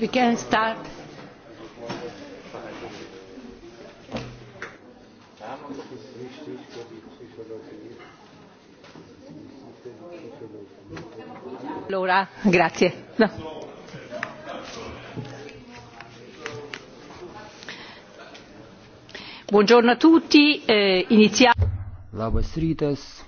We can start. Allora, grazie. No. Buongiorno a tutti, eh, iniziamo. Labas rytas.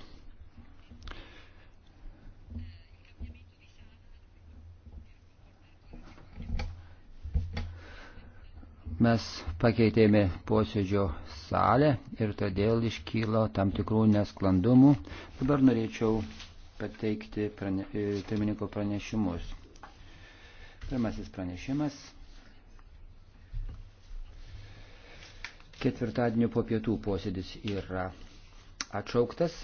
mes pakeitėme posėdžio salę ir todėl iškylo tam tikrų nesklandumų. Dabar norėčiau pateikti prane, e, pirmininko pranešimus. Pirmasis pranešimas. Ketvirtadienio po pietų posėdis yra atšauktas.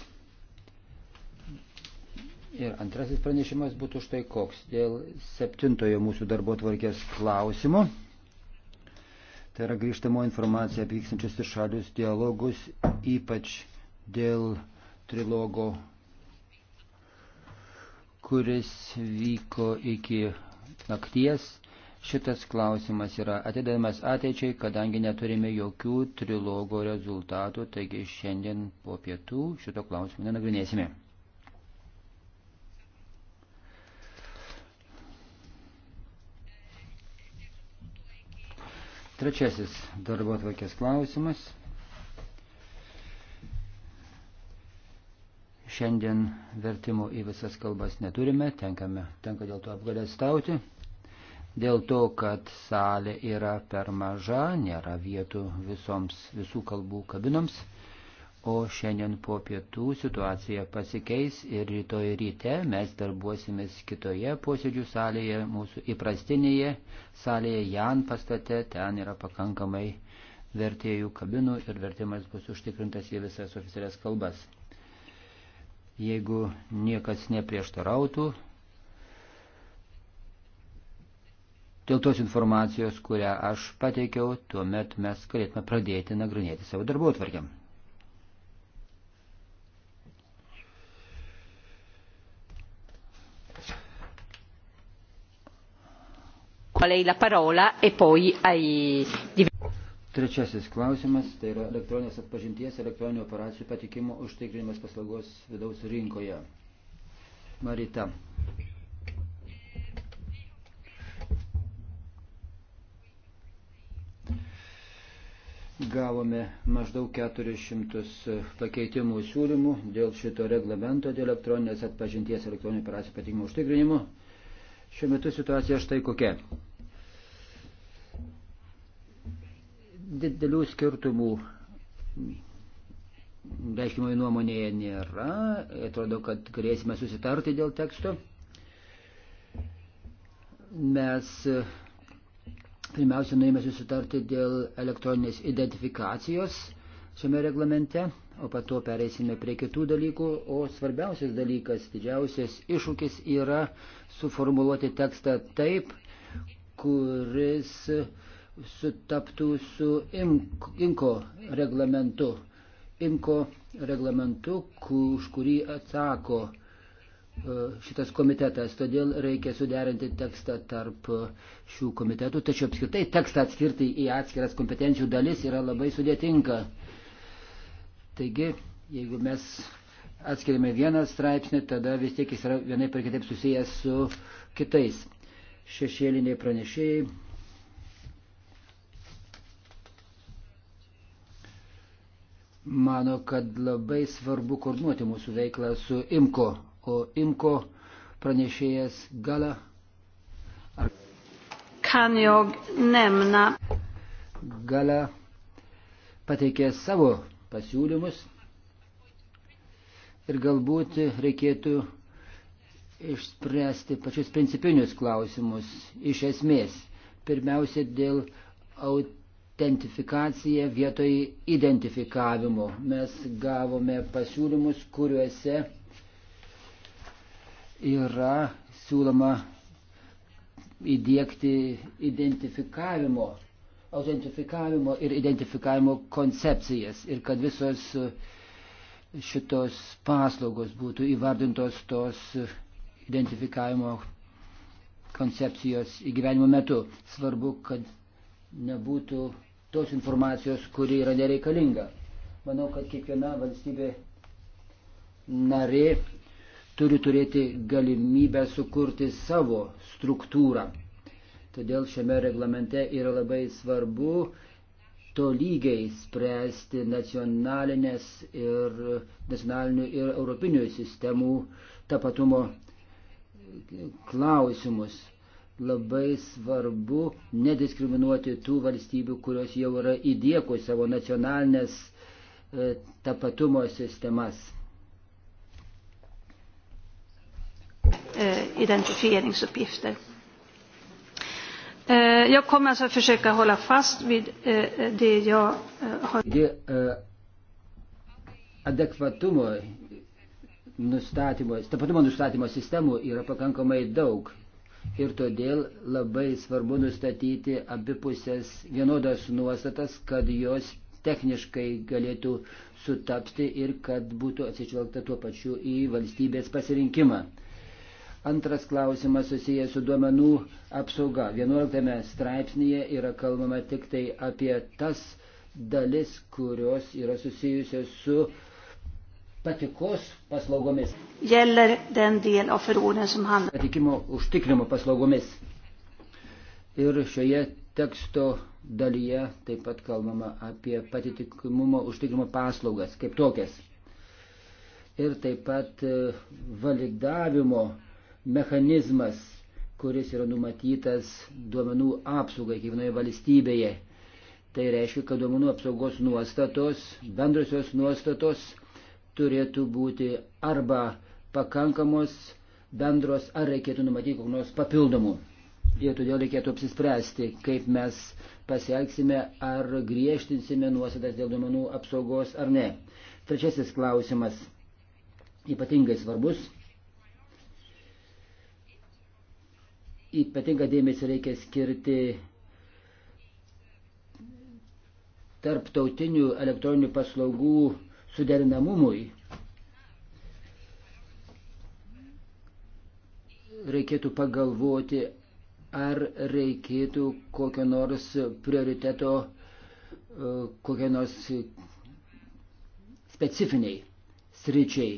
Ir antrasis pranešimas būtų štai koks. Dėl septintojo mūsų darbo tvarkės klausimo Tai yra grįžtamo informacija apie vykstančius trišalius dialogus, ypač dėl trilogo, kuris vyko iki nakties. Šitas klausimas yra atidavimas ateičiai, kadangi neturime jokių trilogo rezultatų, taigi šiandien po pietų šito klausimo nenagrinėsime. Trečiasis darbo atvarkės klausimas. Šiandien vertimo į visas kalbas neturime, tenkame, tenka dėl to apgalėstauti. Dėl to, kad salė yra per maža, nėra vietų visoms visų kalbų kabinoms. O šiandien po pietų situacija pasikeis ir rytoj ryte mes darbuosimės kitoje posėdžių salėje, mūsų įprastinėje salėje Jan pastate, ten yra pakankamai vertėjų kabinų ir vertimas bus užtikrintas į visas oficialias kalbas. Jeigu niekas neprieštarautų, dėl tos informacijos, kurią aš pateikiau, tuomet mes galėtume pradėti nagrinėti savo darbuotvarkiam. E Trečiasis klausimas tai yra elektroninės atpažinties elektroninių operacijų patikimo užtikrinimas paslaugos vidaus rinkoje. Marita. Gavome maždaug 400 pakeitimų siūlymų dėl šito reglamento, dėl elektroninės atpažinties elektroninių operacijų patikimo užtikrinimo. Šiuo metu situacija štai kokia. Didelių skirtumų reiškimoje nuomonėje nėra. Atrodo, kad galėsime susitarti dėl teksto. Mes pirmiausia nuėjome susitarti dėl elektroninės identifikacijos šiame reglamente, o pato pereisime prie kitų dalykų. O svarbiausias dalykas, didžiausias iššūkis yra suformuluoti tekstą taip, kuris uh, sutaptų su IMCO reglamentu. IMCO reglamentu, už kurį atsako e, šitas komitetas, todėl reikia suderinti tekstą tarp šių komitetų, tačiau apskritai tekstą atskirti į atskiras kompetencijų dalis yra labai sudėtinga. Taigi, jeigu mes atskiriame vieną straipsnį, tada vis tiek jis yra vienai per kitaip susijęs su kitais. Šešėliniai pranešėjai mano, kad labai svarbu koordinuoti mūsų veiklą su IMKO, o IMKO pranešėjas Gala. Ar... Kan jag nämna. Gala pateikė savo pasiūlymus ir galbūt reikėtų išspręsti pačius principinius klausimus iš esmės. Pirmiausia, dėl aut identifikacija vietoj identifikavimo. Mes gavome pasiūlymus, kuriuose yra siūloma įdėkti identifikavimo, autentifikavimo ir identifikavimo koncepcijas ir kad visos šitos paslaugos būtų įvardintos tos identifikavimo koncepcijos įgyvenimo metu. Svarbu, kad nebūtų tos informacijos, kuri yra nereikalinga. Manau, kad kiekviena valstybė narė turi turėti galimybę sukurti savo struktūrą. Todėl šiame reglamente yra labai svarbu tolygiai spręsti nacionalinės ir nacionalinių ir europinių sistemų tapatumo klausimus labai svarbu nediskriminuoti tų valstybių, kurios jau yra įdėkų savo nacionalinės e, tapatumo sistemas. E, identifieringsuppgifter. E, jag kommer alltså försöka hålla fast vid det jag har... Adekvatumo nustatymo, tapatumo nustatymo sistemų yra pakankamai daug ir todėl labai svarbu nustatyti abipusės vienodas nuostatas, kad jos techniškai galėtų sutapti ir kad būtų atsižvelgta tuo pačiu į valstybės pasirinkimą. Antras klausimas susijęs su duomenų apsauga. 11 straipsnėje yra kalbama tik tai apie tas dalis, kurios yra susijusios su uh, patikos paslaugomis. Patikimo užtikrimo paslaugomis. Ir šioje teksto dalyje taip pat kalbama apie patitikimumo užtikrimo paslaugas kaip tokias. Ir taip pat e, validavimo mechanizmas, kuris yra numatytas duomenų apsaugai kiekvienoje valstybėje. Tai reiškia, kad duomenų apsaugos nuostatos, bendrosios nuostatos turėtų būti arba pakankamos bendros, ar reikėtų numatyti kokių nors papildomų. Ir todėl reikėtų apsispręsti, kaip mes pasielgsime, ar griežtinsime nuosadas dėl duomenų apsaugos ar ne. Trečiasis klausimas ypatingai svarbus. Ypatinga dėmesį reikia skirti tarptautinių elektroninių paslaugų suderinamumui reikėtų pagalvoti, ar reikėtų kokio nors prioriteto, e, kokio nors specifiniai sričiai.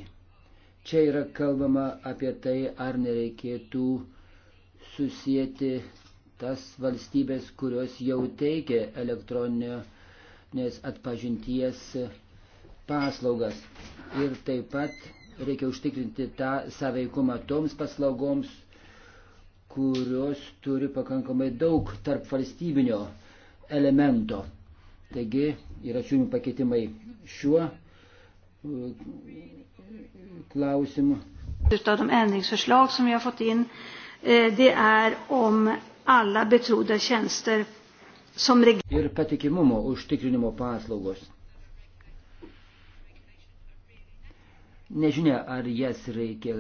Čia yra kalbama apie tai, ar nereikėtų susijęti tas valstybės, kurios jau teikia elektroninės atpažinties paslaugas. Ir taip pat reikia užtikrinti tą saveikumą toms paslaugoms, kurios turi pakankamai daug tarp valstybinio elemento. Taigi yra siūlymi pakeitimai šiuo uh, klausimu. Utav de ändringsförslag som vi har fått in, eh, det är om alla betrodda tjänster som Ir patikimumo užtikrinimo paslaugos. Nežinia, ar jas reikia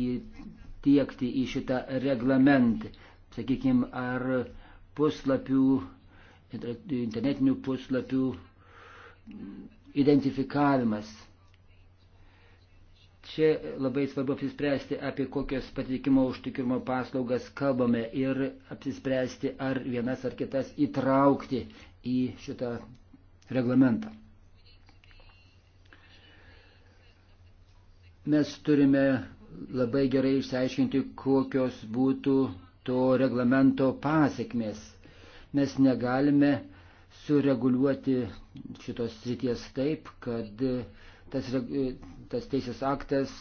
įtiekti į šitą reglamentą. Sakykime, ar puslapių, internetinių puslapių identifikavimas. Čia labai svarbu apsispręsti, apie kokios patikimo užtikrimo paslaugas kalbame ir apsispręsti, ar vienas ar kitas įtraukti į šitą reglamentą. mes turime labai gerai išsiaiškinti, kokios būtų to reglamento pasiekmės. Mes negalime sureguliuoti šitos srities taip, kad tas, tas teisės aktas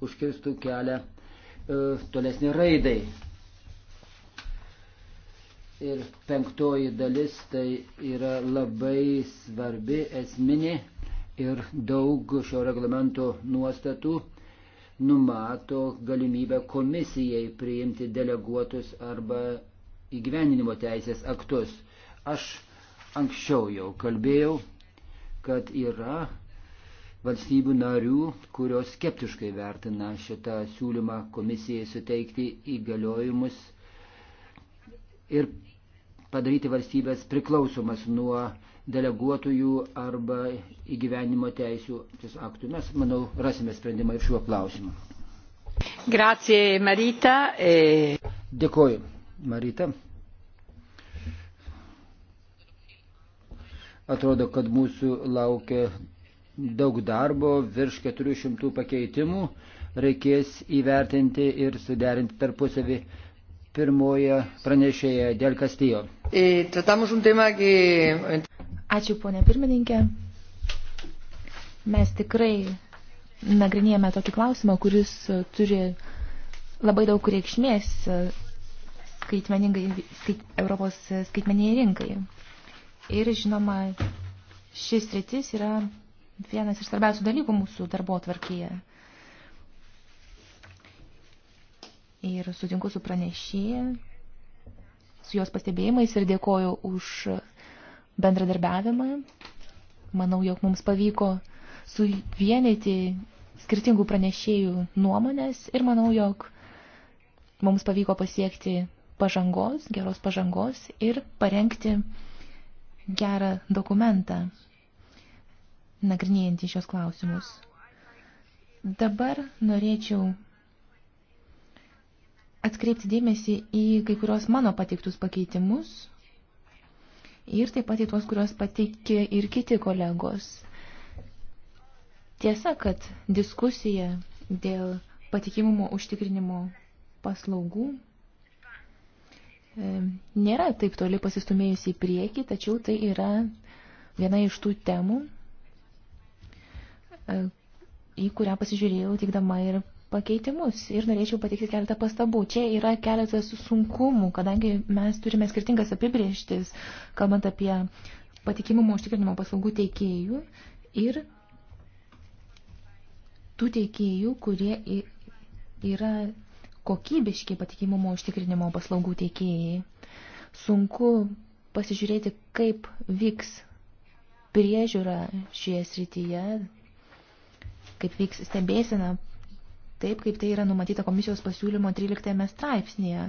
užkirstų kelią e, tolesnį raidai. Ir penktoji dalis tai yra labai svarbi esminė ir daug šio reglamento nuostatų numato galimybę komisijai priimti deleguotus arba įgyveninimo teisės aktus. Aš anksčiau jau kalbėjau, kad yra valstybių narių, kurios skeptiškai vertina šitą siūlymą komisijai suteikti įgaliojimus ir padaryti valstybės priklausomas nuo deleguotojų arba įgyvenimo teisų aktų. Mes, manau, rasime sprendimą ir šiuo klausimu. Grazie, Marita. E... Dėkoju, Marita. Atrodo, kad mūsų laukia daug darbo, virš 400 pakeitimų reikės įvertinti ir suderinti tarpusavį pirmoje pranešėje dėl Kastijo. E, Ačiū, ponė pirmininkė. Mes tikrai nagrinėjame tokį klausimą, kuris turi labai daug reikšmės skaitmeningai skait, Europos skaitmeniniai rinkai. Ir žinoma, šis rytis yra vienas iš svarbiausių dalykų mūsų darbo tvarkyje. Ir sutinku su pranešėje, su jos pastebėjimais ir dėkoju už bendradarbiavimą. Manau, jog mums pavyko suvienyti skirtingų pranešėjų nuomonės ir manau, jog mums pavyko pasiekti pažangos, geros pažangos ir parengti gerą dokumentą, nagrinėjantį šios klausimus. Dabar norėčiau atkreipti dėmesį į kai kurios mano pateiktus pakeitimus, ir taip pat į tuos, kuriuos pateikė ir kiti kolegos. Tiesa, kad diskusija dėl patikimumo užtikrinimo paslaugų e, nėra taip toli pasistumėjusi į priekį, tačiau tai yra viena iš tų temų, e, į kurią pasižiūrėjau teikdama ir pakeitimus ir norėčiau pateikti keletą pastabų. Čia yra keletas sunkumų, kadangi mes turime skirtingas apibrieštis, kalbant apie patikimumo užtikrinimo paslaugų teikėjų ir tų teikėjų, kurie yra kokybiški patikimumo užtikrinimo paslaugų teikėjai. Sunku pasižiūrėti, kaip vyks priežiūra šioje srityje, kaip vyks stebėsena taip, kaip tai yra numatyta komisijos pasiūlymo 13 straipsnėje,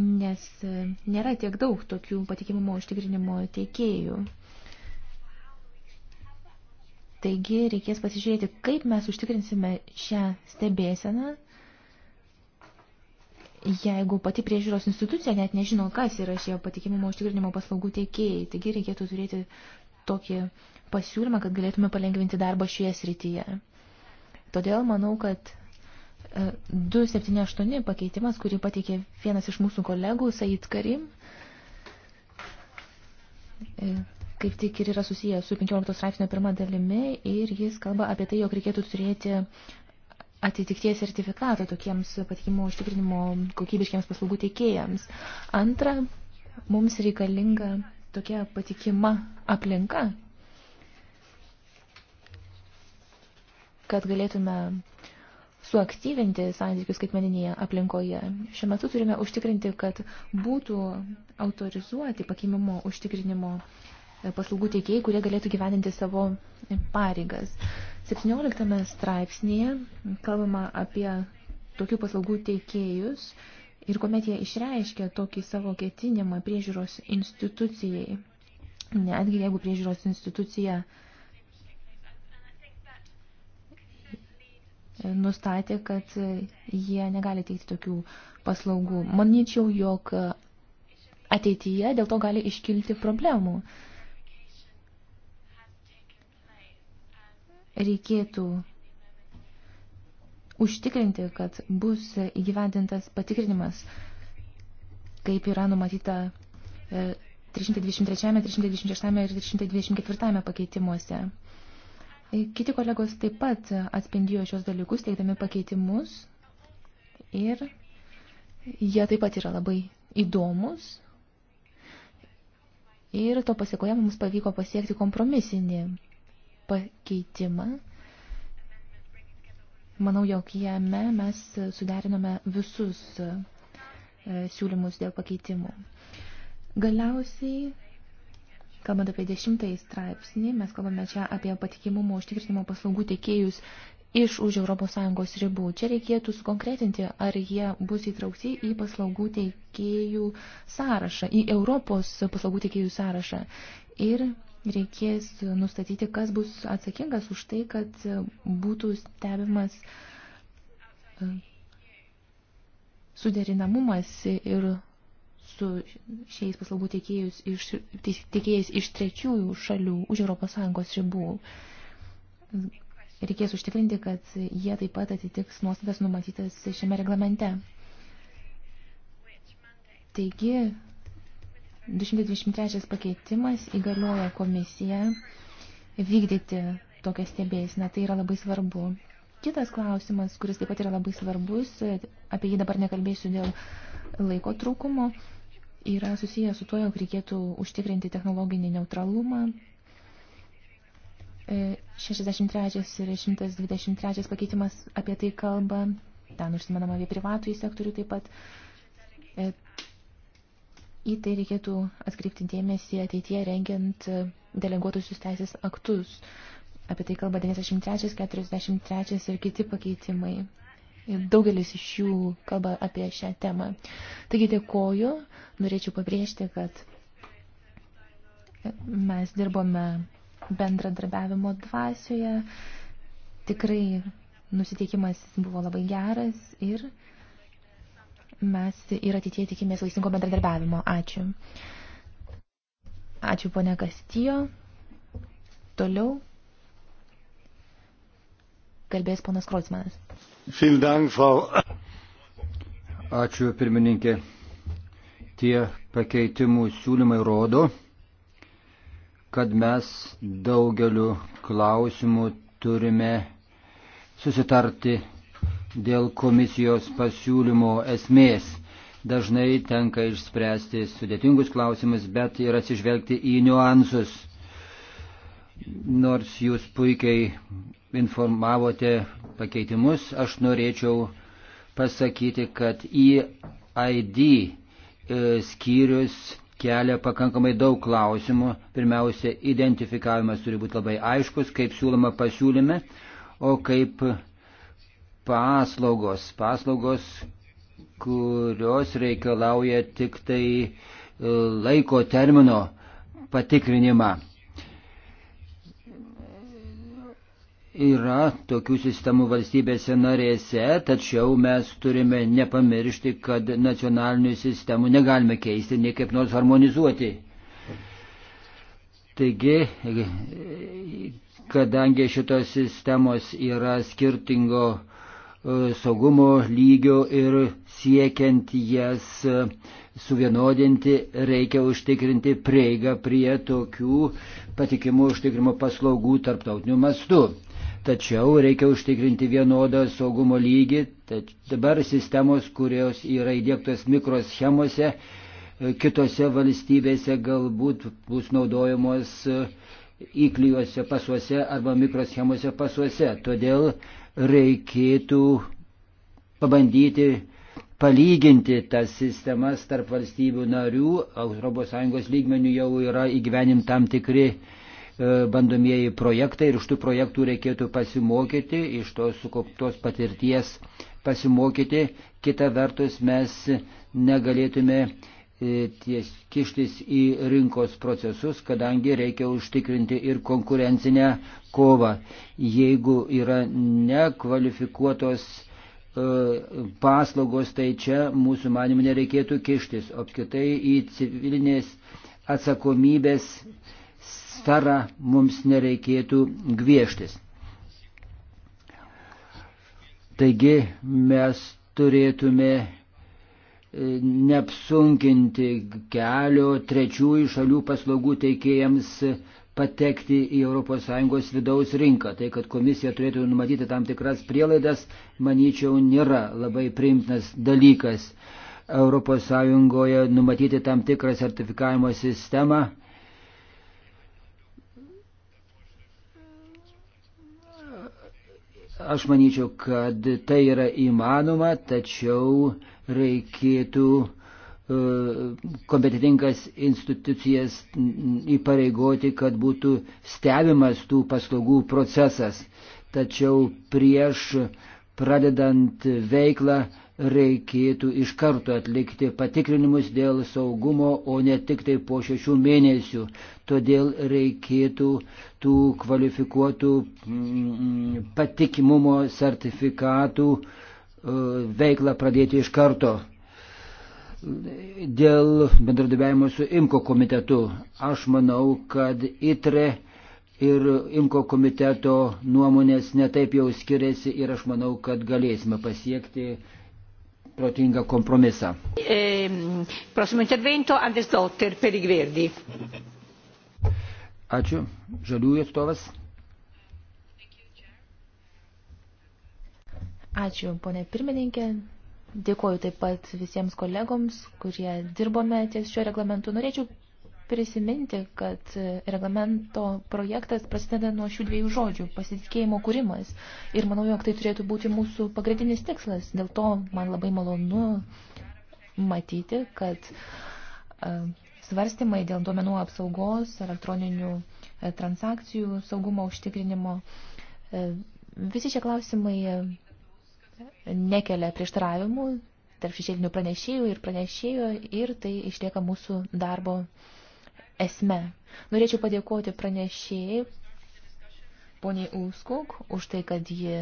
nes e, nėra tiek daug tokių patikimumo užtikrinimo teikėjų. Taigi reikės pasižiūrėti, kaip mes užtikrinsime šią stebėseną, jeigu pati priežiūros institucija net nežino, kas yra šie patikimumo užtikrinimo paslaugų teikėjai. Taigi reikėtų turėti tokį pasiūlymą, kad galėtume palengvinti darbą šioje srityje. Todėl manau, kad 278 e, pakeitimas, kurį pateikė vienas iš mūsų kolegų, Said Karim, e, kaip tik ir yra susijęs su 15 straipsnio pirma dalimi ir jis kalba apie tai, jog reikėtų turėti atitikties sertifikatą tokiems patikimo užtikrinimo kokybiškiams paslaugų teikėjams. Antra, mums reikalinga tokia patikima aplinka, kad galėtume suaktyvinti santykius skaitmeninėje aplinkoje. Šiuo metu turime užtikrinti, kad būtų autorizuoti pakimimo užtikrinimo e, paslaugų teikėjai, kurie galėtų gyveninti savo pareigas. 17 straipsnėje kalbama apie tokių paslaugų teikėjus ir kuomet jie išreiškia tokį savo ketinimą priežiūros institucijai, netgi jeigu priežiūros institucija uh, nustatė, kad jie negali teikti tokių paslaugų. Manyčiau, jog ateityje dėl to gali iškilti problemų. Reikėtų užtikrinti, kad bus įgyvendintas patikrinimas, kaip yra numatyta 323, e, 326 ir 324 pakeitimuose. Kiti kolegos taip pat atspindėjo šios dalykus, teikdami pakeitimus ir jie taip pat yra labai įdomus. Ir to pasiekoje mums pavyko pasiekti kompromisinį pakeitimą. Manau, jog jame mes suderinome visus e, siūlymus dėl pakeitimų. Galiausiai Kalbant apie dešimtąjį straipsnį, mes kalbame čia apie patikimumo užtikrinimo paslaugų teikėjus iš už ES ribų. Čia reikėtų sukonkretinti, ar jie bus įtraukti į paslaugų teikėjų sąrašą, į Europos paslaugų teikėjų sąrašą. Ir reikės nustatyti, kas bus atsakingas už tai, kad būtų stebimas e, suderinamumas ir su šiais paslaugų teikėjais iš, teikėjais iš trečiųjų šalių už ES ribų. Reikės užtikrinti, kad jie taip pat atitiks nuostatas numatytas šiame reglamente. Taigi, 223 pakeitimas įgalioja komisiją vykdyti tokią stebėsiną. Tai yra labai svarbu. Kitas klausimas, kuris taip pat yra labai svarbus, apie jį dabar nekalbėsiu dėl laiko trūkumo, yra susijęs su to, jog reikėtų užtikrinti technologinį neutralumą. 63 e, ir 123 pakeitimas apie tai kalba. Ten užsimenama apie privatų į sektorių taip pat. E, į tai reikėtų atkreipti dėmesį ateityje rengiant deleguotusius teisės aktus. Apie tai kalba 93, 43 ir kiti pakeitimai. Daugelis iš jų kalba apie šią temą. Taigi dėkoju, norėčiau pabrėžti, kad mes dirbome bendradarbiavimo dvasioje. Tikrai nusiteikimas buvo labai geras ir mes ir ateitie tikimės vaisingo bendradarbiavimo. Ačiū. Ačiū ponia Kastijo. Toliau kalbės ponas Krocmanas. Ačiū pirmininkė. Tie pakeitimų siūlymai rodo, kad mes daugeliu klausimų turime susitarti dėl komisijos pasiūlymo esmės. Dažnai tenka išspręsti sudėtingus klausimus, bet ir atsižvelgti į niuansus. Nors jūs puikiai informavote pakeitimus, aš norėčiau pasakyti, kad EID e, skyrius kelia pakankamai daug klausimų. Pirmiausia, identifikavimas turi būti labai aiškus, kaip siūloma pasiūlyme, o kaip paslaugos. Paslaugos, kurios reikalauja tik tai e, laiko termino patikrinimą Yra tokių sistemų valstybėse narėse, tačiau mes turime nepamiršti, kad nacionalinių sistemų negalime keisti, nei kaip nors harmonizuoti. Taigi, kadangi šitos sistemos yra skirtingo e, saugumo lygio ir siekiant jas e, suvienodinti, reikia užtikrinti prieigą prie tokių patikimų užtikrimo paslaugų tarptautinių mastų. Tačiau reikia užtikrinti vienodą saugumo lygį. Tač, dabar sistemos, kurios yra įdėktos mikroschemose, e, kitose valstybėse galbūt bus naudojamos e, įklijuose pasuose arba mikroschemose pasuose. Todėl reikėtų pabandyti palyginti tas sistemas tarp valstybių narių. ES lygmenių jau yra įgyvenim tam tikri uh, E, bandomieji projektai ir iš tų projektų reikėtų pasimokyti, iš tos sukauptos patirties pasimokyti. Kita vertus, mes negalėtume e, ties kištis į rinkos procesus, kadangi reikia užtikrinti ir konkurencinę kovą. Jeigu yra nekvalifikuotos e, paslaugos, tai čia mūsų manimų nereikėtų kištis, apskritai į civilinės atsakomybės uh, sferą mums nereikėtų gvieštis. Taigi mes turėtume e, neapsunkinti kelio trečiųjų šalių paslaugų teikėjams patekti į ES vidaus rinką. Tai, kad komisija turėtų numatyti tam tikras prielaidas, manyčiau, nėra labai priimtinas dalykas. ES numatyti tam tikrą sertifikavimo sistemą Aš manyčiau, kad tai yra įmanoma, tačiau reikėtų e, kompetitingas institucijas įpareigoti, kad būtų stebimas tų paslaugų procesas. Tačiau prieš pradedant veiklą reikėtų iš karto atlikti patikrinimus dėl saugumo, o ne tik tai po šešių mėnesių. Todėl reikėtų tų kvalifikuotų mm, patikimumo sertifikatų e, veiklą pradėti iš karto. Dėl bendradarbiavimo su IMKO komitetu aš manau, kad ITRE ir IMKO komiteto nuomonės netaip jau skiriasi ir aš manau, kad galėsime pasiekti protingą kompromisą. E, Ačiū. Žaliųjų atstovas. Ačiū, ponė pirmininkė. Dėkoju taip pat visiems kolegoms, kurie dirbome ties šiuo reglamentu. Norėčiau prisiminti, kad reglamento projektas prasideda nuo šių dviejų žodžių – pasitikėjimo kūrimas. Ir manau, jog tai turėtų būti mūsų pagrindinis tikslas. Dėl to man labai malonu matyti, kad svarstymai dėl duomenų apsaugos, elektroninių e, transakcijų saugumo užtikrinimo. E, visi šie klausimai e, nekelia prieštaravimų tarp šešėlinių pranešėjų ir pranešėjo ir tai išlieka mūsų darbo esme. Norėčiau padėkoti pranešėjai poniai Uskuk už tai, kad ji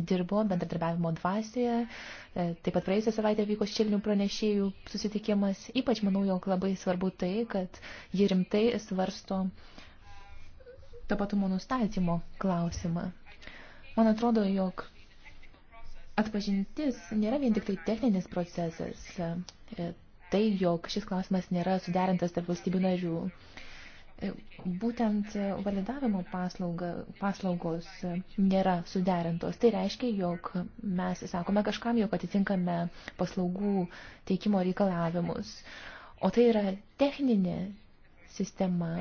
dirbo bendradarbiavimo dvasioje. E, taip pat praėjusią savaitę vyko šilnių pranešėjų susitikimas. Ypač manau, jog labai svarbu tai, kad ji rimtai svarsto tapatumo nustatymo klausimą. Man atrodo, jog atpažintis nėra vien tik tai techninis procesas. E, tai, jog šis klausimas nėra suderintas tarp valstybių narių būtent validavimo paslauga, paslaugos nėra suderintos. Tai reiškia, jog mes sakome kažkam, jog atitinkame paslaugų teikimo reikalavimus. O tai yra techninė sistema.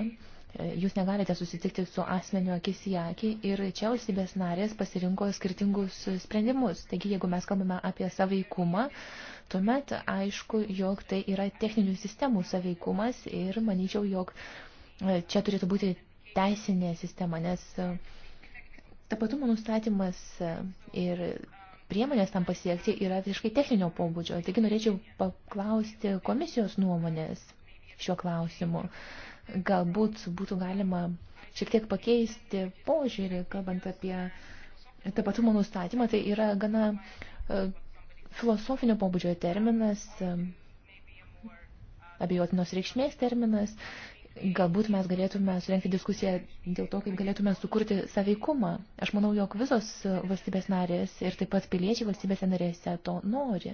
Jūs negalite susitikti su asmeniu akis į akį ir čia valstybės narės pasirinko skirtingus sprendimus. Taigi, jeigu mes kalbame apie saveikumą, tuomet aišku, jog tai yra techninių sistemų saveikumas ir manyčiau, jog uh, čia turėtų būti teisinė sistema, nes e, tapatumo nustatymas e, ir priemonės tam pasiekti yra visiškai techninio pobūdžio. Taigi norėčiau paklausti komisijos nuomonės šiuo klausimu. Galbūt būtų galima šiek tiek pakeisti požiūrį, kalbant apie tapatumo nustatymą. Tai yra gana e, filosofinio pobūdžio terminas, abejotinos reikšmės terminas Galbūt mes galėtume surenkti diskusiją dėl to, kaip galėtume sukurti saveikumą. Aš manau, jog visos valstybės narės ir taip pat piliečiai valstybėse narėse to nori.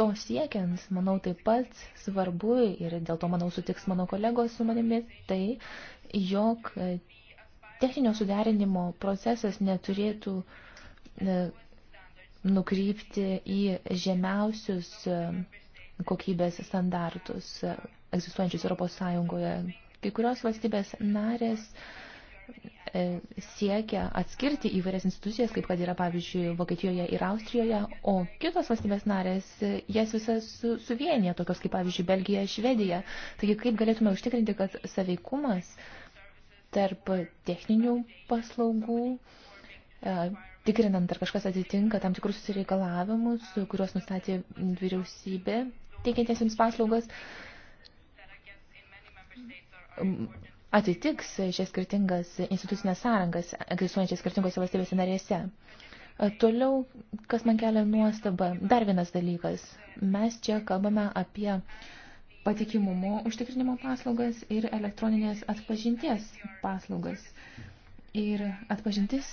To siekiant, manau, taip pat svarbu ir dėl to, manau, sutiks mano kolegos su manimi, tai, jog techninio suderinimo procesas neturėtų e, nukrypti į žemiausius e, kokybės standartus egzistuojančius Europos Sąjungoje. Kai kurios valstybės narės e, siekia atskirti įvairias institucijas, kaip kad yra, pavyzdžiui, Vokietijoje ir Austrijoje, o kitos valstybės narės e, jas visas suvienyje, tokios kaip, pavyzdžiui, Belgija, Švedija. Taigi, kaip galėtume užtikrinti, kad saveikumas tarp techninių paslaugų e, tikrinant, ar kažkas atitinka tam tikrus reikalavimus, kuriuos nustatė vyriausybė teikiantiesiems paslaugas atitiks šias skirtingas institucinės sąrangas egzistuojančias skirtingose valstybėse narėse. E, toliau, kas man kelia nuostabą, dar vienas dalykas. Mes čia kalbame apie patikimumo užtikrinimo paslaugas ir elektroninės atpažinties paslaugas. Ir atpažintis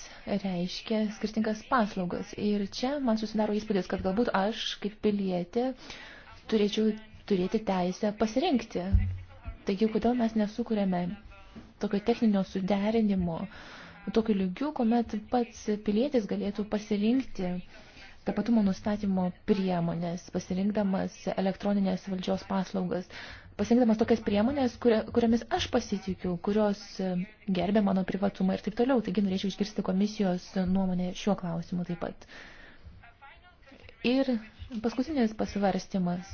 reiškia skirtingas paslaugas. Ir čia man susidaro įspūdis, kad galbūt aš kaip pilietė uh, turėčiau turėti teisę pasirinkti. Taigi, kodėl mes nesukūrėme tokio techninio suderinimo, tokiu lygiu, kuomet pats pilietis galėtų pasirinkti tapatumo nustatymo priemonės, pasirinkdamas elektroninės valdžios paslaugas, pasirinkdamas tokias priemonės, kuria, kuriamis aš pasitikiu, kurios gerbė mano privatumą ir taip toliau. Taigi norėčiau išgirsti komisijos nuomonę šiuo klausimu taip pat. Ir Paskutinis pasvarstymas,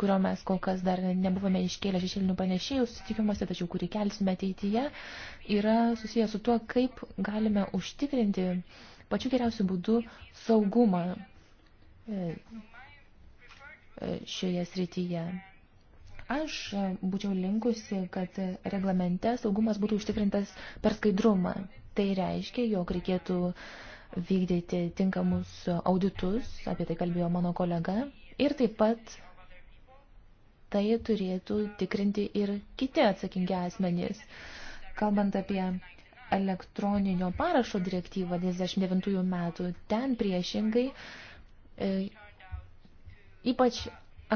kurio mes kol kas dar nebuvome iškėlę šešėlinių panešėjų susitikimuose, tačiau kurį kelsime ateityje, yra susijęs su tuo, kaip galime užtikrinti pačiu geriausiu būdu saugumą e, e, šioje srityje. Aš e, būčiau linkusi, kad reglamente saugumas būtų užtikrintas per skaidrumą. Tai reiškia, jog reikėtų uh, vykdyti tinkamus auditus, apie tai kalbėjo mano kolega, ir taip pat tai turėtų tikrinti ir kiti atsakingi asmenys. Kalbant apie elektroninio parašo direktyvą 99 metų, ten priešingai e, ypač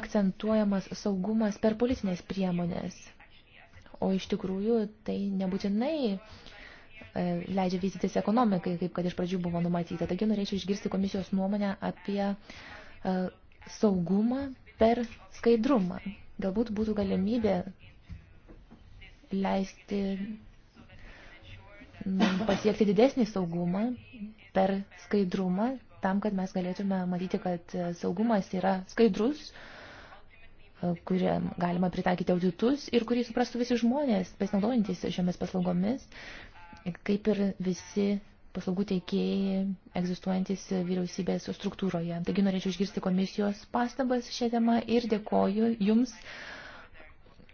akcentuojamas saugumas per politinės priemonės. O iš tikrųjų tai nebūtinai e, E, leidžia vystytis ekonomikai, kaip kad iš pradžių buvo numatyta. Taigi norėčiau išgirsti komisijos nuomonę apie e, saugumą per skaidrumą. Galbūt būtų galimybė leisti pasiekti didesnį saugumą per skaidrumą, tam, kad mes galėtume matyti, kad saugumas yra skaidrus, e, kuriam galima pritaikyti auditus ir kurį suprastų visi žmonės, pasinaudojantis šiomis paslaugomis kaip ir visi paslaugų teikėjai egzistuojantis vyriausybės struktūroje. Taigi norėčiau išgirsti komisijos pastabas šią temą ir dėkoju Jums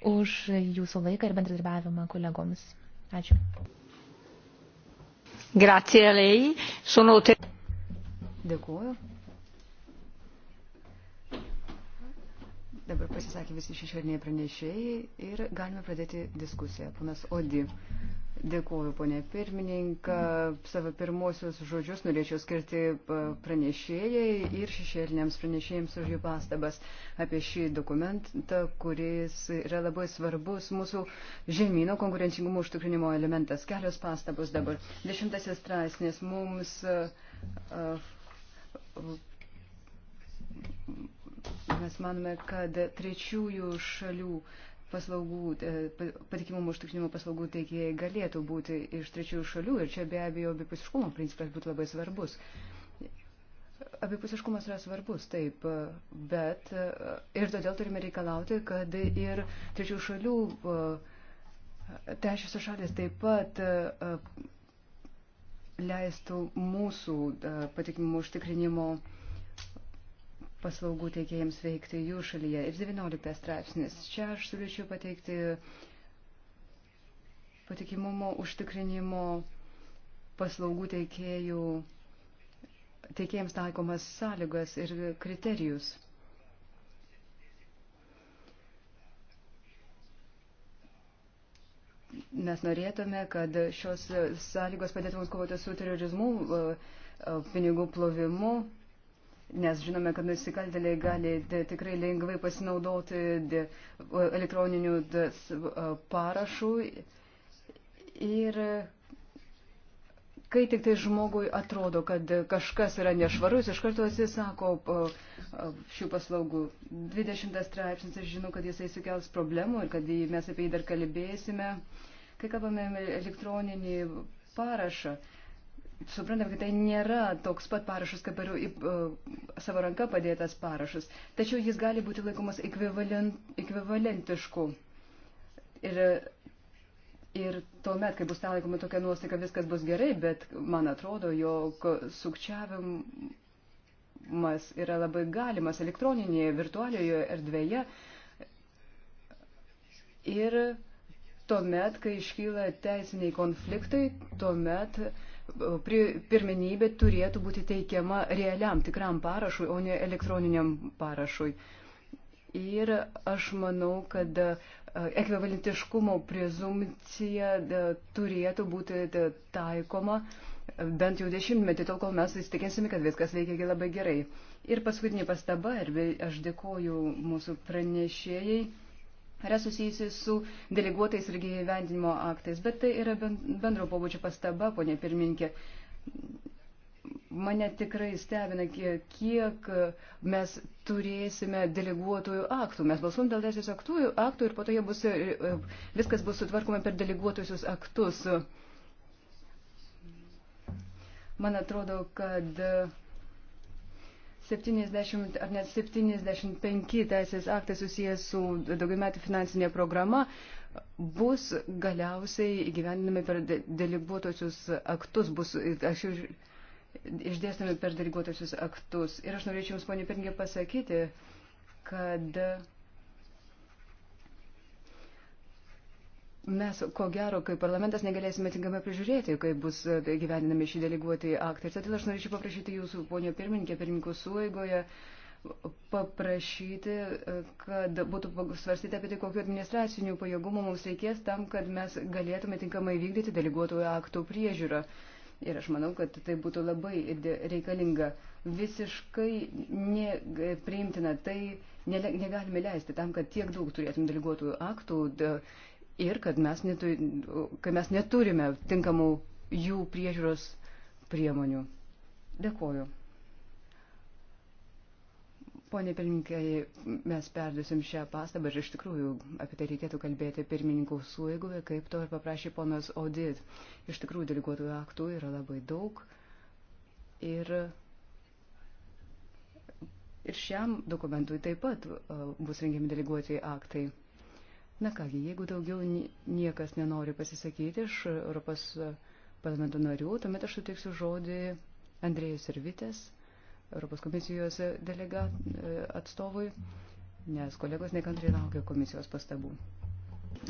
už Jūsų laiką ir bendradarbiavimą kolegoms. Ačiū. Grazie a lei. Sono te... Dėkuoju. Dabar pasisakė visi šešėliniai pranešėjai ir galime pradėti diskusiją. Ponas Odi. Dėkuoju, ponė pirmininka. Savo pirmosius žodžius norėčiau skirti pranešėjai ir šešėliniams pranešėjams už jų pastabas apie šį dokumentą, kuris yra labai svarbus mūsų žemynų konkurencingumo užtikrinimo elementas. Kelios pastabos dabar. Dešimtasis straipsnis mums. Mes manome, kad trečiųjų šalių uh, paslaugų, e, patikimumo užtikrinimo paslaugų teikėjai galėtų būti iš trečiųjų šalių ir čia be abejo abipusiškumo principas būtų labai svarbus. Abipusiškumas yra svarbus, taip, bet e, ir todėl turime reikalauti, kad ir trečių šalių e, teisės šalis taip pat leistų mūsų patikimų užtikrinimo uh, paslaugų teikėjams veikti jų šalyje. Ir 19 straipsnis. Čia aš siūlyčiau pateikti patikimumo užtikrinimo paslaugų teikėjų, teikėjams taikomas sąlygas ir kriterijus. Mes norėtume, kad šios sąlygos padėtų mums kovoti su terorizmu, pinigų plovimu, nes žinome, kad nusikaltėliai gali e, tikrai lengvai pasinaudoti elektroniniu e, parašu ir e, kai tik tai žmogui atrodo, kad kažkas yra nešvarus, iš karto atsisako šių paslaugų. 20 straipsnis, aš žinau, kad jisai sukels problemų ir kad mes apie jį dar kalbėsime. Kai kalbame elektroninį parašą, uh, Suprantam, kad tai nėra toks pat parašas, kaip ir e, savo ranka padėtas parašas, tačiau jis gali būti laikomas ekvivalent, ekvivalentišku. Ir, ir tuomet, kai bus taikoma tokia nuostaika, viskas bus gerai, bet man atrodo, jog sukčiavimas yra labai galimas elektroninėje, virtualioje erdvėje. Ir tuomet, kai iškyla teisiniai konfliktai, tuomet uh, pirmenybė turėtų būti teikiama realiam tikram parašui, o ne elektroniniam parašui. Ir aš manau, kad e, ekvivalentiškumo prezumcija e, turėtų būti e, taikoma bent jau dešimtmetį, tol kol mes įsitikinsime, kad viskas veikia labai gerai. Ir paskutinė pastaba, ir aš dėkoju mūsų pranešėjai yra susijusi su deleguotais ir gyvendinimo aktais, bet tai yra bendro pobūdžio pastaba, ponė pirminkė. Mane tikrai stebina, kiek mes turėsime deleguotojų aktų. Mes balsuom dėl teisės aktų ir po to bus, viskas bus sutvarkoma per deleguotusius aktus. Man atrodo, kad 70 ar net 75 teisės aktai susijęs su daugiametį finansinė programa bus galiausiai įgyvendinami per deleguotosius aktus, bus aš iš, išdėstami per deleguotosius aktus. Ir aš norėčiau Jums, ponė Pirngė, pasakyti, kad Mes, ko gero, kaip parlamentas negalėsime tinkamai prižiūrėti, kaip bus e, gyveninami šį deleguotį aktą. Ir todėl aš norėčiau paprašyti jūsų, ponio pirmininkė, pirmininkų suėgoje, paprašyti, e, kad būtų svarstyti apie tai, kokiu administracinių pajėgumų mums reikės tam, kad mes galėtume tinkamai vykdyti deleguotojų aktų priežiūrą. Ir aš manau, kad tai būtų labai reikalinga. Visiškai nepriimtina e, tai, negalime leisti tam, kad tiek daug turėtum deleguotų aktų ir kad mes, netu, kad mes neturime tinkamų jų priežiūros priemonių. Dėkoju. Pone pirmininkai, mes perdusim šią pastabą ir iš tikrųjų apie tai reikėtų kalbėti pirmininkų suėgoje, kaip to ir paprašė ponas Odit. Iš tikrųjų, deleguotų aktų yra labai daug ir, ir šiam dokumentui taip pat uh, bus rengiami deleguoti aktai. Na kągi, jeigu daugiau niekas nenori pasisakyti iš Europos parlamento narių, tuomet aš suteiksiu žodį Andrėjus Servitės, Europos komisijos delega e, atstovui, nes kolegos nekantriai laukia komisijos pastabų.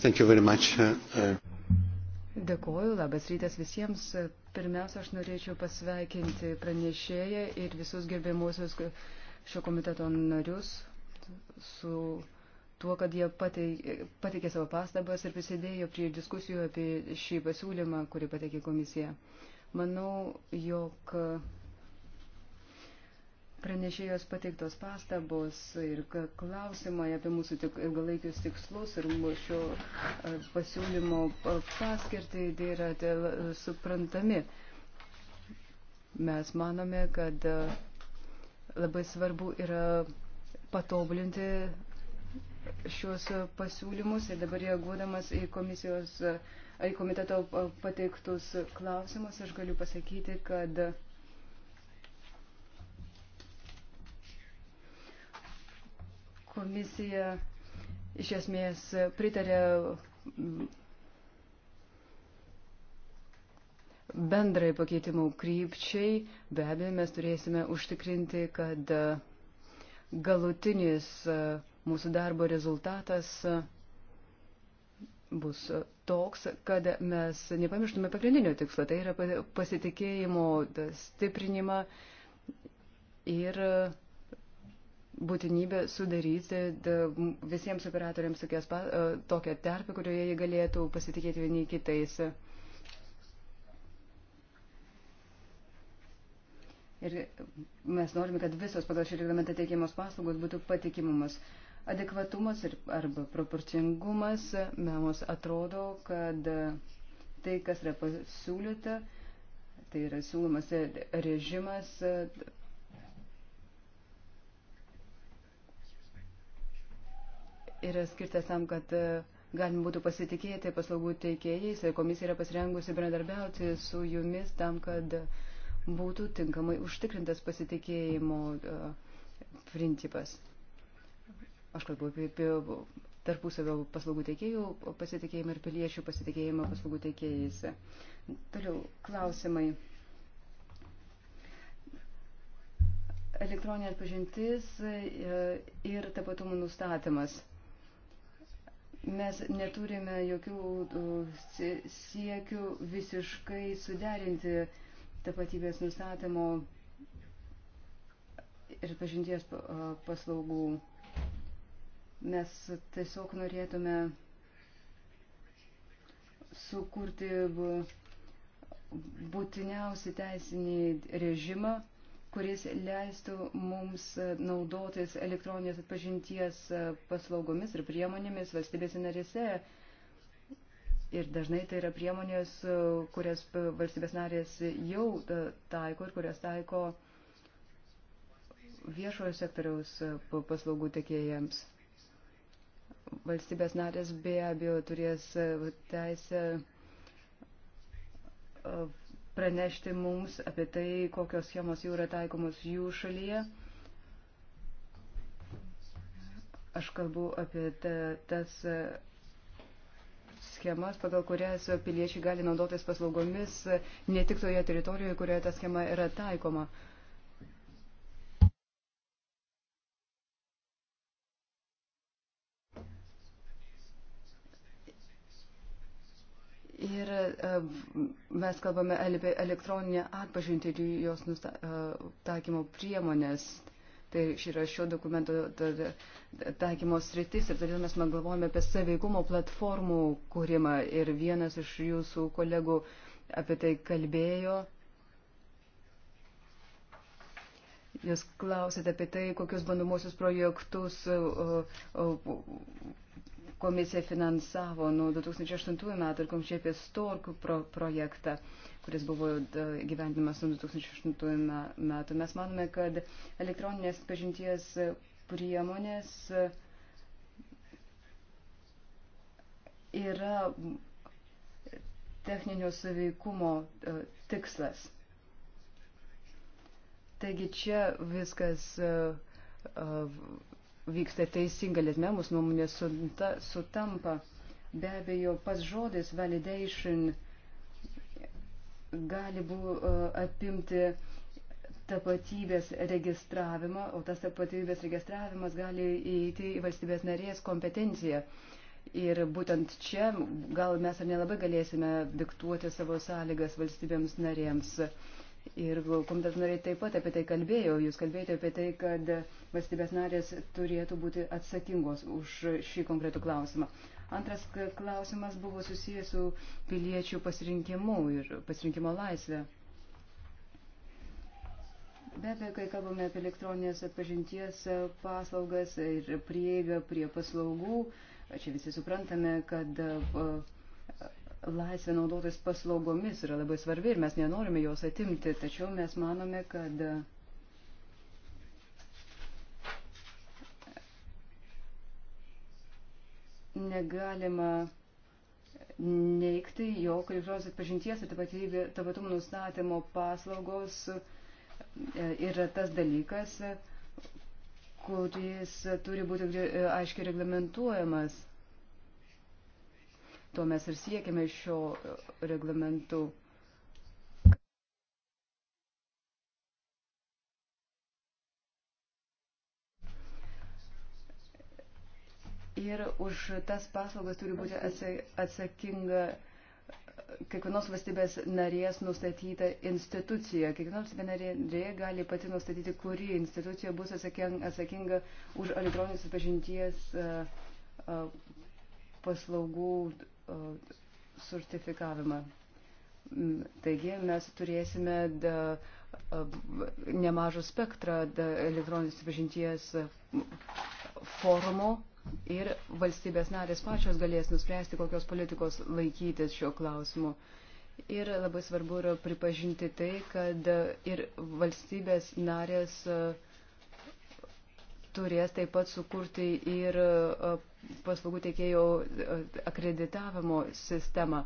Thank you very much. Uh, uh... Dėkoju, labas rytas visiems. Pirmiausia, aš norėčiau pasveikinti pranešėją ir visus gerbiamuosius šio komiteto narius su tuo, kad jie pateikė savo pastabas ir prisidėjo prie diskusijų apie šį pasiūlymą, kurį pateikė komisija. Manau, jog pranešėjos pateiktos pastabos ir klausimai apie mūsų tik, ilgalaikius tikslus ir šio pasiūlymo paskirtį tai yra tėl, suprantami. Mes manome, kad labai svarbu yra patobulinti šios pasiūlymus ir dabar reaguodamas į komisijos, į komiteto pateiktus klausimus, aš galiu pasakyti, kad komisija iš esmės pritarė bendrai pakeitimų krypčiai. Be abejo, mes turėsime užtikrinti, kad galutinis uh, Mūsų darbo rezultatas e, bus e, toks, kad mes nepamirštume pagrindinio tikslo, tai yra pasitikėjimo stiprinimą ir e, būtinybę sudaryti visiems operatoriams tokią terpę, kurioje jie galėtų pasitikėti vieni kitais. Ir mes norime, kad visos pagal šį reglamentą teikiamos paslaugos būtų patikimumas adekvatumas ir, arba proporcingumas, mums atrodo, kad tai, kas yra pasiūlyta, tai yra siūlomas režimas yra skirtas tam, kad galima būtų pasitikėti paslaugų teikėjais ir komisija yra pasirengusi bendradarbiauti su jumis tam, kad būtų tinkamai užtikrintas pasitikėjimo e, principas. Aš kalbu apie, apie tarpusavio paslaugų teikėjų pasitikėjimą ir piliečių pasitikėjimą paslaugų teikėjais. Toliau klausimai. Elektroninė atpažintis e, ir tapatumų nustatymas. Mes neturime jokių e, siekių visiškai suderinti tapatybės nustatymo ir pažinties e, paslaugų Mes tiesiog norėtume sukurti būtiniausi teisinį režimą, kuris leistų mums naudotis elektroninės atpažinties paslaugomis ir priemonėmis valstybėse narėse. Ir dažnai tai yra priemonės, kurias valstybės narės jau e, taiko ir kurias taiko viešojo sektoriaus e, paslaugų tekėjams valstybės narės be abejo turės e, teisę e, pranešti mums apie tai, kokios schemos jau yra taikomos jų šalyje. Aš kalbu apie ta, tas e, schemas, pagal kurias piliečiai gali naudotis paslaugomis ne tik toje teritorijoje, kurioje ta schema yra taikoma. Uh, Ir e, mes kalbame apie elektroninę atpažinti ir jos e, taikymo priemonės. Tai yra šio dokumento taikymo sritis ir todėl mes man galvojame apie saveikumo platformų kūrimą ir vienas iš jūsų kolegų apie tai kalbėjo. Jūs klausėte apie tai, kokius bandomuosius projektus komisija finansavo nuo 2008 metų ir komisija apie Storkų pro projektą, kuris buvo e, gyvendimas nuo 2008 metų. Mes manome, kad elektroninės pažinties priemonės e, yra techninio saveikumo e, tikslas. Taigi čia viskas vyksta teisinga linkme, mūsų nuomonė sutampa. Be abejo, pas žodis validation gali bū, e, apimti tapatybės registravimą, o tas tapatybės registravimas gali įeiti į valstybės narės kompetenciją. Ir būtent čia gal mes ar nelabai galėsime diktuoti savo sąlygas valstybėms narėms. Ir komiteto nariai taip pat apie tai kalbėjo. Jūs kalbėjote apie tai, kad valstybės narės turėtų būti atsakingos už šį konkretų klausimą. Antras klausimas buvo susijęs su piliečių pasirinkimu ir pasirinkimo laisvė. Be abejo, kai kalbame apie elektroninės atpažinties paslaugas ir prieigą prie paslaugų, čia visi suprantame, kad e, laisvė naudotis paslaugomis yra labai svarbi ir mes nenorime jos atimti, tačiau mes manome, kad negalima neikti, jo kaip žodžios atpažinties ir tapatumo nustatymo paslaugos e, yra tas dalykas, kuris turi būti e, aiškiai reglamentuojamas. To mes ir siekime šio e, reglamentu. ir už tas paslaugas turi būti atsakinga kiekvienos valstybės narės nustatyta institucija. Kiekvienos valstybė narė gali pati nustatyti, kuri institucija bus atsakinga už elektroninės pažinties paslaugų sertifikavimą. Taigi mes turėsime da, nemažą spektrą da, elektroninės pažinties formų ir valstybės narės pačios galės nuspręsti, kokios politikos laikytis šiuo klausimu. Ir labai svarbu yra pripažinti tai, kad ir valstybės narės e, turės taip pat sukurti ir e, paslaugų teikėjo e, akreditavimo sistemą.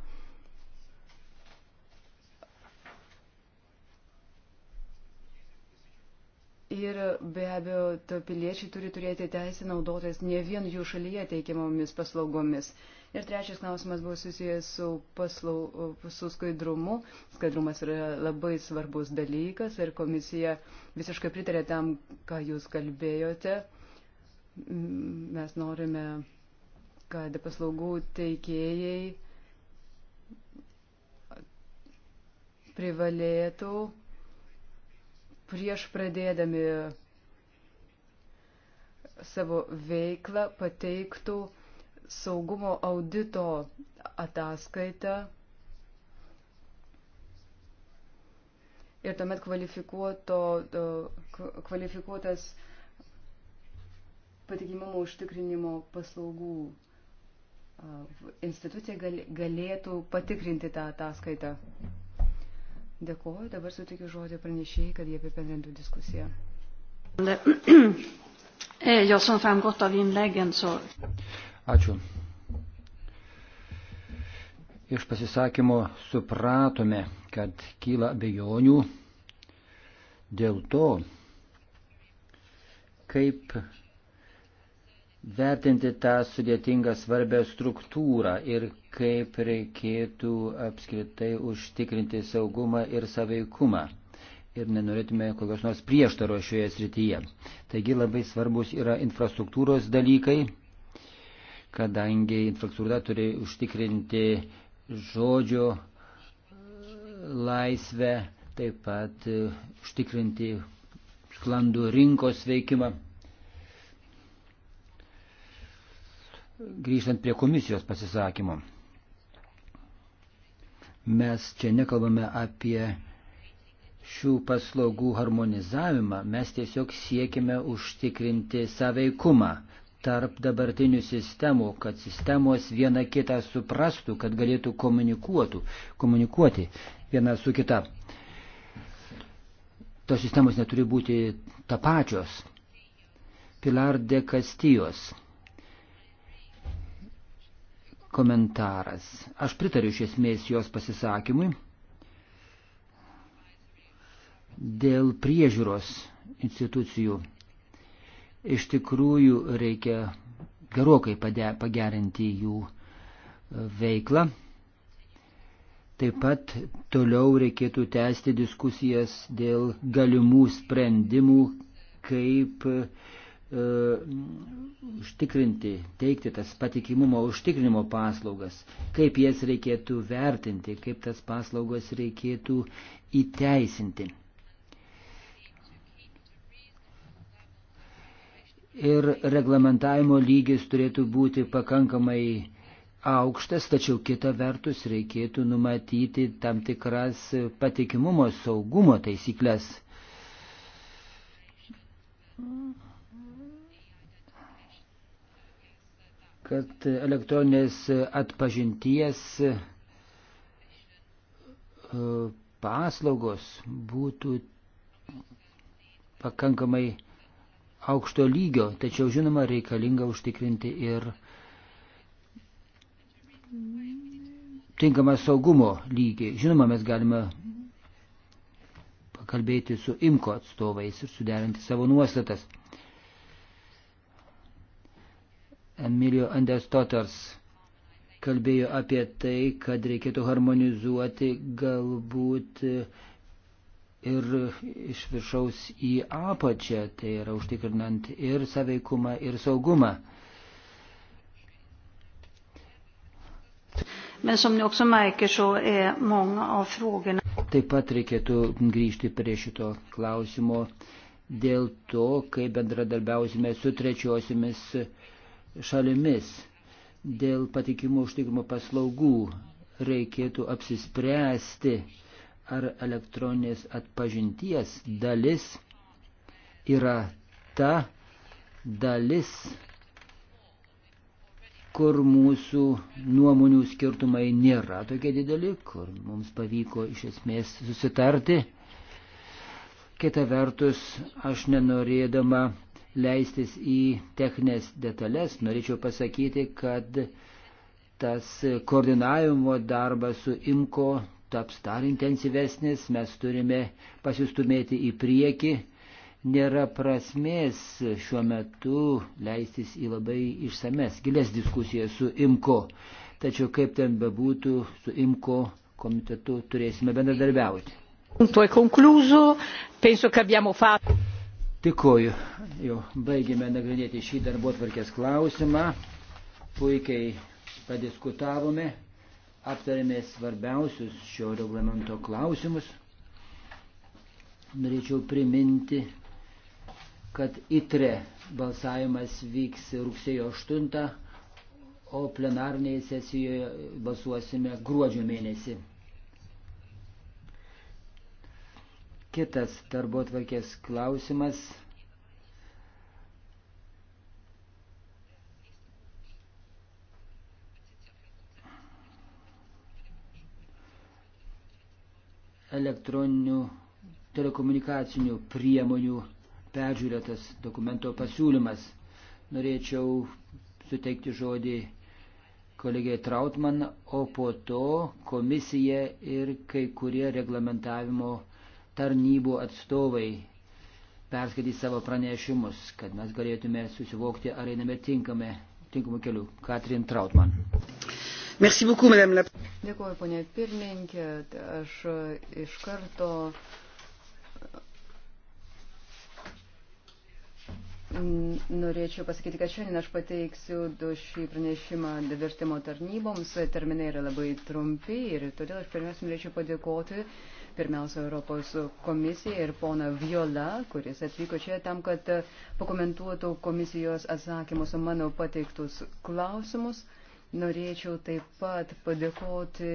ir be abejo piliečiai turi turėti teisę naudotis ne vien jų šalyje teikiamomis paslaugomis. Ir trečias klausimas buvo susijęs su, paslau, su skaidrumu. Skaidrumas yra labai svarbus dalykas ir komisija visiškai pritarė tam, ką jūs kalbėjote. Mes norime, kad paslaugų teikėjai privalėtų prieš pradėdami savo veiklą pateiktų saugumo audito ataskaitą ir tuomet kvalifikuoto, kvalifikuotas patikimumo užtikrinimo paslaugų institucija galėtų patikrinti tą ataskaitą. Dėkuoju, dabar sutikiu žodį pranešėjai, kad jie apipendrintų diskusiją. Eh, Ačiū. Iš pasisakymo supratome, kad kyla bejonių dėl to, kaip vertinti tą sudėtingą svarbę struktūrą ir kaip reikėtų apskritai užtikrinti saugumą ir saveikumą. Ir nenorėtume kokios nors prieštaro šioje srityje. Taigi labai svarbus yra infrastruktūros dalykai, kadangi infrastruktūra turi užtikrinti žodžio e, laisvę, taip pat e, užtikrinti sklandų rinkos veikimą. grįžtant prie komisijos pasisakymų. Mes čia nekalbame apie šių paslaugų harmonizavimą, mes tiesiog siekime užtikrinti saveikumą tarp dabartinių sistemų, kad sistemos viena kitą suprastų, kad galėtų komunikuoti viena su kita. Tos sistemos neturi būti tapačios. Pilar de Castijos komentaras. Aš pritariu iš esmės jos pasisakymui dėl priežiūros institucijų. Iš tikrųjų reikia gerokai pagerinti jų e, veiklą. Taip pat toliau reikėtų tęsti diskusijas dėl galimų sprendimų, kaip uh, E, užtikrinti, teikti tas patikimumo užtikrinimo paslaugas, kaip jas reikėtų vertinti, kaip tas paslaugas reikėtų įteisinti. Ir reglamentavimo lygis turėtų būti pakankamai aukštas, tačiau kita vertus reikėtų numatyti tam tikras patikimumo saugumo taisyklės. Mm. kad elektroninės atpažinties e, paslaugos būtų pakankamai aukšto lygio, tačiau žinoma reikalinga užtikrinti ir tinkamą saugumo lygį. Žinoma, mes galime pakalbėti su IMKO atstovais ir suderinti savo nuostatas. Emilio Andestoters kalbėjo apie tai, kad reikėtų harmonizuoti galbūt ir iš viršaus į apačią, tai yra užtikrinant ir saveikumą, ir saugumą. Men som ni också märker så är många av frågorna. Taip pat reikėtų grįžti prie šito klausimo dėl to, kaip bendradarbiausime su trečiosiomis uh, šalimis dėl patikimų užtikrimo paslaugų reikėtų apsispręsti, ar elektroninės atpažinties dalis yra ta dalis, kur mūsų nuomonių skirtumai nėra tokie dideli, kur mums pavyko iš esmės susitarti. Kita vertus, aš nenorėdama leistis į techninės detalės, norėčiau pasakyti, kad tas koordinavimo darbas su IMKO taps dar intensyvesnis, mes turime pasistumėti į priekį. Nėra prasmės šiuo metu leistis į labai išsames, gilės diskusijas su IMKO. Tačiau kaip ten bebūtų, su IMKO komitetu turėsime bendradarbiauti. Penso, Dėkuoju. Jau baigėme nagrinėti šį darbo tvarkės klausimą. Puikiai padiskutavome, aptarėme svarbiausius šio reglamento klausimus. Norėčiau priminti, kad ITRE balsavimas vyks rugsėjo 8, o plenarnėje sesijoje balsuosime gruodžio mėnesį. Kitas darbo tvarkės klausimas. elektroninių telekomunikacinių priemonių peržiūrėtas dokumento pasiūlymas. Norėčiau suteikti žodį kolegijai Trautman, o po to komisija ir kai kurie reglamentavimo tarnybų atstovai perskaitys savo pranešimus, kad mes galėtume susivokti, ar einame tinkame, tinkamu keliu. Katrin Trautman. Merci beaucoup, madame la... Dėkuoju, ponė pirmininkė. Aš iš karto Norėčiau pasakyti, kad šiandien aš pateiksiu šį pranešimą vertimo tarnyboms. Terminai yra labai trumpi ir todėl aš pirmiausia norėčiau padėkoti uh, pirmiausia Europos komisiją ir poną Viola, kuris atvyko čia tam, kad pakomentuotų komisijos atsakymus mano pateiktus klausimus. Norėčiau taip pat padėkoti,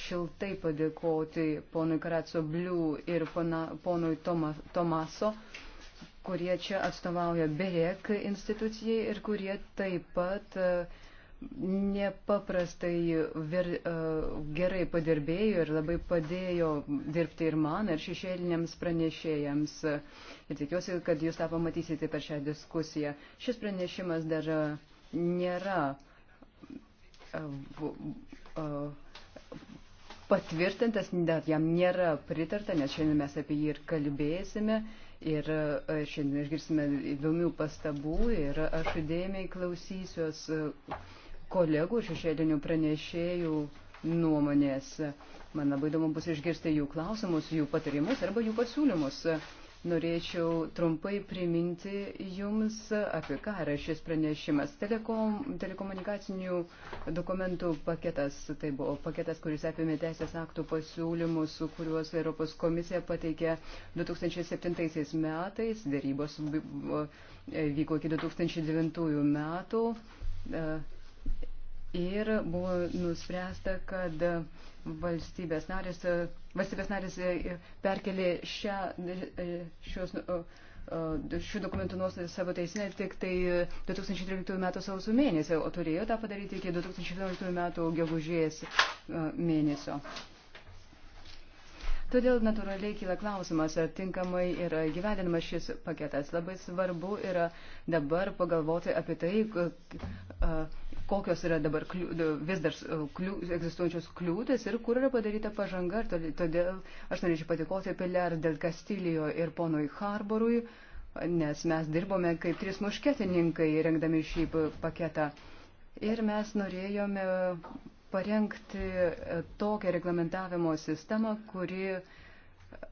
šiltai padėkoti ponui Karatso Bliu ir pana, ponui Toma, Tomaso, kurie čia atstovauja BEREK institucijai ir kurie taip pat uh, nepaprastai ver, e, gerai padirbėjo ir labai padėjo dirbti ir man, ir šešėliniams pranešėjams. Ir tikiuosi, kad jūs tą pamatysite per šią diskusiją. Šis pranešimas dar e, nėra e, patvirtintas, dar jam nėra pritarta, nes šiandien mes apie jį ir kalbėsime. Ir šiandien išgirsime įdomių pastabų ir aš įdėmiai klausysiuos kolegų šešėlinių pranešėjų nuomonės. Man labai įdomu bus išgirsti jų klausimus, jų patarimus arba jų pasiūlymus. Norėčiau trumpai priminti Jums, apie ką yra šis pranešimas. Telekom, telekomunikacinių dokumentų paketas, tai buvo paketas, kuris apėmė teisės aktų pasiūlymus, kuriuos Europos komisija pateikė 2007 metais, dėrybos vyko iki 2009 metų. Ir buvo nuspręsta, kad valstybės narės, valstybės narės e, perkelė šią, e, šios, šių dokumentų nuostatą savo teisinę tik tai 2013 m. sausio mėnesį, o turėjo tą padaryti iki 2014 m. gegužės e, mėnesio. Todėl natūraliai kyla klausimas, ar tinkamai yra gyvendinamas šis paketas. Labai svarbu yra dabar pagalvoti apie tai, kokios yra dabar kliū, vis dar e, kliū, egzistuojančios kliūtis ir kur yra padaryta pažanga. Todėl aš norėčiau patikoti Pilar del Castillo ir ponui Harborui, nes mes dirbome kaip trys mušketininkai rengdami šį paketą. Ir mes norėjome parengti e, tokią reglamentavimo sistemą, kuri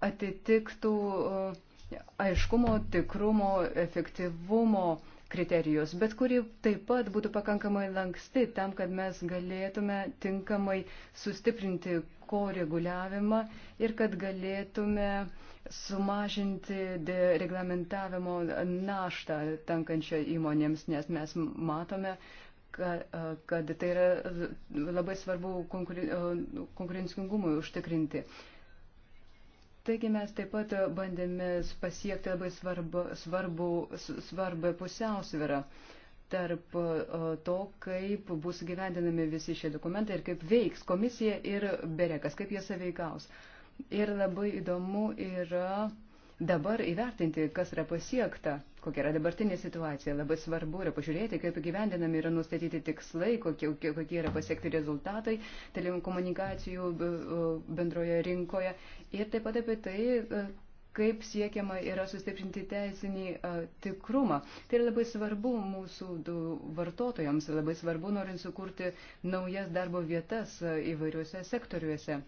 atitiktų e, aiškumo, tikrumo, efektyvumo kriterijus, bet kuri taip pat būtų pakankamai lanksti tam, kad mes galėtume tinkamai sustiprinti ko reguliavimą ir kad galėtume sumažinti reglamentavimo naštą tenkančią įmonėms, nes mes matome, kad tai yra labai svarbu konkurencingumui užtikrinti. Taigi mes taip pat bandėme pasiekti labai svarbu, svarbu, svarbę pusiausvyrą tarp to, kaip bus gyvendinami visi šie dokumentai ir kaip veiks komisija ir berekas, kaip jie saveikaus. Ir labai įdomu yra dabar įvertinti, kas yra pasiekta, kokia yra dabartinė situacija. Labai svarbu yra pažiūrėti, kaip gyvendinami yra nustatyti tikslai, kokie, kokie yra pasiekti rezultatai telekomunikacijų bendroje rinkoje ir taip pat apie tai, e, kaip siekiama yra sustiprinti teisinį e, tikrumą. Tai yra labai svarbu mūsų vartotojams, labai svarbu norint sukurti naujas darbo vietas e, įvairiuose sektoriuose.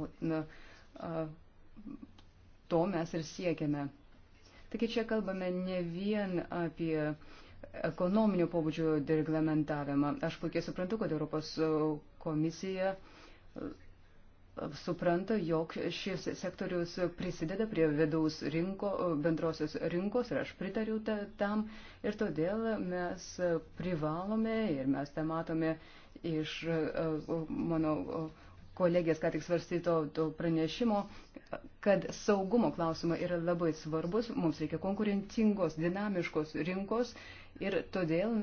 O, na, a, to mes ir siekiame. Taigi čia kalbame ne vien apie ekonominio pobūdžio reglamentavimą. Aš puikiai suprantu, kad Europos komisija e, supranta, jog šis sektorius prisideda prie vidaus rinko, bendrosios rinkos ir aš pritariu ta, tam ir todėl mes privalome ir mes tą matome iš e, mano kolegės ką tik svarstyto pranešimo, kad saugumo klausimai yra labai svarbus, mums reikia konkurencingos, dinamiškos rinkos ir todėl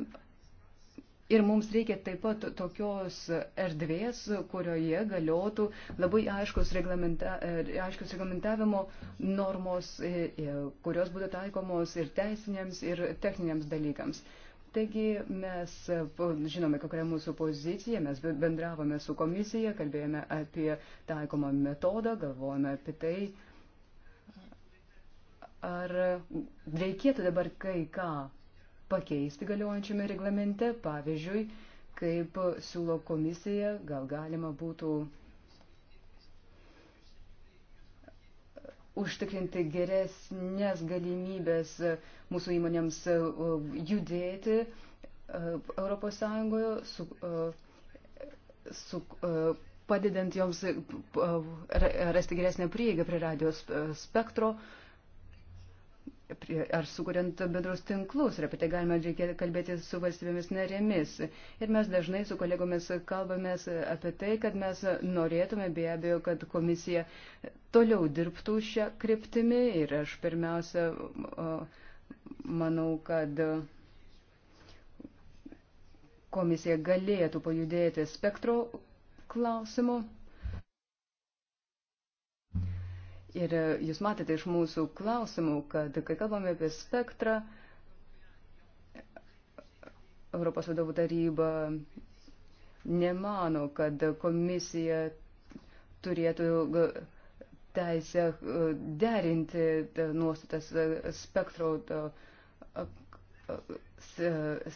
ir mums reikia taip pat tokios erdvės, kurioje galiotų labai aiškus, reglamenta, aiškus reglamentavimo normos, e, e, kurios būtų taikomos ir teisiniams, ir techniniams dalykams. Taigi mes žinome, kokia yra mūsų pozicija, mes bendravome su komisija, kalbėjome apie taikomą metodą, galvojame apie tai, ar reikėtų dabar kai ką pakeisti galiojančiame reglamente, pavyzdžiui, kaip siūlo komisija, gal galima būtų užtikrinti geresnės galimybės mūsų įmonėms e, judėti e, Europos Sąjungoje, su, e, su, padedant joms rasti geresnę prieigą prie radijos spektro, uh, ar sukuriant bendrus tinklus, ir apie tai galima reikia kalbėti su valstybėmis narėmis. Ir mes dažnai su kolegomis kalbamės apie tai, kad mes norėtume be abejo, kad komisija toliau dirbtų šią kryptimį ir aš pirmiausia manau, kad komisija galėtų pajudėti spektro klausimu. Ir e, jūs matėte iš mūsų klausimų, kad kai kalbame apie spektrą, Europos vadovų taryba nemano, kad komisija turėtų e, teisę e, derinti nuostatas spektro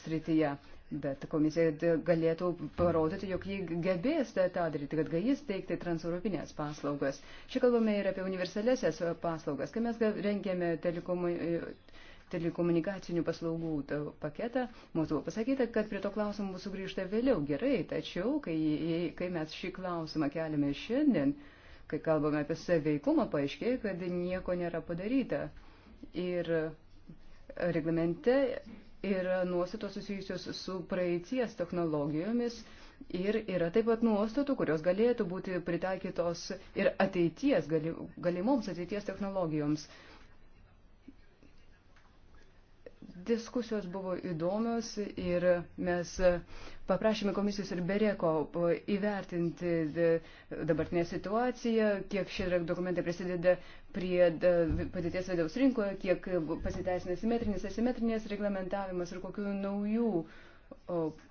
srityje. Bet komisija galėtų parodyti, jog jį gebės tą daryti, kad galės teikti transeuropinės paslaugas. Čia kalbame ir apie universalesias paslaugas. Kai mes rengėme telekomu, telekomunikacinių paslaugų paketą, mums buvo pasakyta, kad prie to klausimų bus sugrįžta vėliau. Gerai, tačiau, kai, kai mes šį klausimą keliame šiandien, kai kalbame apie saveikumą, paaiškėjo, kad nieko nėra padaryta. Ir reglamente ir nuostatos susijusios su praeities technologijomis. Ir yra taip pat nuostatų, kurios galėtų būti pritaikytos ir ateities, galimoms ateities technologijoms. Uh, Diskusijos buvo įdomios ir mes paprašėme komisijos ir Bereko įvertinti dabartinę situaciją, kiek šie dokumentai prisideda prie padėties vidaus rinkoje, kiek pasiteisina simetrinis, asimetrinės reglamentavimas ir kokių naujų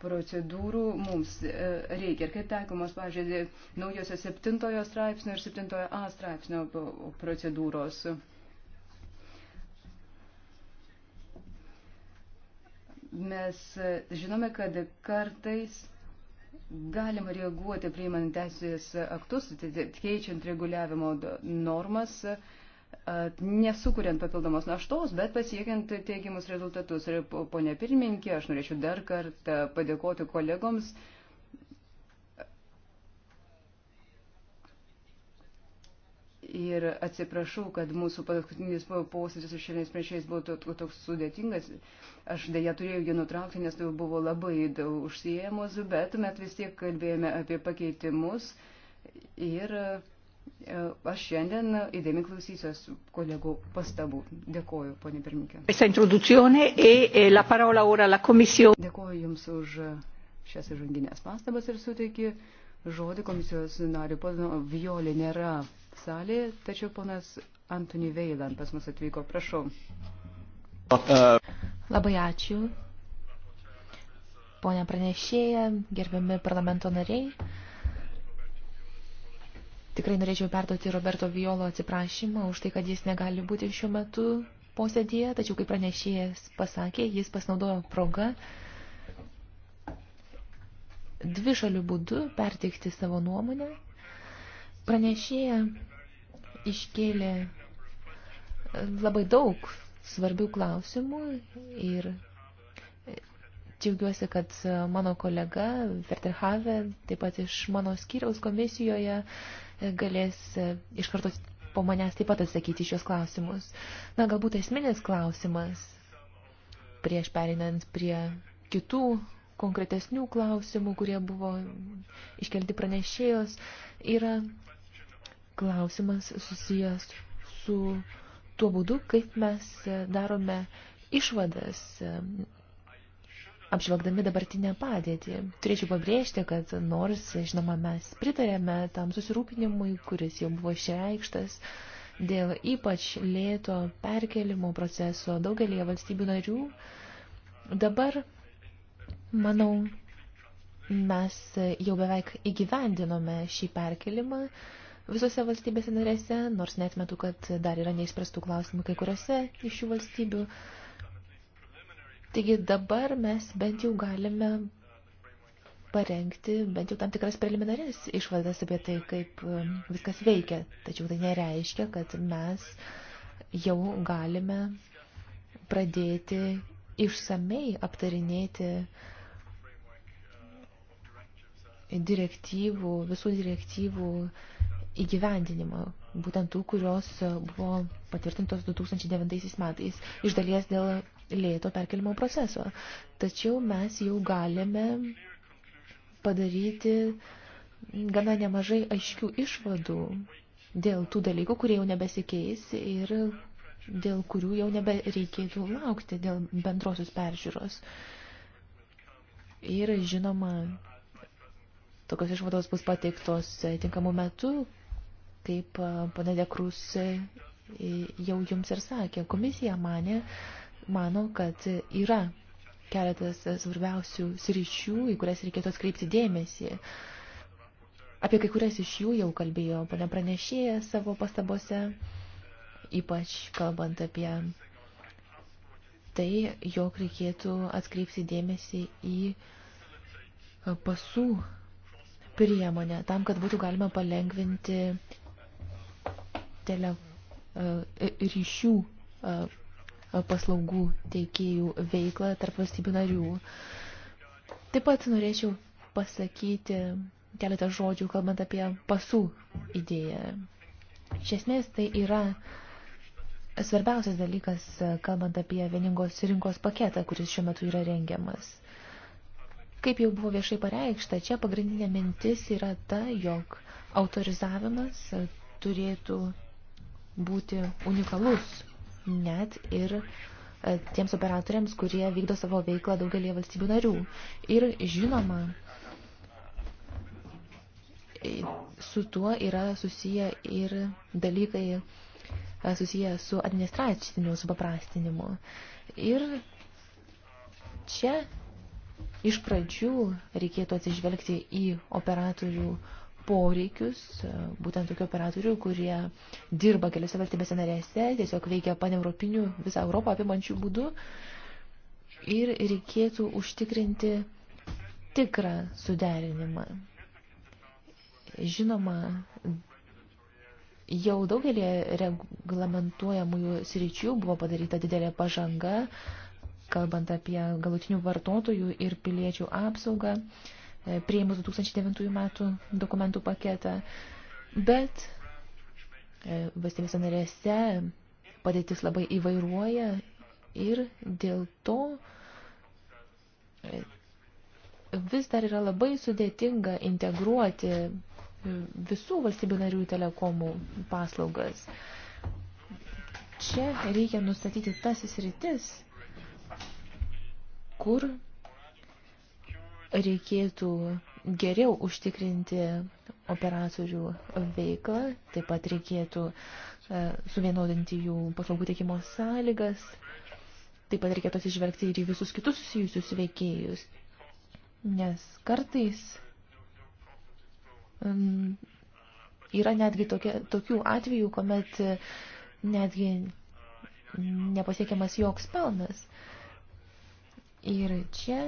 procedūrų mums e, reikia. Ir kaip taikomos, pavyzdžiui, naujosios 7 straipsnio ir 7a straipsnio procedūros. Mes e, žinome, kad kartais galima reaguoti priimant teisės aktus, keičiant reguliavimo normas, e, nesukuriant papildomos naštos, bet pasiekiant teigiamus rezultatus. Ir ponė pirmininkė, aš norėčiau dar kartą padėkoti kolegoms Ir atsiprašau, kad mūsų paskutinis posėdis su šiandien priešais buvo toks sudėtingas. Aš dėja turėjau jį nutraukti, nes tai buvo labai daug užsijėmus, bet mes vis tiek kalbėjome apie pakeitimus. Ir e, aš šiandien įdėmi klausysiuos kolegų pastabų. Dėkoju, ponė pirmininkė. E, e, Dėkoju Jums už šias įžanginės pastabas ir suteikiu žodį komisijos nariu. Pono Violi nėra salėje, tačiau ponas Antony Veilan pas mus atvyko. Prašau. Labai ačiū. Pone pranešėja, gerbiami parlamento nariai. Tikrai norėčiau perduoti Roberto Violo atsiprašymą už tai, kad jis negali būti šiuo metu posėdėje, tačiau kaip pranešėjas pasakė, jis pasinaudojo progą dvi šalių būdų perteikti savo nuomonę Pranešėja iškėlė labai daug svarbių klausimų ir džiaugiuosi, kad mano kolega Verterhave, taip pat iš mano skyriaus komisijoje, galės iš karto po manęs taip pat atsakyti šios klausimus. Na, galbūt esminis klausimas, prieš perinant prie kitų konkretesnių klausimų, kurie buvo iškelti pranešėjos, yra klausimas susijęs su tuo būdu, kaip mes darome išvadas, apžvelgdami dabartinę padėtį. Turėčiau pabrėžti, kad nors, žinoma, mes pritarėme tam susirūpinimui, kuris jau buvo išreikštas, dėl ypač lėto perkelimo proceso daugelį valstybių narių, dabar, manau, mes jau beveik įgyvendinome šį perkelimą visose valstybėse narėse, nors netmetu, kad dar yra neįspręstų klausimų kai kuriuose iš šių valstybių. Taigi dabar mes bent jau galime parengti bent jau tam tikras preliminarias išvadas apie tai, kaip um, viskas veikia. Tačiau tai nereiškia, kad mes jau galime pradėti išsamei aptarinėti direktyvų, visų direktyvų uh, įgyvendinimo, būtent tų, kurios e, buvo patvirtintos 2009 metais, iš dalies dėl lėto perkelimo proceso. Tačiau mes jau galime padaryti gana nemažai aiškių išvadų dėl tų dalykų, kurie jau nebesikeis ir dėl kurių jau nebereikėtų laukti dėl bendrosios peržiūros. Ir žinoma, tokios išvados bus pateiktos e, tinkamu metu, kaip pana Dekrus e, e, jau jums ir sakė, komisija mane, mano, kad yra keletas svarbiausių sričių, į kurias reikėtų atkreipti dėmesį. Apie kai kurias iš jų jau kalbėjo pana pranešėja savo pastabose, ypač kalbant apie tai, jog reikėtų atkreipti dėmesį į pasų priemonę, tam, kad būtų galima palengvinti tele e, e, ryšių e, paslaugų teikėjų veiklą tarp valstybių narių. Taip pat norėčiau pasakyti keletą žodžių, kalbant apie pasų idėją. Iš esmės tai yra svarbiausias dalykas, kalbant apie vieningos rinkos paketą, kuris šiuo metu yra rengiamas. Kaip jau buvo viešai pareikšta, čia pagrindinė mintis yra ta, jog autorizavimas turėtų būti unikalus net ir e, tiems operatoriams, kurie vykdo savo veiklą daugelį valstybių narių. Ir žinoma, su tuo yra susiję ir dalykai e, susiję su administraciniu supaprastinimu. Ir čia iš pradžių reikėtų atsižvelgti į operatorių poreikius, e, būtent tokių operatorių, kurie dirba keliose valstybėse narėse, tiesiog veikia paneuropinių visą Europą apimančių būdų. Ir reikėtų užtikrinti tikrą suderinimą. Žinoma, jau daugelį reglamentuojamųjų sričių buvo padaryta didelė pažanga, kalbant apie galutinių vartotojų ir piliečių apsaugą. Uh, E, prieimus 2009 metų dokumentų paketą, bet e, valstybėse narėse padėtis labai įvairuoja ir dėl to e, vis dar yra labai sudėtinga integruoti visų valstybių narių telekomų paslaugas. Čia reikia nustatyti tas sritis, kur reikėtų geriau užtikrinti operatorių veiklą, taip pat reikėtų e, suvienodinti jų paslaugų teikimo sąlygas, taip pat reikėtų atsižvelgti ir į visus kitus susijusius veikėjus, nes kartais yra netgi tokia, tokių atvejų, kuomet e, netgi nepasiekiamas joks pelnas. Ir čia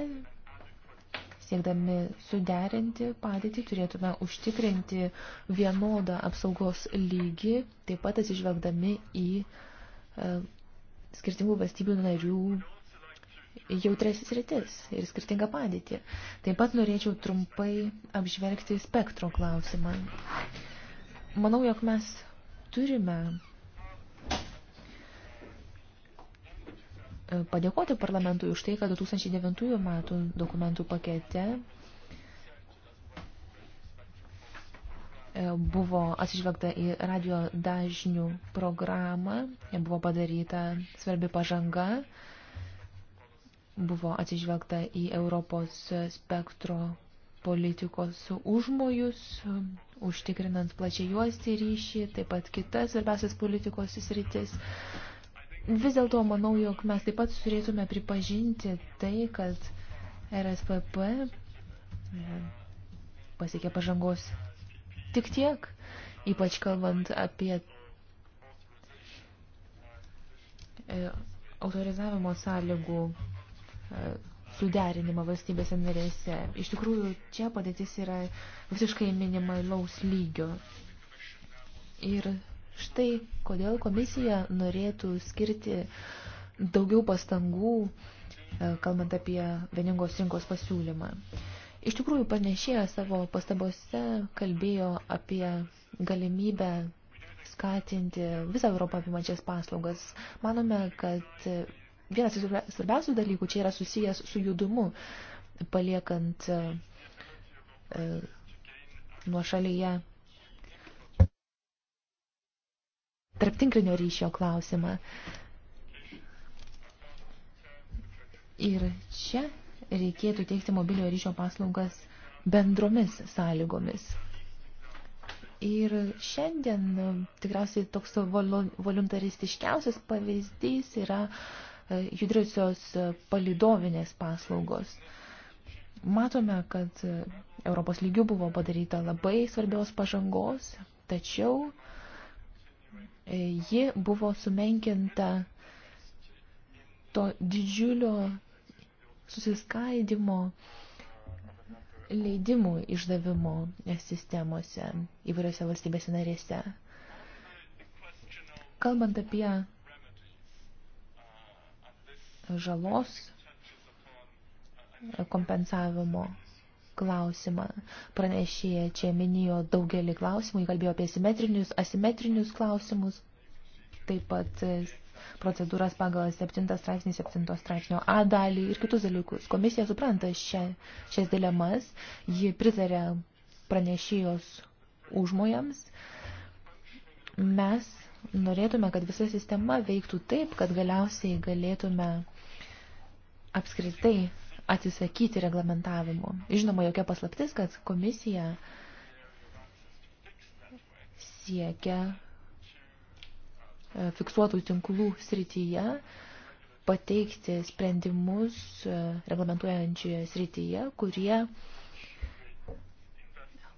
Siekdami suderinti padėtį turėtume užtikrinti vienodą apsaugos lygį, taip pat atsižvelgdami į e, skirtingų valstybių narių jautresis rytis ir skirtingą padėtį. Taip pat norėčiau trumpai apžvelgti spektro klausimą. Manau, jog mes turime padėkoti parlamentui už tai, kad 2009 metų dokumentų pakete e, buvo atsižvelgta į radio dažnių programą, buvo padaryta svarbi pažanga, buvo atsižvelgta į Europos spektro politikos užmojus, užtikrinant plačiai juosti ryšį, taip pat kitas svarbiasias politikos sritis. Vis dėlto manau, jog mes taip pat turėtume pripažinti tai, kad RSPP e, pasiekė pažangos tik tiek, ypač kalbant apie e, autorizavimo sąlygų e, suderinimą valstybėse narėse. Iš tikrųjų, čia padėtis yra visiškai minimalaus lygio. Ir Štai kodėl komisija norėtų skirti daugiau pastangų, e, kalbant apie vieningos rinkos pasiūlymą. Iš tikrųjų, panešėja savo pastabose kalbėjo apie galimybę skatinti visą Europą apimančias paslaugas. Manome, kad vienas iš svarbiausių dalykų čia yra susijęs su judumu, paliekant e, e, nuo šalyje tarptinklinio ryšio klausimą. Ir čia reikėtų teikti mobiliojo ryšio paslaugas bendromis sąlygomis. Ir šiandien e, tikriausiai toks voluntaristiškiausias pavyzdys yra e, judriosios e, palidovinės paslaugos. Matome, kad Europos lygių buvo padaryta labai svarbios pažangos, tačiau uh, ji buvo sumenkinta to didžiulio susiskaidimo leidimų išdavimo sistemose įvairiose valstybėse narėse. Kalbant apie žalos kompensavimo klausimą. Pranešėja čia minėjo daugelį klausimų, jį kalbėjo apie simetrinius, asimetrinius klausimus, taip pat e, procedūras pagal 7 straipsnį, 7 straipsnio A dalį ir kitus dalykus. Komisija supranta šia, šias dilemas, ji pritarė pranešėjos užmojams. Mes norėtume, kad visa sistema veiktų taip, kad galiausiai galėtume apskritai atsisakyti reglamentavimo. Žinoma, jokia paslaptis, kad komisija siekia e, fiksuotų tinklų srityje pateikti sprendimus e, reglamentuojančioje srityje, kurie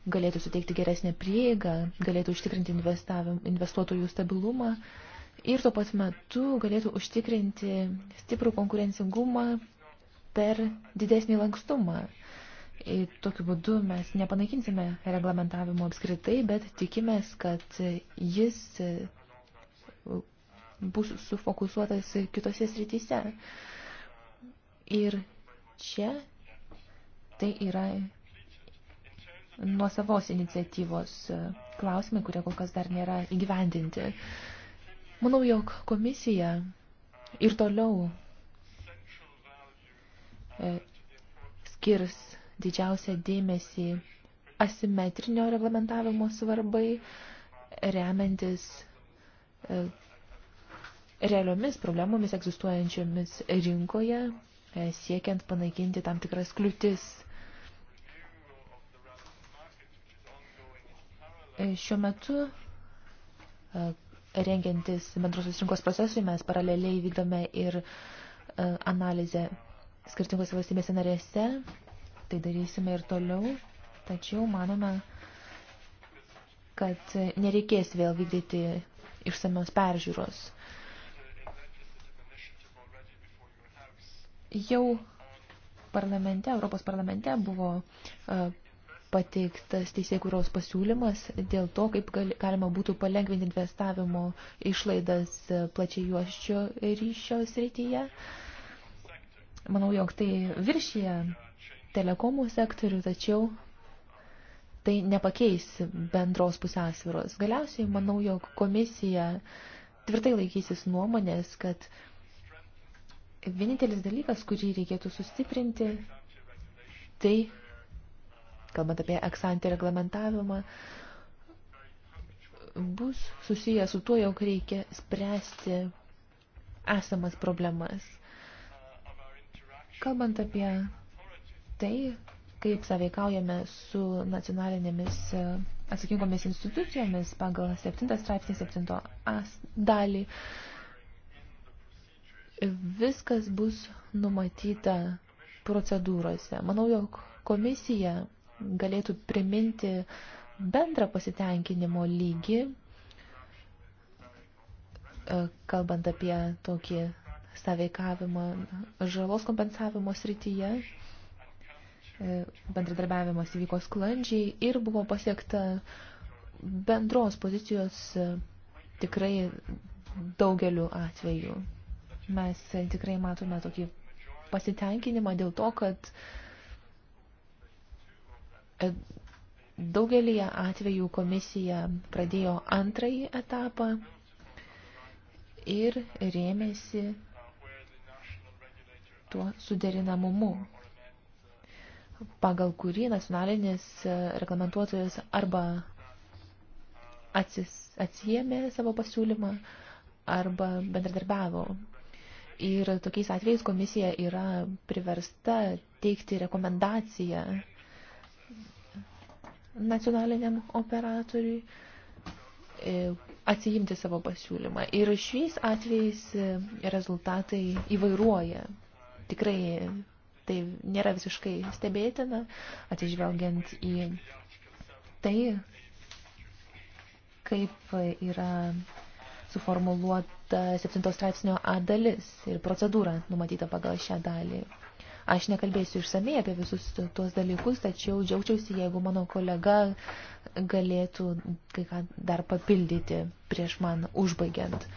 galėtų suteikti geresnę prieigą, galėtų užtikrinti investuotojų stabilumą ir tuo pat metu galėtų užtikrinti stiprų konkurencingumą per didesnį lankstumą. Ir tokiu būdu mes nepanaikinsime reglamentavimo apskritai, bet tikimės, kad jis e, bus sufokusuotas kitose srityse. Ir čia tai yra nuo savos iniciatyvos e, klausimai, kurie kol kas dar nėra įgyvendinti. Manau, jog komisija ir toliau E, skirs didžiausią dėmesį asimetrinio reglamentavimo svarbai, remiantis e, realiomis problemomis egzistuojančiomis rinkoje, e, siekiant panaikinti tam tikras kliūtis. Šiuo metu rengiantis bendrosios rinkos procesui mes paraleliai vykdome ir analizę skirtingose valstybėse narėse, tai darysime ir toliau, tačiau manome, kad nereikės vėl vykdyti išsamios peržiūros. Jau parlamente, Europos parlamente buvo e, pateiktas teisėkūros pasiūlymas dėl to, kaip galima būtų palengvinti investavimo išlaidas e, plačiai juoščio ryšio srityje. Uh, Manau, jog tai viršyje telekomų sektorių, tačiau tai nepakeis bendros pusiausvyros. Galiausiai manau, jog komisija tvirtai laikysis nuomonės, kad vienintelis dalykas, kurį reikėtų sustiprinti, tai, kalbant apie eksantį reglamentavimą, bus susiję su tuo, jog reikia spręsti esamas problemas. Kalbant apie tai, kaip saveikaujame su nacionalinėmis e, atsakingomis institucijomis pagal 7 straipsnį 7 a dalį, viskas bus numatyta procedūrose. Manau, jog komisija galėtų priminti bendrą pasitenkinimo lygį, e, kalbant apie tokį sąveikavimą žalos kompensavimo srityje. E, bendradarbiavimas įvyko sklandžiai ir buvo pasiekta bendros pozicijos e, tikrai daugeliu atveju. Mes tikrai matome tokį pasitenkinimą dėl to, kad e, daugelį atvejų komisija pradėjo antrąjį etapą ir rėmėsi tuo suderinamumu, pagal kurį nacionalinis e, reglamentuotojas arba atsis, atsijėmė savo pasiūlymą arba bendradarbiavo. Ir tokiais atvejais komisija yra priversta teikti rekomendaciją nacionaliniam operatoriui e, atsijimti savo pasiūlymą. Ir šiais atvejais e, rezultatai įvairuoja tikrai tai nėra visiškai stebėtina, atsižvelgiant į tai, kaip yra suformuluota 7 straipsnio A dalis ir procedūra numatyta pagal šią dalį. Aš nekalbėsiu išsamei apie visus tuos dalykus, tačiau džiaugčiausi, jeigu mano kolega galėtų kai ką dar papildyti prieš man užbaigiant.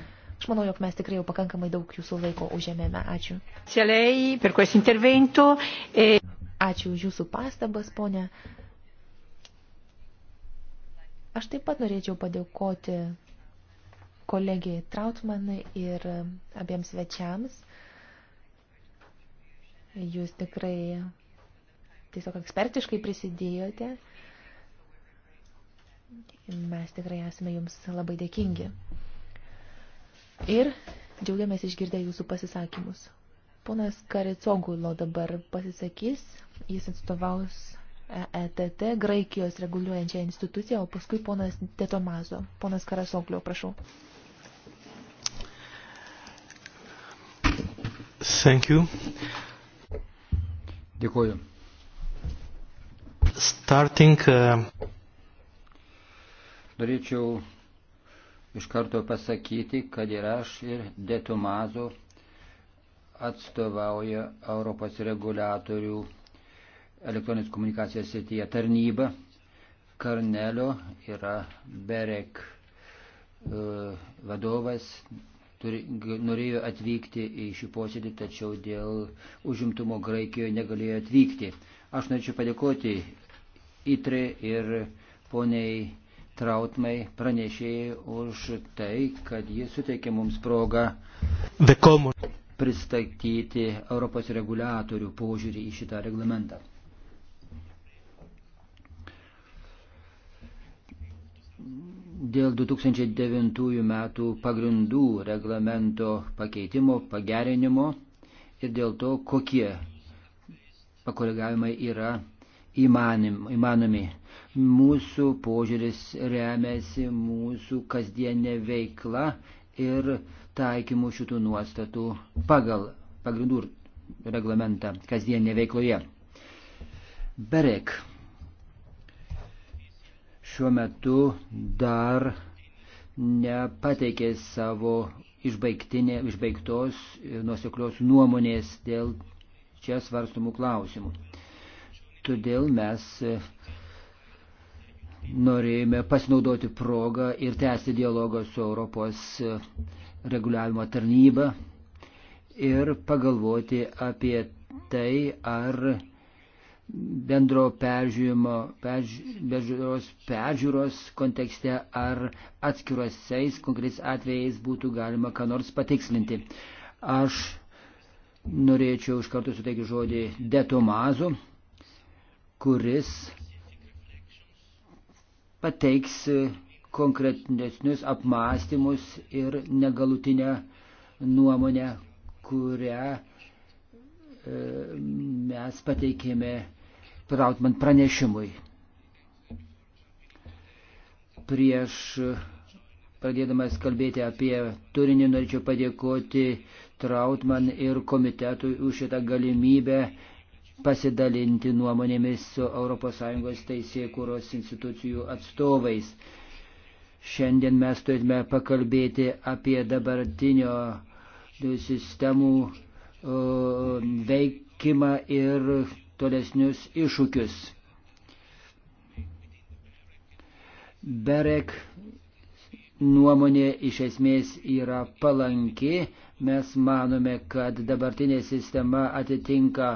Aš manau, jog mes tikrai jau pakankamai daug jūsų laiko užėmėme. Ačiū. E- Ačiū už jūsų pastabas, ponė. Aš taip pat norėčiau padėkoti kolegijai Trautmanai ir abiems svečiams. Jūs tikrai tiesiog ekspertiškai prisidėjote. Mes tikrai esame jums labai dėkingi ir džiaugiamės išgirdę jūsų pasisakymus. Ponas Karicogulo dabar pasisakys, jis atstovaus EETT, Graikijos reguliuojančią instituciją, o paskui ponas Tetomazo. Ponas Karasoglio, prašau. Thank you. Dėkuoju. Starting. Uh... Norėčiau iš karto pasakyti, kad ir aš, ir Detumazo atstovauja Europos reguliatorių elektroninės komunikacijos srityje tarnyba. Karnelio yra Berek e, vadovas, turi, norėjo atvykti į šį posėdį, tačiau dėl užimtumo Graikijoje negalėjo atvykti. Aš norėčiau padėkoti ITRE ir poniai Trautmai pranešėjai už tai, kad jis suteikė mums progą pristatyti Europos reguliatorių požiūrį į šitą reglamentą. Dėl 2009 metų pagrindų reglamento pakeitimo, pagerinimo ir dėl to, kokie pakoregavimai yra įmanim, įmanomi. Mūsų požiūris remiasi mūsų kasdienė veikla ir taikymu šitų nuostatų pagal pagrindų reglamentą kasdienė veikloje. Berek šiuo metu dar nepateikė savo išbaigtos nuoseklios nuomonės dėl čia svarstumų klausimų. Todėl mes e, norėjome pasinaudoti progą ir tęsti dialogą su Europos e, reguliavimo tarnyba ir pagalvoti apie tai, ar bendro peržiūrimo, peržiūros, peržiūros kontekste, ar atskiruosiais konkrečiais atvejais būtų galima ką nors patikslinti. Aš norėčiau iš karto suteikti žodį detomazu kuris pateiks konkretesnius apmąstymus ir negalutinę nuomonę, kurią e, mes pateikėme Trautman pranešimui. Prieš pradėdamas kalbėti apie turinį, norėčiau padėkoti Trautman ir komitetui už šitą galimybę pasidalinti nuomonėmis su ES teisėkūros institucijų atstovais. Šiandien mes turime pakalbėti apie dabartinio sistemų veikimą ir tolesnius iššūkius. Berek nuomonė iš esmės yra palanki. Mes manome, kad dabartinė sistema atitinka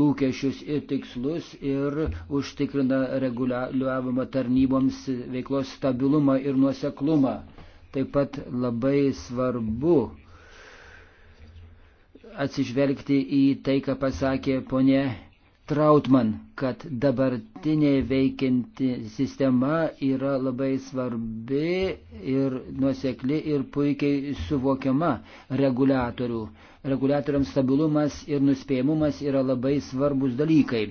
lūkesčius ir tikslus ir užtikrina reguliavimo tarnyboms veiklos stabilumą ir nuoseklumą. Taip pat labai svarbu atsižvelgti į tai, ką pasakė ponė Trautman, kad dabartinė veikianti sistema yra labai svarbi ir nuosekli ir puikiai suvokiama reguliatorių. Reguliatoriams stabilumas ir nuspėjimumas yra labai svarbus dalykai.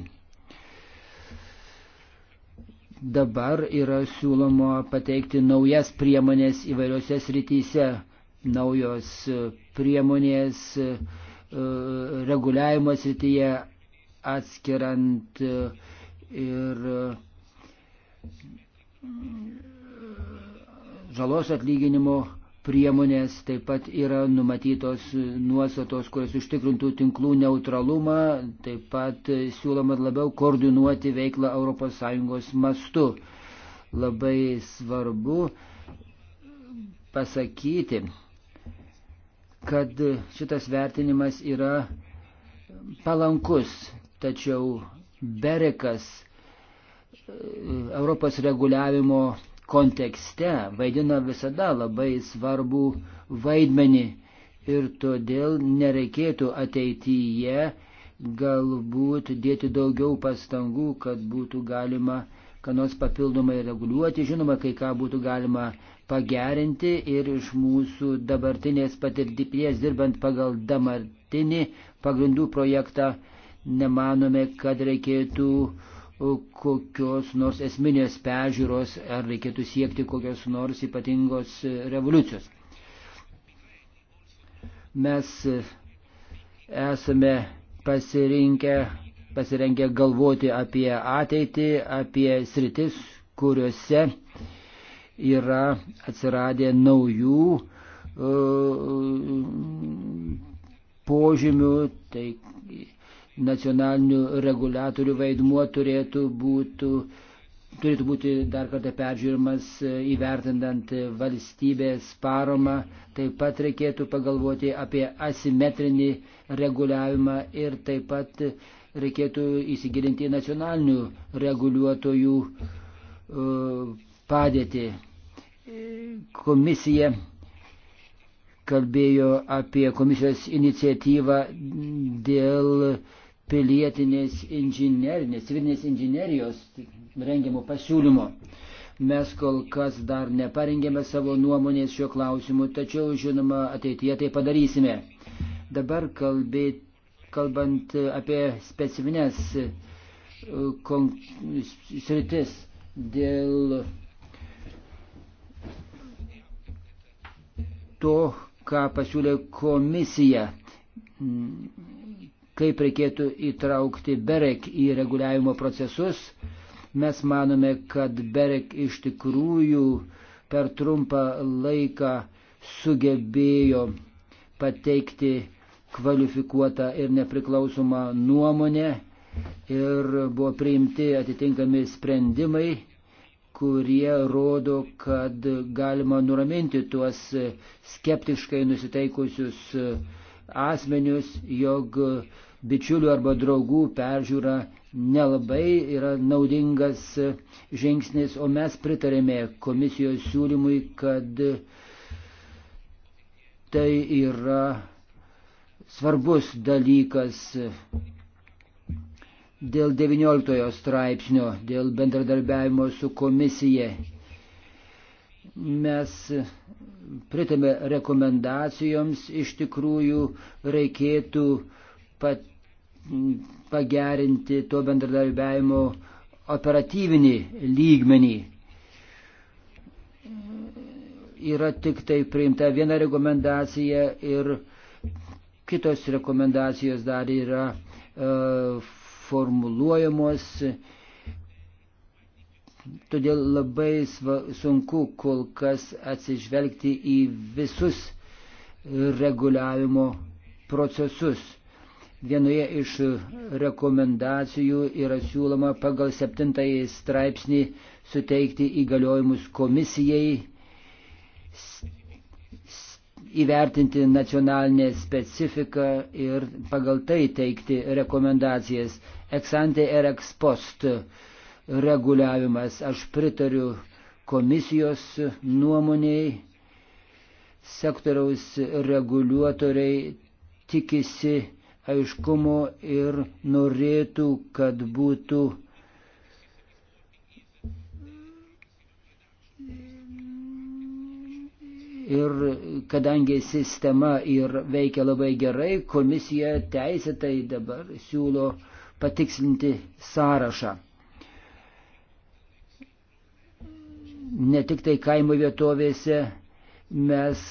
Dabar yra siūloma pateikti naujas priemonės įvairiose srityse, naujos priemonės e, reguliavimo srityje atskiriant ir e, žalos atlyginimo priemonės taip pat yra numatytos nuostatos, kurios užtikrintų tinklų neutralumą, taip pat siūloma labiau koordinuoti veiklą ES mastu. Labai svarbu pasakyti, kad šitas vertinimas yra palankus tačiau Berekas e, Europos reguliavimo kontekste vaidina visada labai svarbų vaidmenį ir todėl nereikėtų ateityje galbūt dėti daugiau pastangų, kad būtų galima ką nors papildomai reguliuoti, žinoma, kai ką būtų galima pagerinti ir iš mūsų dabartinės patirties dirbant pagal dabartinį pagrindų projektą nemanome, kad reikėtų kokios nors esminės pežiūros ar reikėtų siekti kokios nors ypatingos revoliucijos. Mes esame pasirinkę, pasirenkę galvoti apie ateitį, apie sritis, kuriuose yra atsiradę naujų požymių, tai nacionalinių reguliatorių vaidmuo turėtų būti, turėtų būti dar kartą peržiūrimas e, įvertinant valstybės paromą. Taip pat reikėtų pagalvoti apie asimetrinį reguliavimą ir taip pat reikėtų įsigilinti į nacionalinių reguliuotojų e, padėtį. Komisija kalbėjo apie komisijos iniciatyvą dėl uh, pilietinės inžinerinės, civilinės inžinerijos rengiamų pasiūlymų. Mes kol kas dar neparengėme savo nuomonės šiuo klausimu, tačiau žinoma ateityje tai padarysime. Dabar kalbėt, kalbant apie specifines e, sritis dėl to, ką pasiūlė komisija kaip reikėtų įtraukti BEREK į reguliavimo procesus. Mes manome, kad BEREK iš tikrųjų per trumpą laiką sugebėjo pateikti kvalifikuotą ir nepriklausomą nuomonę ir buvo priimti atitinkami sprendimai kurie rodo, kad galima nuraminti tuos skeptiškai nusiteikusius asmenius, jog bičiulių arba draugų peržiūra nelabai yra naudingas žingsnis, o mes pritarėme komisijos siūlymui, kad tai yra svarbus dalykas dėl 19 straipsnio, dėl bendradarbiavimo su komisija. Mes pritame rekomendacijoms, iš tikrųjų reikėtų pat pagerinti to bendradarbiavimo operatyvinį lygmenį. Yra tik tai priimta viena rekomendacija ir kitos rekomendacijos dar yra e, formuluojamos. Todėl labai sunku kol kas atsižvelgti į visus reguliavimo procesus. Vienoje iš rekomendacijų yra siūloma pagal septintąjį straipsnį suteikti įgaliojimus komisijai įvertinti nacionalinę specifiką ir pagal tai teikti rekomendacijas. Eksante ir er ekspost reguliavimas. Aš pritariu komisijos nuomoniai. Sektoriaus reguliuotoriai tikisi aiškumo ir norėtų, kad būtų Ir kadangi sistema ir veikia labai gerai, komisija teisėtai dabar siūlo patikslinti sąrašą. Ne tik tai kaimo vietovėse mes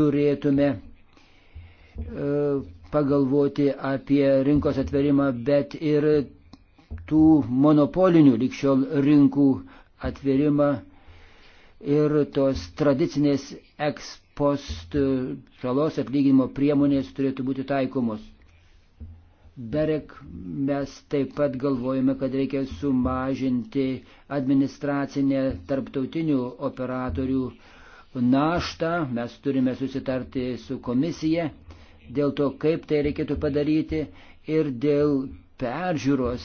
turėtume e, pagalvoti apie rinkos atverimą, bet ir tų monopolinių likščiol rinkų atverimą ir tos tradicinės ekspost žalos atlyginimo priemonės turėtų būti taikomos. Berek mes taip pat galvojame, kad reikia sumažinti administracinę tarptautinių operatorių naštą, mes turime susitarti su komisija dėl to, kaip tai reikėtų padaryti ir dėl peržiūros,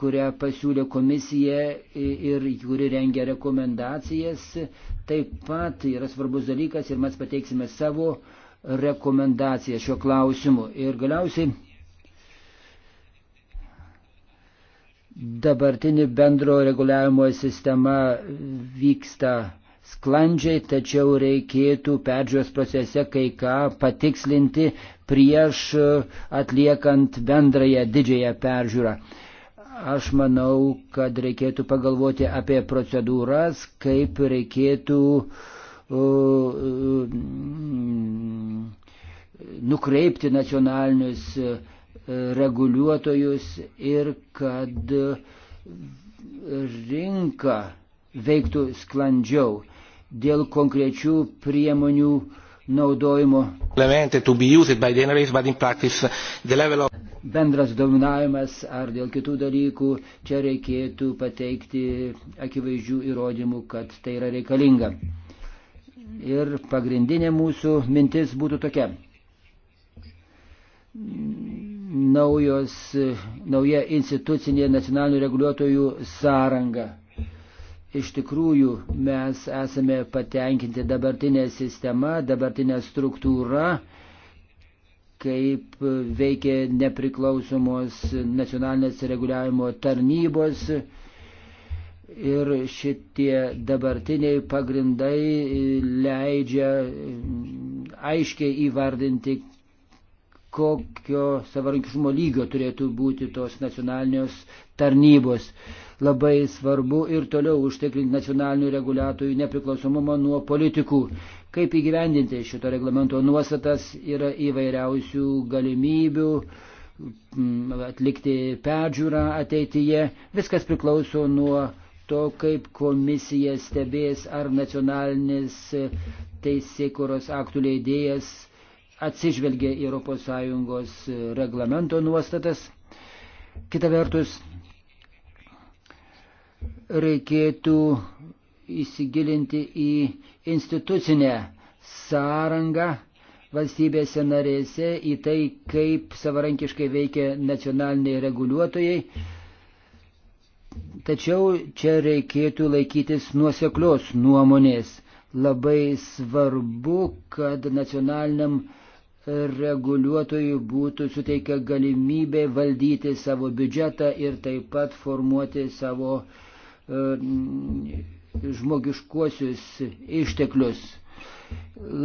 kurią pasiūlė komisija ir kuri rengia rekomendacijas. Taip pat yra svarbus dalykas ir mes pateiksime savo rekomendaciją šiuo klausimu. Ir galiausiai dabartinė bendro reguliavimo sistema vyksta sklandžiai, tačiau reikėtų peržiūros procese kai ką patikslinti prieš e, atliekant bendrąją didžiąją peržiūrą. Aš manau, kad reikėtų pagalvoti apie procedūras, kaip reikėtų uh, nukreipti nacionalinius reguliuotojus ir kad rinka veiktų sklandžiau dėl konkrečių priemonių naudojimo. Bendras dominavimas ar dėl kitų dalykų, čia reikėtų pateikti akivaizdžių įrodymų, kad tai yra reikalinga. Ir pagrindinė mūsų mintis būtų tokia. Naujos, nauja institucinė nacionalinių reguliuotojų sąranga Iš tikrųjų, mes esame patenkinti dabartinė sistema, dabartinė struktūra, kaip veikia nepriklausomos nacionalinės reguliavimo tarnybos. Ir šitie dabartiniai pagrindai leidžia aiškiai įvardinti, kokio savarankiškumo lygio turėtų būti tos nacionalinės tarnybos. Labai svarbu ir toliau užtikrinti nacionalinių reguliatorių nepriklausomumą nuo politikų. Kaip įgyvendinti šito reglamento nuostatas yra įvairiausių galimybių mm, atlikti peržiūrą ateityje. Viskas priklauso nuo to, kaip komisija stebės, ar nacionalinis teisėkuros aktų leidėjas atsižvelgia į ES reglamento nuostatas. Kita vertus, reikėtų įsigilinti į institucinę sąrangą valstybėse narėse, į tai, kaip savarankiškai veikia nacionaliniai reguliuotojai. Tačiau čia reikėtų laikytis nuoseklios nuomonės. Labai svarbu, kad nacionaliniam reguliuotojui būtų suteikia galimybė valdyti savo biudžetą ir taip pat formuoti savo uh, E, žmogiškuosius išteklius.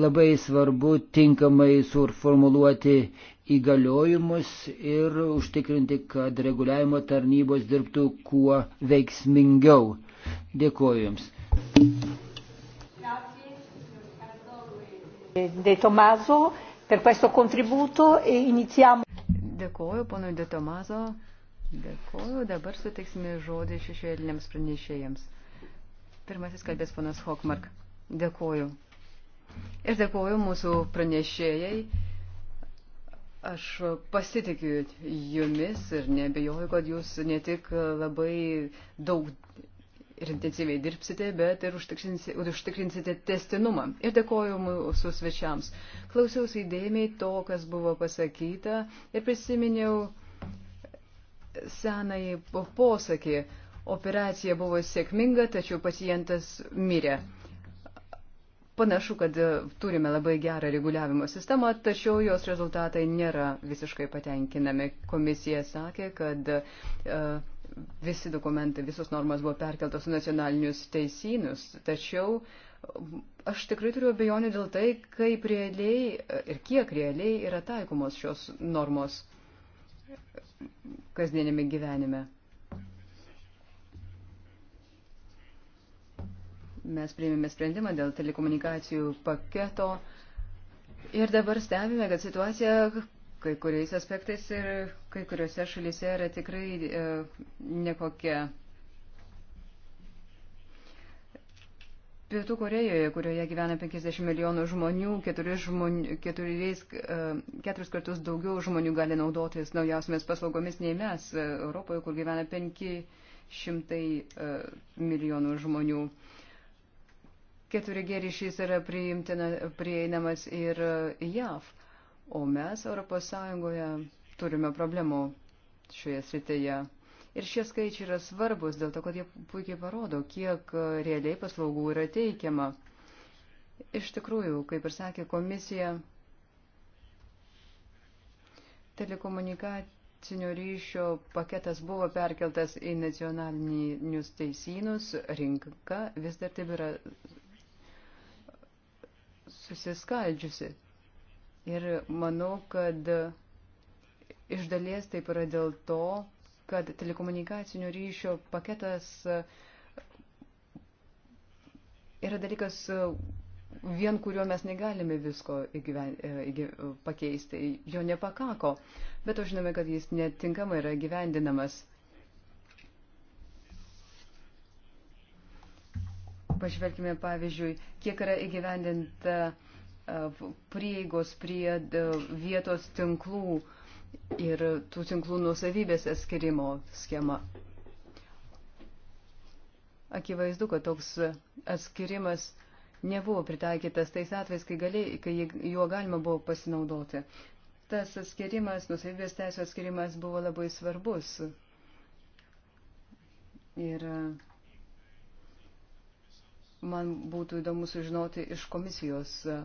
Labai svarbu tinkamai suformuluoti įgaliojimus ir užtikrinti, kad reguliavimo tarnybos dirbtų kuo veiksmingiau. Dėkuoju Jums. De Tomaso per questo contributo e iniziamo. Dėkuoju ponui De Tomaso Dėkuoju, dabar suteiksime žodį šešėliniams pranešėjams. Pirmasis kalbės ponas Hokmark. Dėkuoju. Ir dėkuoju mūsų pranešėjai. Aš pasitikiu jumis ir nebejoju, kad jūs ne tik labai daug ir intensyviai dirbsite, bet ir užtikrinsite, užtikrinsite testinumą. Ir dėkoju mūsų svečiams. Klausiausi įdėmiai to, kas buvo pasakyta ir prisiminiau senai posakį, operacija buvo sėkminga, tačiau pacientas mirė. Panašu, kad e, turime labai gerą reguliavimo sistemą, tačiau jos rezultatai nėra visiškai patenkinami. Komisija sakė, kad e, visi dokumentai, visos normas buvo perkeltos į nacionalinius teisynus, tačiau aš tikrai turiu abejonių dėl tai, kaip realiai e, ir kiek realiai yra taikomos šios normos kasdienėme gyvenime. Mes priėmėme sprendimą dėl telekomunikacijų paketo ir dabar stebime, kad situacija kai kuriais aspektais ir kai kuriuose šalyse yra tikrai e, nekokia. Pietų Korejoje, kurioje gyvena 50 milijonų žmonių, keturis žmonių keturiais, e, keturis kartus daugiau žmonių gali naudotis naujausiamis paslaugomis nei mes e, Europoje, kur gyvena 500 e, milijonų žmonių. 4G ryšys yra prieinamas ir JAV, o mes ES turime problemų šioje srityje. Ir šie skaičiai yra svarbus dėl to, kad jie puikiai parodo, kiek e, realiai paslaugų yra teikiama. Iš tikrųjų, kaip ir sakė komisija, telekomunikacinio ryšio paketas buvo perkeltas į nacionalinius teisynus, rinka vis dar taip yra susiskaldžiusi. Ir manau, kad iš dalies taip yra dėl to, kad telekomunikacinių ryšio paketas e, yra dalykas, e, vien kuriuo mes negalime visko įgyven, e, įgy, pakeisti. Jo nepakako, bet to žinome, kad jis netinkamai yra gyvendinamas. Pažvelkime, pavyzdžiui, kiek yra įgyvendinta prieigos prie vietos tinklų uh, ir tų tinklų nusavybės atskirimo schema. Akivaizdu, kad toks atskirimas nebuvo pritaikytas tais atvejais, kai, galėjai, kai juo galima buvo pasinaudoti. Tas atskirimas, nusavybės teisų atskirimas buvo labai svarbus. Ir man būtų įdomu sužinoti iš komisijos uh,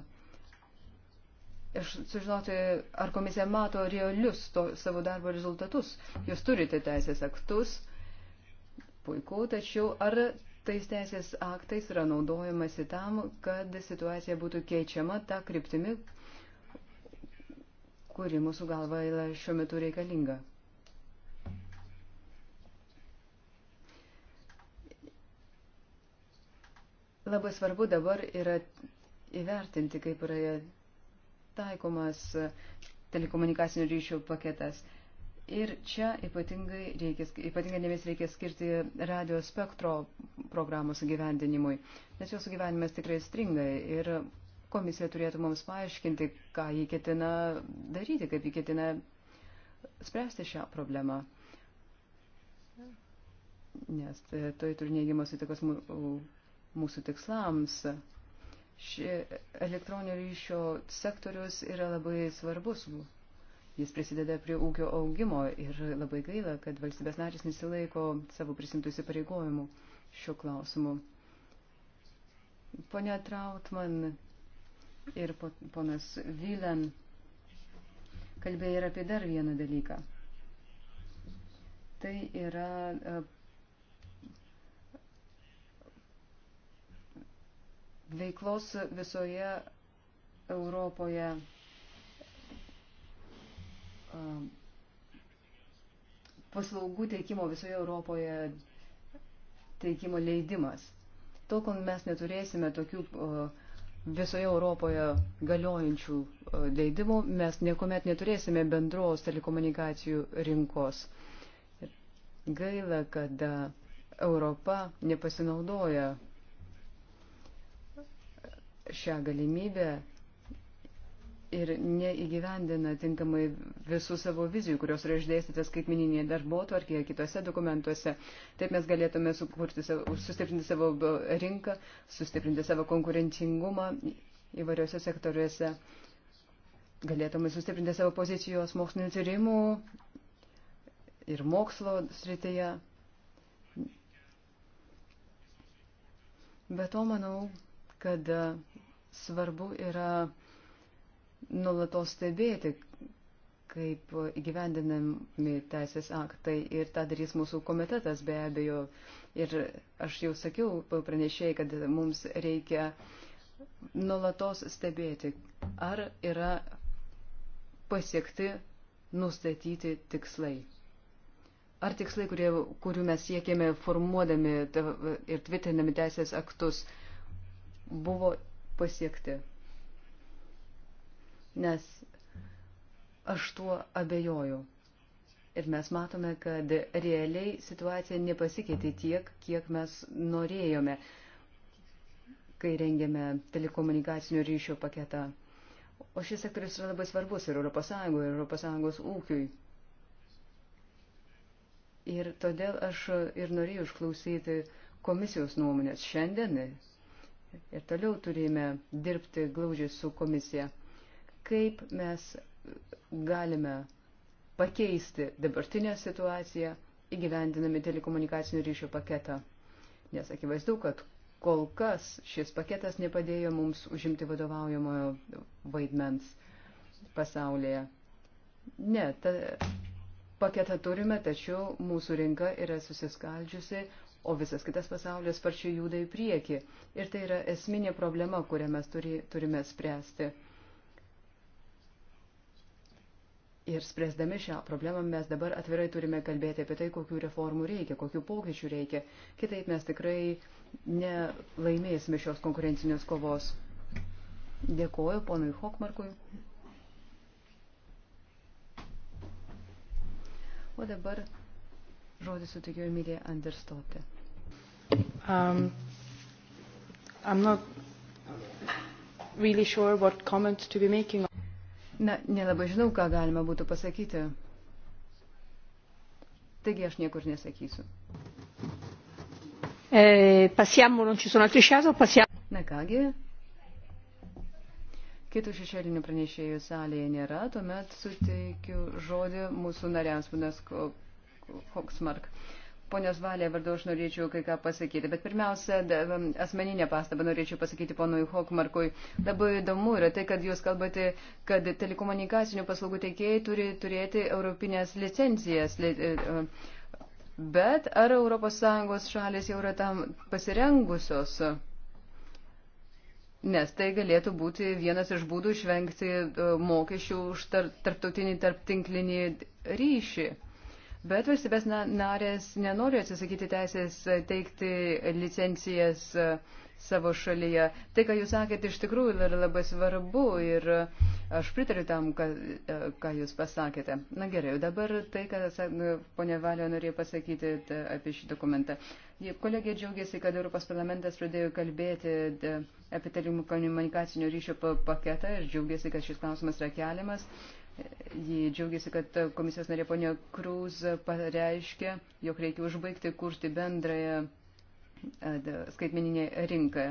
Aš sužinoti, ar komisija mato realius to, savo darbo rezultatus. Jūs turite teisės aktus, puiku, tačiau ar tais teisės aktais yra naudojamasi tam, kad situacija būtų keičiama tą kryptimi, kuri mūsų galva yra šiuo metu reikalinga. Labai svarbu dabar yra įvertinti, kaip yra taikomas telekomunikacinių ryšių paketas. Ir čia ypatingai reikės, ypatingai dėmesį reikia skirti radio spektro programos gyvendinimui, nes jos gyvenimas tikrai stringa ir komisija turėtų mums paaiškinti, ką jį ketina daryti, kaip jį ketina spręsti šią problemą. Nes tai turi neigiamos įtakos mūsų tikslams. Ši elektroninio ryšio sektorius yra labai svarbus. Jis prisideda prie ūkio augimo ir labai gaila, kad valstybės narys nesilaiko savo prisimtų įsipareigojimų šiuo klausimu. Pone Trautman ir ponas Vylen kalbėjo ir apie dar vieną dalyką. Tai yra veiklos visoje Europoje. Paslaugų teikimo visoje Europoje teikimo leidimas. Tol, kol mes neturėsime tokių visoje Europoje galiojančių leidimų, mes niekuomet neturėsime bendros telekomunikacijų rinkos. Gaila, kad Europa nepasinaudoja šią galimybę ir neįgyvendina tinkamai visų savo vizijų, kurios yra išdėstytas skaitmininėje darbo tvarkėje, kitose dokumentuose. Taip mes galėtume sukurti, sustiprinti savo rinką, sustiprinti savo konkurencingumą įvairiose sektoriuose. Galėtume sustiprinti savo pozicijos mokslinio tyrimų ir mokslo srityje. Be to, manau, kad e, svarbu yra nulatos stebėti, kaip įgyvendinami teisės aktai ir tą darys mūsų komitetas be abejo. Ir aš jau sakiau pranešėjai, kad mums reikia nulatos stebėti, ar yra pasiekti nustatyti tikslai. Ar tikslai, kurie, kurių mes siekėme formuodami ir tvirtinami teisės aktus, uh, buvo pasiekti. Nes aš tuo abejoju. Ir mes matome, kad realiai situacija nepasikeitė tiek, kiek mes norėjome, kai rengėme telekomunikacinių ryšių paketą. O šis sektorius yra labai svarbus ir ES, ir ES ūkiui. Ir todėl aš ir norėjau išklausyti komisijos nuomonės šiandien ir toliau turime dirbti glaužiai su komisija. Kaip mes galime pakeisti dabartinę situaciją įgyvendinami telekomunikacinių ryšių paketą. Nes akivaizdu, kad kol kas šis paketas nepadėjo mums užimti vadovaujamojo vaidmens pasaulyje. Ne, ta, paketą turime, tačiau mūsų rinka yra susiskaldžiusi, o visas kitas pasaulis sparčiai juda į priekį. Ir tai yra esminė problema, kurią mes turi, turime spręsti. Ir spręsdami šią problemą mes dabar atvirai turime kalbėti apie tai, kokių reformų reikia, kokių pokyčių reikia. Kitaip mes tikrai nelaimėsime šios konkurencinės kovos. Dėkoju ponui Hokmarkui. O dabar žodį sutikiu Emilija Anderstotė. Um, I'm not really sure what comments to be making. Na, nelabai žinau, ką galima būtų pasakyti. Taigi aš niekur nesakysiu. E, pasiamo, non ci sono altri shadow, pasiamo. Na kągi. Kitų šešėlinių pranešėjų salėje nėra, tuomet suteikiu žodį mūsų nariams, ponas Hoksmark. Uh, Ponios Valė, vardu aš norėčiau kai ką pasakyti, bet pirmiausia, asmeninę pastabą norėčiau pasakyti ponui Hokmarkui. Labai įdomu yra tai, kad jūs kalbate, kad telekomunikacinių paslaugų teikėjai turi turėti europinės licencijas. E, e, bet ar ES šalis jau yra tam pasirengusios? Nes tai galėtų būti vienas iš būdų išvengti e, mokesčių už tarptautinį tarptinklinį ryšį. Bet valstybės narės nenori atsisakyti teisės teikti licencijas e, savo šalyje. Tai, ką jūs sakėte, iš tikrųjų yra labai svarbu ir e, aš pritariu tam, ką, e, ką jūs pasakėte. Na gerai, dabar tai, ką ponia Valio norėjo pasakyti ta, apie šį dokumentą. Kolegė džiaugiasi, kad Europos parlamentas pradėjo kalbėti apie telekomunikacinių ryšio paketą ir džiaugiasi, kad šis klausimas yra keliamas. Jie džiaugiasi, kad komisijos narė ponė Krūz pareiškė, jog reikia užbaigti kurti bendrąją skaitmeninę rinką.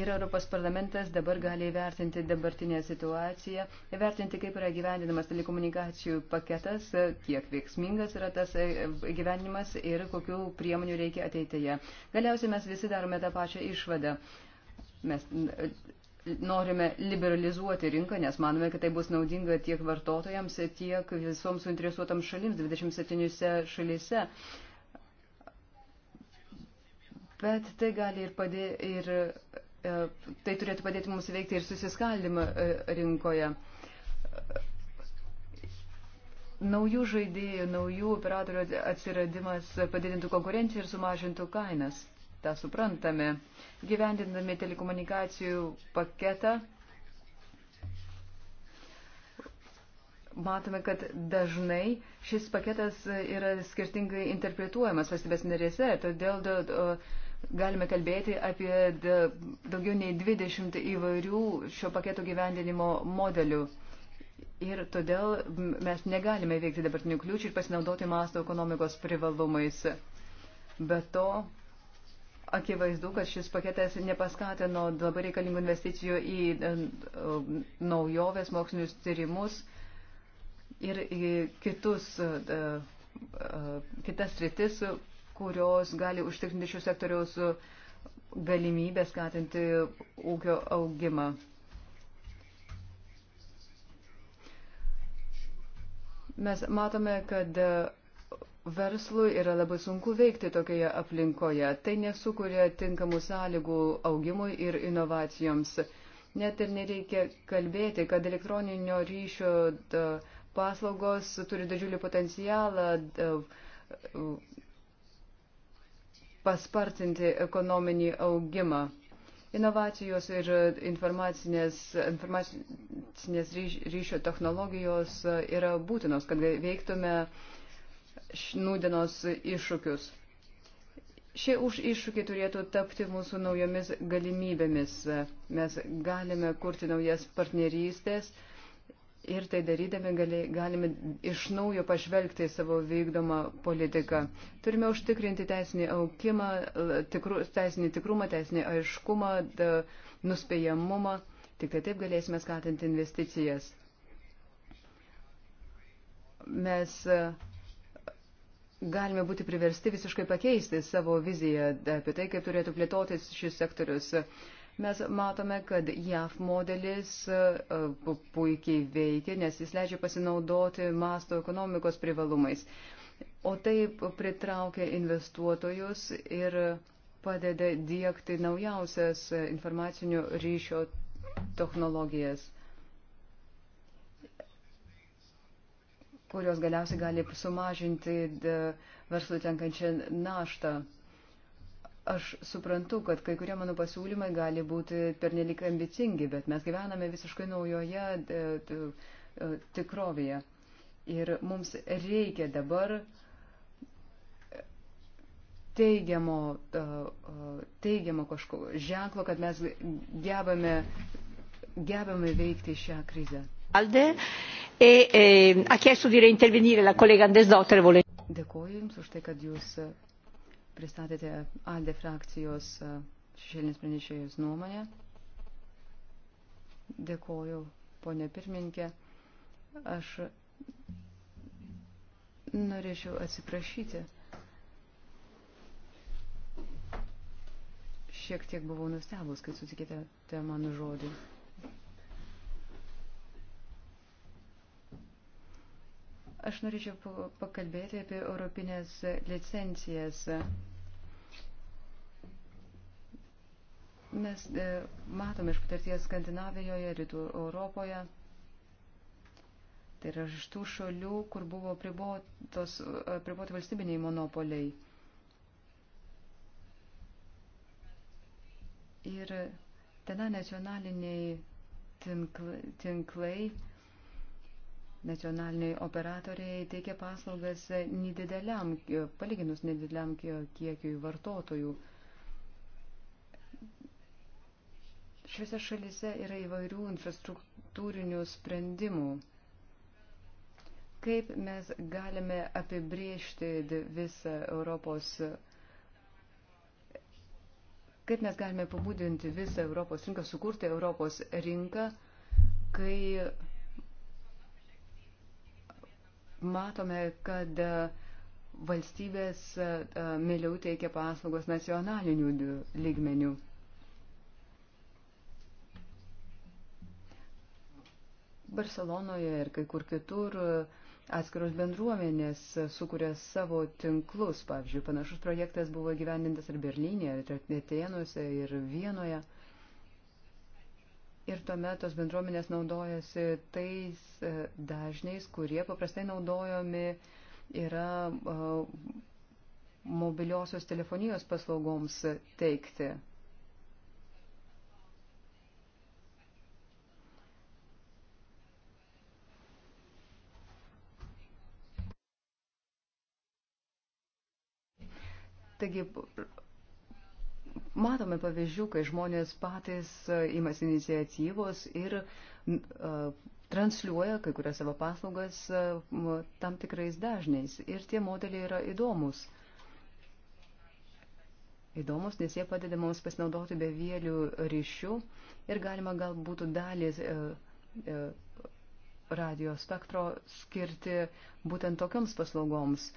Ir Europos parlamentas dabar gali įvertinti dabartinę situaciją, įvertinti, kaip yra gyvendinamas telekomunikacijų paketas, kiek veiksmingas yra tas e, gyvenimas ir kokių priemonių reikia ateityje. Galiausiai mes visi darome tą pačią išvadą. Mes norime liberalizuoti rinką, nes manome, kad tai bus naudinga tiek vartotojams, tiek visoms suinteresuotams šalims 27 šalyse. Bet tai gali ir padėti, ir e, tai turėtų padėti mums veikti ir susiskaldimą e, rinkoje. Naujų žaidėjų, naujų operatorių atsiradimas padidintų konkurenciją ir sumažintų kainas tą suprantame. Gyvendindami telekomunikacijų paketą, matome, kad dažnai šis paketas yra skirtingai interpretuojamas valstybės narėse, todėl da, da, galime kalbėti apie da, daugiau nei 20 įvairių šio paketo gyvendinimo modelių. Ir todėl mes negalime veikti dabartinių kliūčių ir pasinaudoti masto ekonomikos privalumais. Be to, Akivaizdu, kad šis paketas nepaskatino labai reikalingų investicijų į e, naujoves, mokslinius tyrimus ir į kitus, e, e, kitas rytis, kurios gali užtikrinti šių sektoriaus galimybę skatinti ūkio augimą. Mes matome, kad verslui yra labai sunku veikti tokioje aplinkoje. Tai nesukuria tinkamų sąlygų augimui ir inovacijoms. Net ir nereikia kalbėti, kad elektroninio ryšio paslaugos turi didžiulį potencialą paspartinti ekonominį augimą. Inovacijos ir informacinės, informacinės ryšio technologijos yra būtinos, kad veiktume uh, nūdienos iššūkius. Šie už iššūkiai turėtų tapti mūsų naujomis galimybėmis. Mes galime kurti naujas partnerystės ir tai darydami gali, galime iš naujo pažvelgti į savo vykdomą politiką. Turime užtikrinti teisinį aukimą, tikru, teisinį tikrumą, teisinį aiškumą, da, nuspėjamumą. Tik tai taip galėsime skatinti investicijas. Mes uh, galime būti priversti visiškai pakeisti savo viziją apie tai, kaip turėtų plėtotis šis sektorius. Mes matome, kad JAF modelis e, puikiai veikia, nes jis leidžia pasinaudoti masto ekonomikos privalumais. O tai pritraukia investuotojus ir padeda diegti naujausias informacinio ryšio technologijas. kurios galiausiai gali sumažinti e, verslų tenkančią naštą. Aš suprantu, kad kai kurie mano pasiūlymai gali būti pernelik ambicingi, bet mes gyvename visiškai naujoje e, tikrovėje. Ir mums reikia dabar teigiamo, e, teigiamo kažko ženklo, kad mes gebame, gebame veikti šią krizę. Alde e eh, ha chiesto di reintervenire la collega Andesdotter. Vole... Dėkuoju Jums už tai, kad Jūs e, pristatėte Alde frakcijos e, šešėlinės pranešėjos nuomonę. Dėkuoju, ponė pirmininkė. Aš norėčiau atsiprašyti. Šiek tiek buvau nustebus, kai sutikėte mano žodį. Aš norėčiau pakalbėti apie europinės licencijas. Mes e, matome iš patirties Skandinavijoje, Rytų Europoje. Tai yra iš tų šalių, kur buvo pribotos, priboti valstybiniai monopoliai. Ir tena nacionaliniai tinkl, tinklai nacionaliniai operatoriai teikia paslaugas nedideliam, palyginus nedideliam kiekiui vartotojų. Šiuose šalise yra įvairių infrastruktūrinių sprendimų. Kaip mes galime apibriežti visą Europos, kaip mes galime pabūdinti visą Europos rinką, sukurti Europos rinką, kai matome, kad e, valstybės e, e, mieliau teikia paslaugos nacionalinių lygmenių. Barcelonoje ir kai kur kitur atskiros bendruomenės sukuria savo tinklus. Pavyzdžiui, panašus projektas buvo gyvendintas ir Berlyne, ir Tretienuose, ir Vienoje ir tuomet tos bendruomenės naudojasi tais e, dažniais, kurie paprastai naudojami yra e, mobiliosios telefonijos paslaugoms teikti. Taigi Matome pavyzdžių, kai žmonės patys e, imas iniciatyvos ir e, transliuoja kai kurias savo paslaugas e, tam tikrais dažniais. Ir tie modeliai yra įdomus. Įdomus, nes jie padeda mums pasinaudoti bevėlių ryšių ir galima galbūt dalį radio spektro skirti būtent tokioms paslaugoms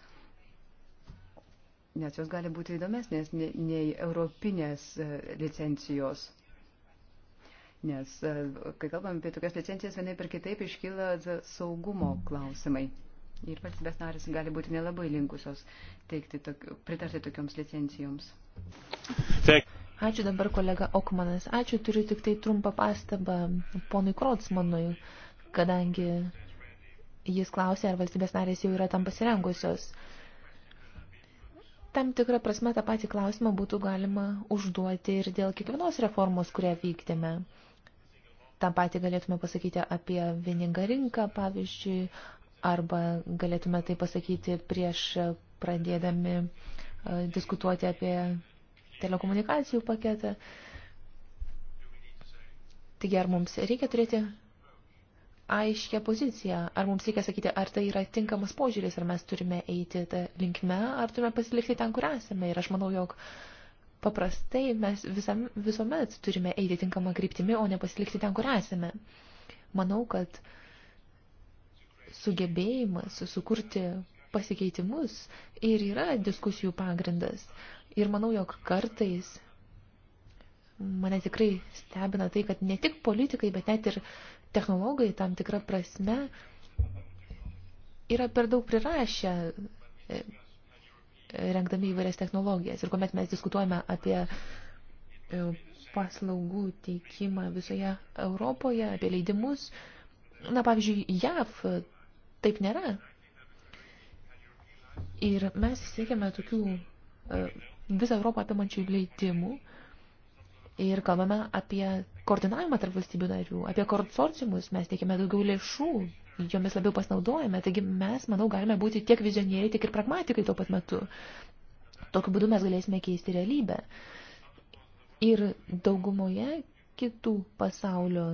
nes jos gali būti įdomesnės nei europinės e, licencijos. Nes, e, kai kalbame apie tokias licencijas, vienai per kitaip iškyla saugumo klausimai. Ir valstybės narės gali būti nelabai linkusios teikti, tok, pritarti tokioms licencijoms. Ačiū dabar kolega Okmanas. Ačiū, turiu tik tai trumpą pastabą ponui Krotsmanui, kadangi jis klausė, ar valstybės narės jau yra tam pasirengusios. Uh, Tam tikrą prasme tą patį klausimą būtų galima užduoti ir dėl kiekvienos reformos, kurią vykdėme. Ta patį galėtume pasakyti apie vieningą rinką, pavyzdžiui, arba galėtume tai pasakyti prieš pradėdami e, diskutuoti apie telekomunikacijų paketą. Taigi, ar mums reikia turėti aiškę poziciją. Ar mums reikia sakyti, ar tai yra tinkamas požiūris, ar mes turime eiti tą linkme, ar turime pasilikti ten, kur esame. Ir aš manau, jog paprastai mes visam, visuomet turime eiti tinkamą kryptimį, o ne pasilikti ten, kur esame. Manau, kad sugebėjimas sukurti pasikeitimus ir yra diskusijų pagrindas. Ir manau, jog kartais mane tikrai stebina tai, kad ne tik politikai, bet net ir technologai tam tikrą prasme yra per daug prirašę e, rengdami įvairias technologijas. Ir kuomet mes diskutuojame apie e, paslaugų teikimą visoje Europoje, apie leidimus, na, pavyzdžiui, JAV taip nėra. Ir mes siekiame tokių e, visą Europą apimančių leidimų, ir kalbame apie koordinavimą tarp valstybių narių, apie konsorciumus, mes teikiame daugiau lėšų, jomis labiau pasinaudojame, taigi mes, manau, galime būti tiek vizionieriai, tiek ir pragmatikai tuo pat metu. Tokiu būdu mes galėsime keisti realybę. Ir daugumoje kitų pasaulio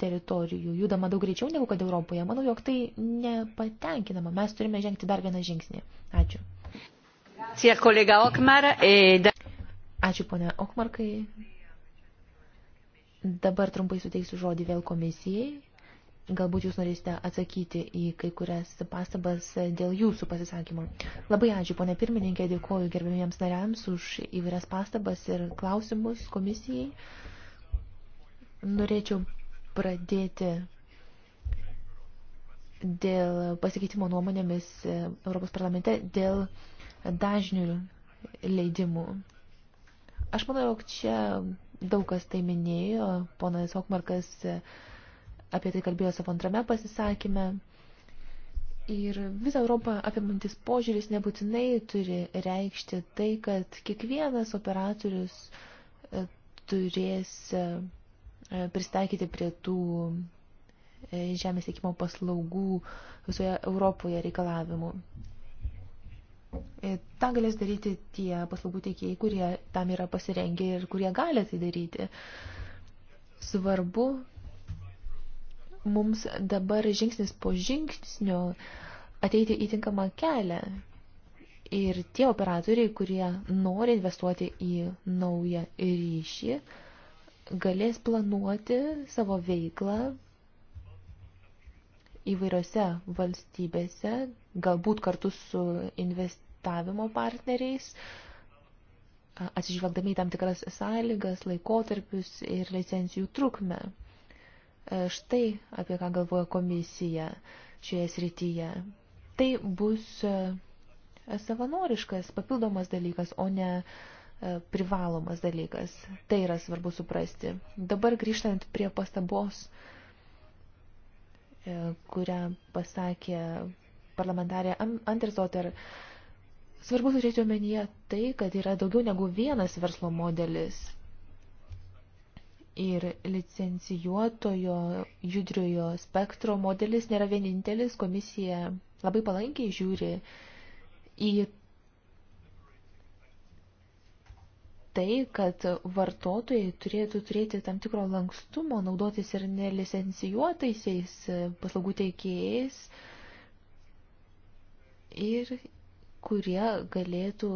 teritorijų judama daug greičiau negu kad Europoje. Manau, jog tai nepatenkinama. Mes turime žengti dar vieną žingsnį. Ačiū. Ačiū, kolega Okmar. E Ačiū, ponia Okmarkai. Dabar trumpai suteiksiu žodį vėl komisijai. Galbūt jūs norėsite atsakyti į kai kurias pastabas dėl jūsų pasisakymo. Labai ačiū, ponė pirmininkė, dėkoju gerbėmiems nariams už įvairias pastabas ir klausimus komisijai. Norėčiau pradėti dėl pasikeitimo nuomonėmis Europos parlamente dėl dažnių leidimų. Aš manau, jog čia daug kas tai minėjo, ponas Hokmarkas apie tai kalbėjo savo antrame pasisakyme. Ir visą Europą apimantis požiūris nebūtinai turi reikšti tai, kad kiekvienas operatorius e, turės e, pristaikyti prie tų e, žemės tiekimo paslaugų visoje Europoje reikalavimų. E, Ta galės daryti tie paslaugų teikėjai, kurie tam yra pasirengę ir kurie gali tai daryti. Svarbu mums dabar žingsnis po žingsnio ateiti į tinkamą kelią. Ir tie operatoriai, kurie nori investuoti į naują ryšį, galės planuoti savo veiklą įvairiose valstybėse, galbūt kartu su invest projektavimo partneriais, atsižvelgdami į tam tikras sąlygas, laikotarpius ir licencijų trukmę. E, štai apie ką galvoja komisija šioje srityje. Tai bus e, savanoriškas, papildomas dalykas, o ne e, privalomas dalykas. Tai yra svarbu suprasti. Dabar grįžtant prie pastabos, kurią pasakė parlamentarė Andersdotter, Svarbu turėti omenyje tai, kad yra daugiau negu vienas verslo modelis. Ir licencijuotojo judriojo spektro modelis nėra vienintelis. Komisija labai palankiai žiūri į tai, kad vartotojai turėtų turėti tam tikro lankstumo, naudotis ir nelicencijuotaisiais paslaugų teikėjais ir kurie galėtų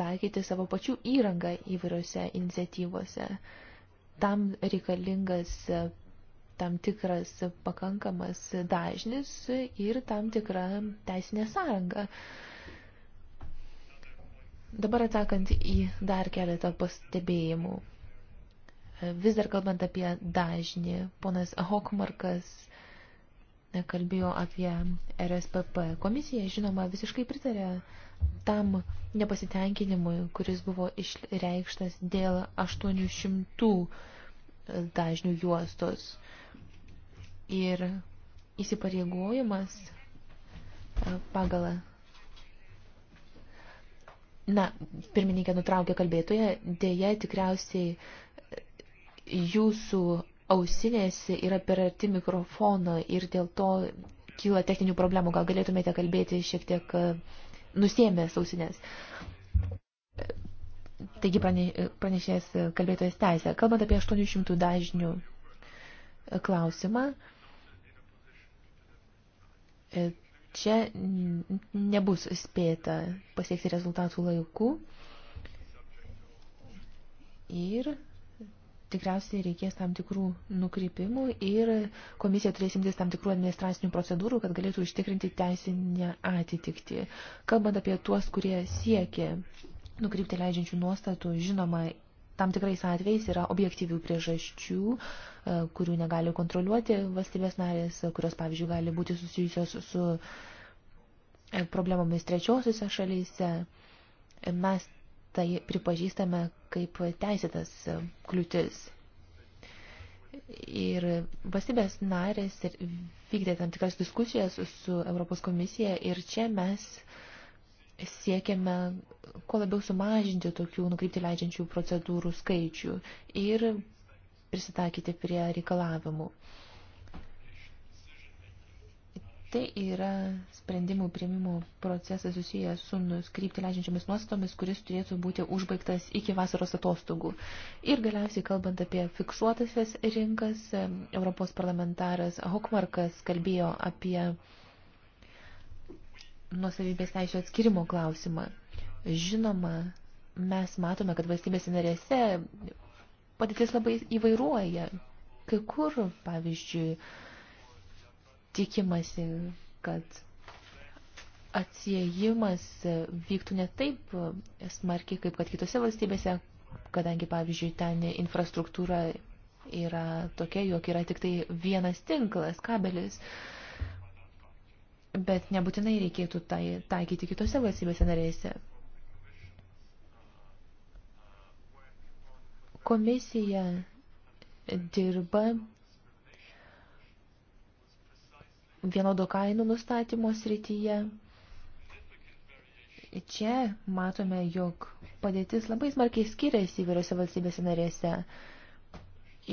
taikyti savo pačių įrangą įvairiose iniciatyvose. Tam reikalingas tam tikras pakankamas dažnis ir tam tikra teisinė sąranga. Dabar atsakant į dar keletą pastebėjimų. Vis dar kalbant apie dažnį, ponas Hokmarkas kalbėjo apie RSPP. Komisija, žinoma, visiškai pritarė tam nepasitenkinimui, kuris buvo išreikštas dėl 800 dažnių juostos. Ir įsipareigojimas e, pagal Na, pirmininkė nutraukė kalbėtoje, dėja tikriausiai e, jūsų ausinės yra per arti mikrofono ir dėl to kyla techninių problemų. Gal galėtumėte kalbėti šiek tiek e, nusiemęs ausinės. Taigi e, pranešės kalbėtojas teisę. Kalbant apie 800 dažnių e, klausimą, čia nebus spėta pasiekti rezultatų laikų. Ir tikriausiai reikės tam tikrų nukrypimų ir komisija turės imtis tam tikrų administracinių procedūrų, kad galėtų užtikrinti teisinę atitikti. Kalbant apie tuos, kurie siekia nukrypti leidžiančių nuostatų, žinoma, tam tikrais atvejais yra objektyvių priežasčių, e, kurių negali kontroliuoti valstybės narės, kurios, pavyzdžiui, gali būti susijusios su e, problemomis trečiosiuose šalyse. Mes tai pripažįstame kaip teisėtas kliūtis. Ir valstybės narės ir vykdė tam tikras diskusijas su Europos komisija ir čia mes siekiame kuo labiau sumažinti tokių nukrypti leidžiančių procedūrų skaičių ir prisitaikyti prie reikalavimų. Tai yra sprendimų prieimimo procesas susijęs su nuskrypti leidžiančiomis nuostatomis, kuris turėtų būti užbaigtas iki vasaros atostogų. Ir galiausiai, kalbant apie fiksuotasias rinkas, Europos parlamentaras Hokmarkas kalbėjo apie nuosavybės teisų atskirimo klausimą. Žinoma, mes matome, kad valstybės narėse padėtis labai įvairuoja. Kai kur, pavyzdžiui, tikimasi, kad atsiejimas vyktų ne taip smarkiai, kaip kad kitose valstybėse, kadangi, pavyzdžiui, ten infrastruktūra yra tokia, jog yra tik tai vienas tinklas, kabelis, bet nebūtinai reikėtų tai, taikyti kitose valstybėse narėse. Komisija dirba vienodo kainų nustatymo srityje. Čia matome, jog padėtis labai smarkiai skiriasi įvairiose valstybėse narėse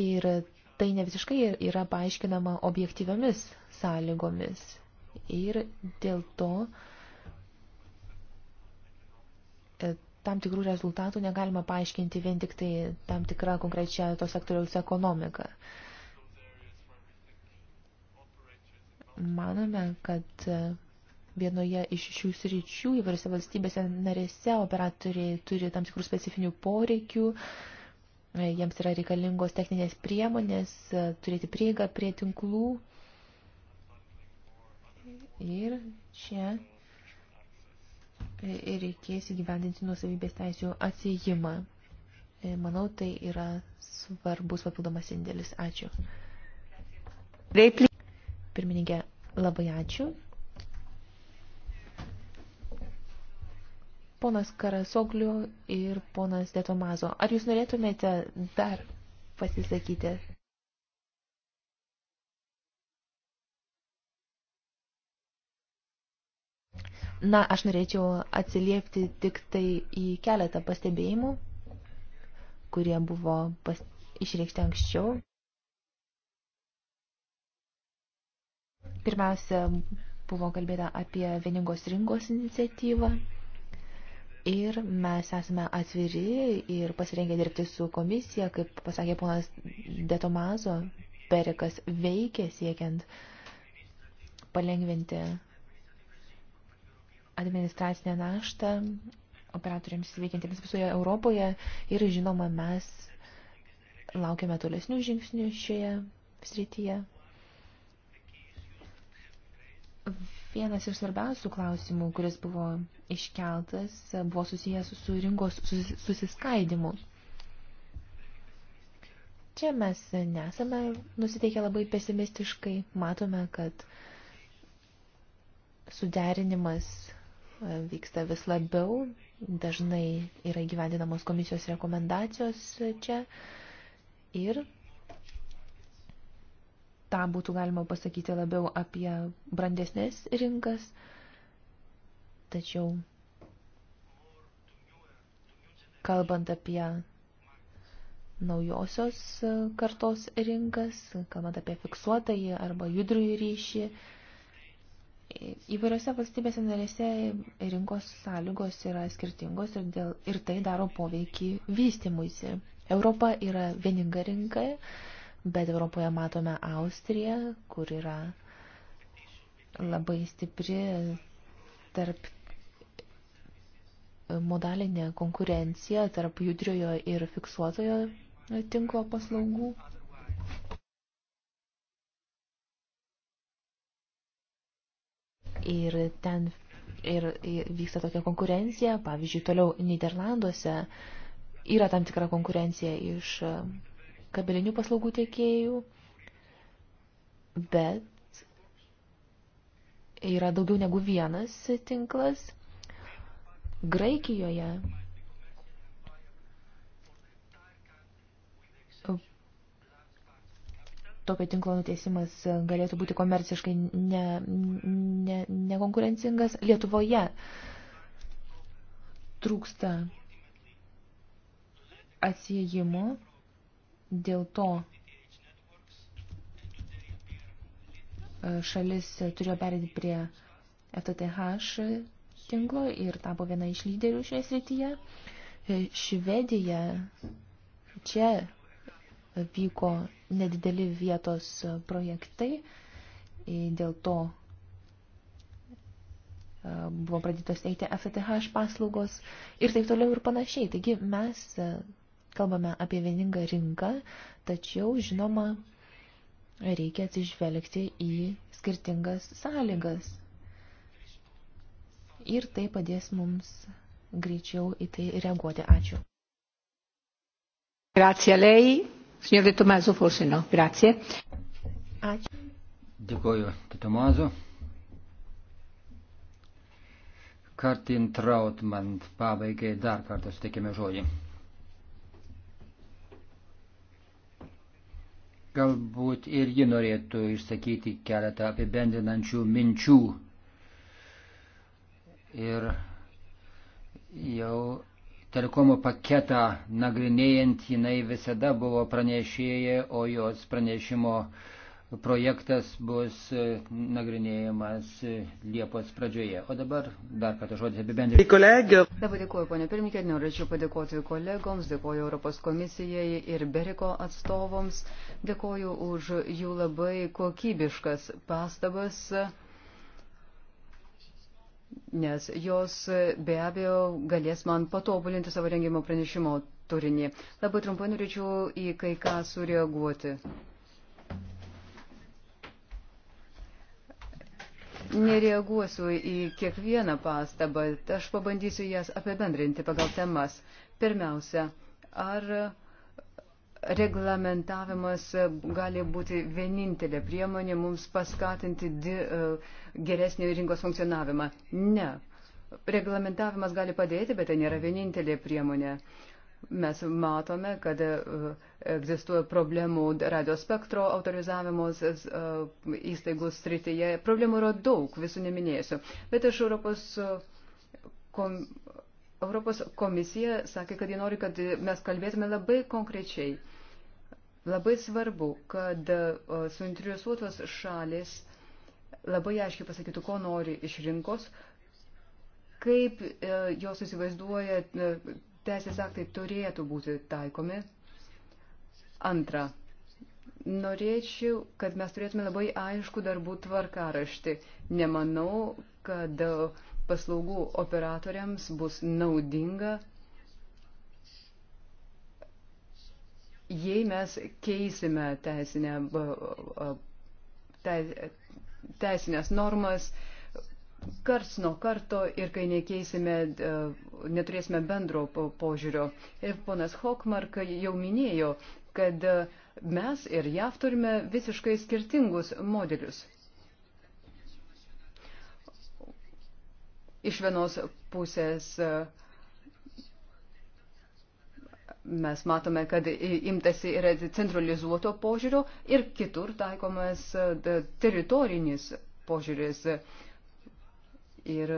ir tai ne visiškai yra paaiškinama objektyviomis sąlygomis. Ir dėl to e, tam tikrų rezultatų negalima paaiškinti vien tik tai tam tikrą konkrečią to sektoriaus ekonomiką. manome, kad e, vienoje iš šių sričių įvairiose valstybėse narėse operatoriai turi tam tikrų specifinių poreikių, e, jiems yra reikalingos techninės priemonės, e, turėti prieigą prie tinklų. Ir čia reikės įgyvendinti nuosavybės teisių atsijimą. Manau, tai yra svarbus papildomas indėlis. Ačiū. Pirmininkė, Labai ačiū. Ponas Karasogliu ir ponas Detomazo, ar jūs norėtumėte dar pasisakyti? Na, aš norėčiau atsiliepti tik tai į keletą pastebėjimų, kurie buvo pas... išreikšti anksčiau. Pirmiausia, buvo kalbėta apie vieningos rinkos iniciatyvą ir mes esame atviri ir pasirengę dirbti su komisija, kaip pasakė ponas Detomazo, Perikas veikia siekiant palengventi administracinę naštą operatoriams veikiantiems visoje Europoje ir žinoma mes laukiame tolesnių žingsnių šioje srityje. Vienas iš svarbiausių klausimų, kuris buvo iškeltas, buvo susijęs su rinkos susiskaidimu. Čia mes nesame nusiteikę labai pesimistiškai. Matome, kad suderinimas e, vyksta vis labiau. Dažnai yra gyvendinamos komisijos rekomendacijos čia. Ir tą būtų galima pasakyti labiau apie brandesnės rinkas, tačiau kalbant apie naujosios kartos rinkas, kalbant apie fiksuotąjį arba judrųjį ryšį, įvairiose valstybėse narėse rinkos sąlygos yra skirtingos ir, dėl, ir tai daro poveikį vystimuisi. Europa yra vieninga rinka bet Europoje matome Austriją, kur yra labai stipri tarp modalinė konkurencija tarp judriojo ir fiksuotojo tinklo paslaugų. Ir ten ir vyksta tokia konkurencija, pavyzdžiui, toliau Niderlanduose yra tam tikra konkurencija iš kabelinių paslaugų tiekėjų, bet yra daugiau negu vienas tinklas. Graikijoje tokio tinklo nutiesimas galėtų būti komerciškai nekonkurencingas. Ne, ne, ne Lietuvoje trūksta atsijimų Dėl to e, šalis turėjo perėti prie FTTH tinklo ir tapo viena iš lyderių šioje srityje. E, Švedija čia vyko nedideli vietos projektai ir dėl to e, buvo pradėtos teikti FTH paslaugos ir taip toliau ir panašiai. Taigi mes Kalbame apie vieningą rinką, tačiau, žinoma, reikia atsižvelgti į skirtingas sąlygas. Ir tai padės mums greičiau į tai reaguoti. Ačiū. Grazie a lei. Signor De Tomaso, forse no. Grazie. Ačiū. Dėkoju, De Tomaso. Kartin Trautman pabaigai dar kartą suteikėme žodį. Galbūt ir ji norėtų išsakyti keletą apibendrinančių minčių. Ir jau telekomo paketą nagrinėjant jinai visada buvo pranešėja, o jos pranešimo uh, projektas bus e, nagrinėjamas e, Liepos pradžioje. O dabar dar kartą žodis apibendrinti. Kolegė. Dabar dėkuoju, ponė pirmininkė, norėčiau padėkoti kolegoms, dėkuoju Europos komisijai ir Beriko atstovams, dėkuoju už jų labai kokybiškas pastabas, nes jos be abejo galės man patobulinti savo rengimo pranešimo turinį. Labai trumpai norėčiau į kai ką sureaguoti. nereaguosiu į kiekvieną pastabą, aš pabandysiu jas apibendrinti pagal temas. Pirmiausia, ar reglamentavimas gali būti vienintelė priemonė mums paskatinti di, e, geresnį rinkos funkcionavimą? Ne. Reglamentavimas gali padėti, bet tai nėra vienintelė priemonė. Uh, Mes matome, kad e, egzistuoja problemų radio spektro autorizavimo e, įstaigų srityje. Problemų yra daug, visų neminėsiu. Bet iš Europos, e, kom, Europos komisija sakė, kad jie nori, kad mes kalbėtume labai konkrečiai. Labai svarbu, kad suinteresuotos šalis labai aiškiai pasakytų, ko nori iš rinkos, kaip jos įsivaizduoja teisės aktai turėtų būti taikomi. Antra, norėčiau, kad mes turėtume labai aišku darbų tvarkaraštį. Nemanau, kad paslaugų operatoriams bus naudinga, jei mes keisime teisinę, teisinės normas, kars nuo karto ir kai nekeisime, e, neturėsime bendro požiūrio. Ir ponas Hokmark jau minėjo, kad e, mes ir JAV turime visiškai skirtingus modelius. Iš vienos pusės e, mes matome, kad imtasi yra centralizuoto požiūrio ir kitur taikomas teritorinis požiūris. Uh, Ir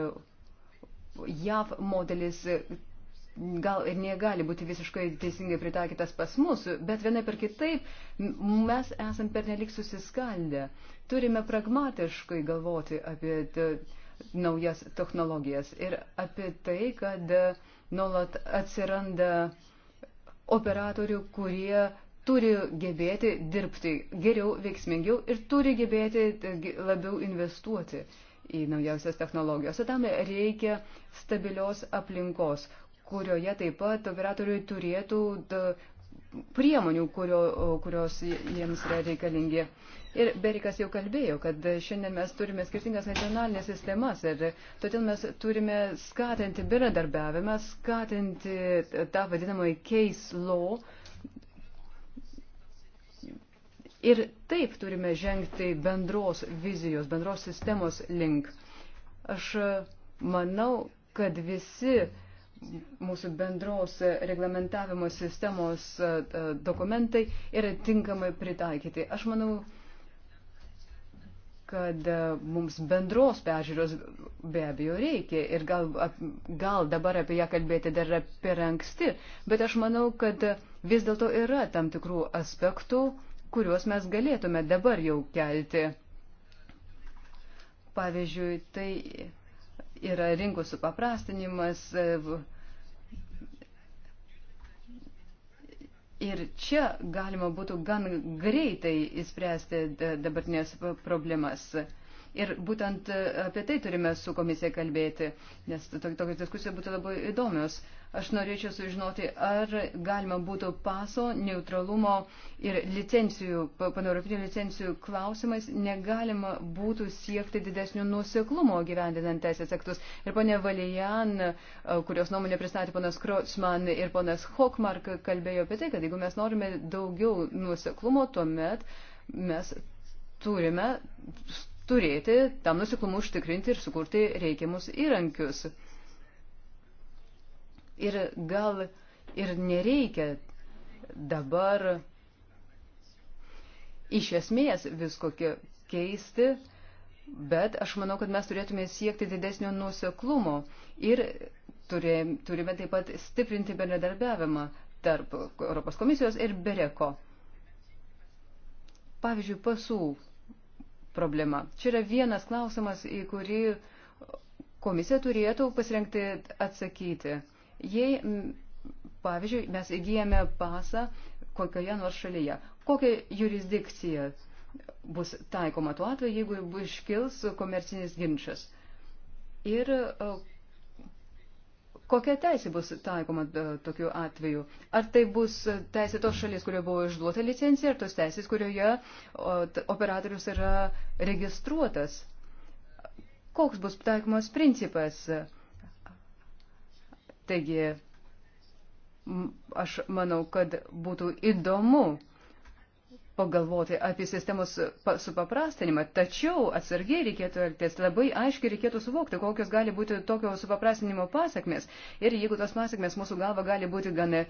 JAV modelis gal ir negali būti visiškai teisingai pritaikytas pas mus, bet vienai per kitaip mes esam pernelik susiskaldę. Turime pragmatiškai galvoti apie naujas technologijas ir apie tai, kad nuolat atsiranda operatorių, kurie turi gebėti dirbti geriau, veiksmingiau ir turi gebėti labiau investuoti į naujausias technologijos. O tam reikia stabilios aplinkos, kurioje taip pat operatoriai turėtų priemonių, kurio, kurios jiems yra reikalingi. Ir Berikas jau kalbėjo, kad šiandien mes turime skirtingas nacionalinės sistemas ir todėl mes turime skatinti bendradarbiavimą, skatinti tą vadinamąjį case law, Ir taip turime žengti bendros vizijos, bendros sistemos link. Aš e, manau, kad visi mūsų bendros reglamentavimo sistemos e, e, dokumentai yra tinkamai pritaikyti. Aš manau, kad mums bendros peržiūros be abejo reikia ir gal, gal dabar apie ją kalbėti dar yra per anksti, bet aš manau, kad vis dėlto yra tam tikrų aspektų, kuriuos mes galėtume dabar jau kelti. Pavyzdžiui, tai yra rinkos supaprastinimas. E, ir čia galima būtų gan greitai įspręsti dabartinės problemas. Ir būtent e, apie tai turime su komisija kalbėti, nes tokios diskusijos būtų labai įdomios. Aš norėčiau sužinoti, ar galima būtų paso, neutralumo ir licencijų, paneuropinių licencijų klausimais, negalima būtų siekti didesnių nuseklumo gyvendinant teisės aktus. Ir ponė Valijan, e, kurios nuomonė pristatė ponas Krotsman ir ponas Hokmark, kalbėjo apie tai, kad jeigu mes norime daugiau nuseklumo, tuomet mes turime turėti tam nusiklumų užtikrinti ir sukurti reikiamus įrankius. Ir gal ir nereikia dabar iš esmės visko keisti, bet aš manau, kad mes turėtume siekti didesnio nuseklumo ir turime, turime taip pat stiprinti bendradarbiavimą tarp Europos komisijos ir Bereko. Pavyzdžiui, pasų problema. Čia yra vienas klausimas, į kurį komisija turėtų pasirengti atsakyti. Jei, pavyzdžiui, mes įgyjame pasą kokioje nors šalyje, kokia jurisdikcija bus taikoma tuo atveju, jeigu iškils komercinis ginčas. Ir e, Kokia teisė bus taikoma e, tokiu atveju? Ar tai bus teisė tos šalies, kurioje buvo išduota licencija, ar tos teisės, kurioje operatorius yra registruotas? Koks bus taikomas principas? Taigi, aš manau, kad būtų įdomu pagalvoti apie sistemos supaprastinimą, tačiau atsargiai reikėtų elgtis, labai aiškiai reikėtų suvokti, kokios gali būti tokio supaprastinimo pasiekmes. Ir jeigu tos pasiekmes mūsų galva gali būti gana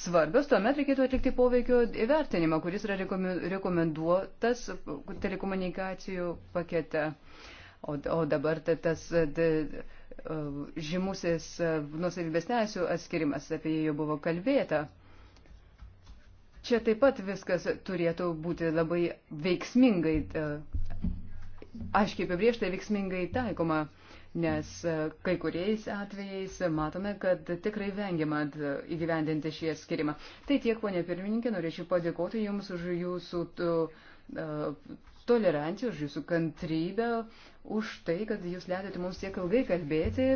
svarbios, tuomet reikėtų atlikti poveikio įvertinimą, kuris yra rekomenduotas telekomunikacijų pakete. O, o dabar tai tas. De, žymusis e, nusavybės teisų atskirimas, apie jį jau buvo kalbėta. Čia taip pat viskas turėtų būti labai veiksmingai, e, aiškiai apibrieštai veiksmingai taikoma, nes e, kai kuriais atvejais matome, kad tikrai vengiama e, įgyvendinti šį skirimą. Tai tiek, ponė pirmininkė, norėčiau padėkoti Jums už Jūsų toleranciją, už jūsų kantrybę, už tai, kad jūs leidote mums tiek ilgai kalbėti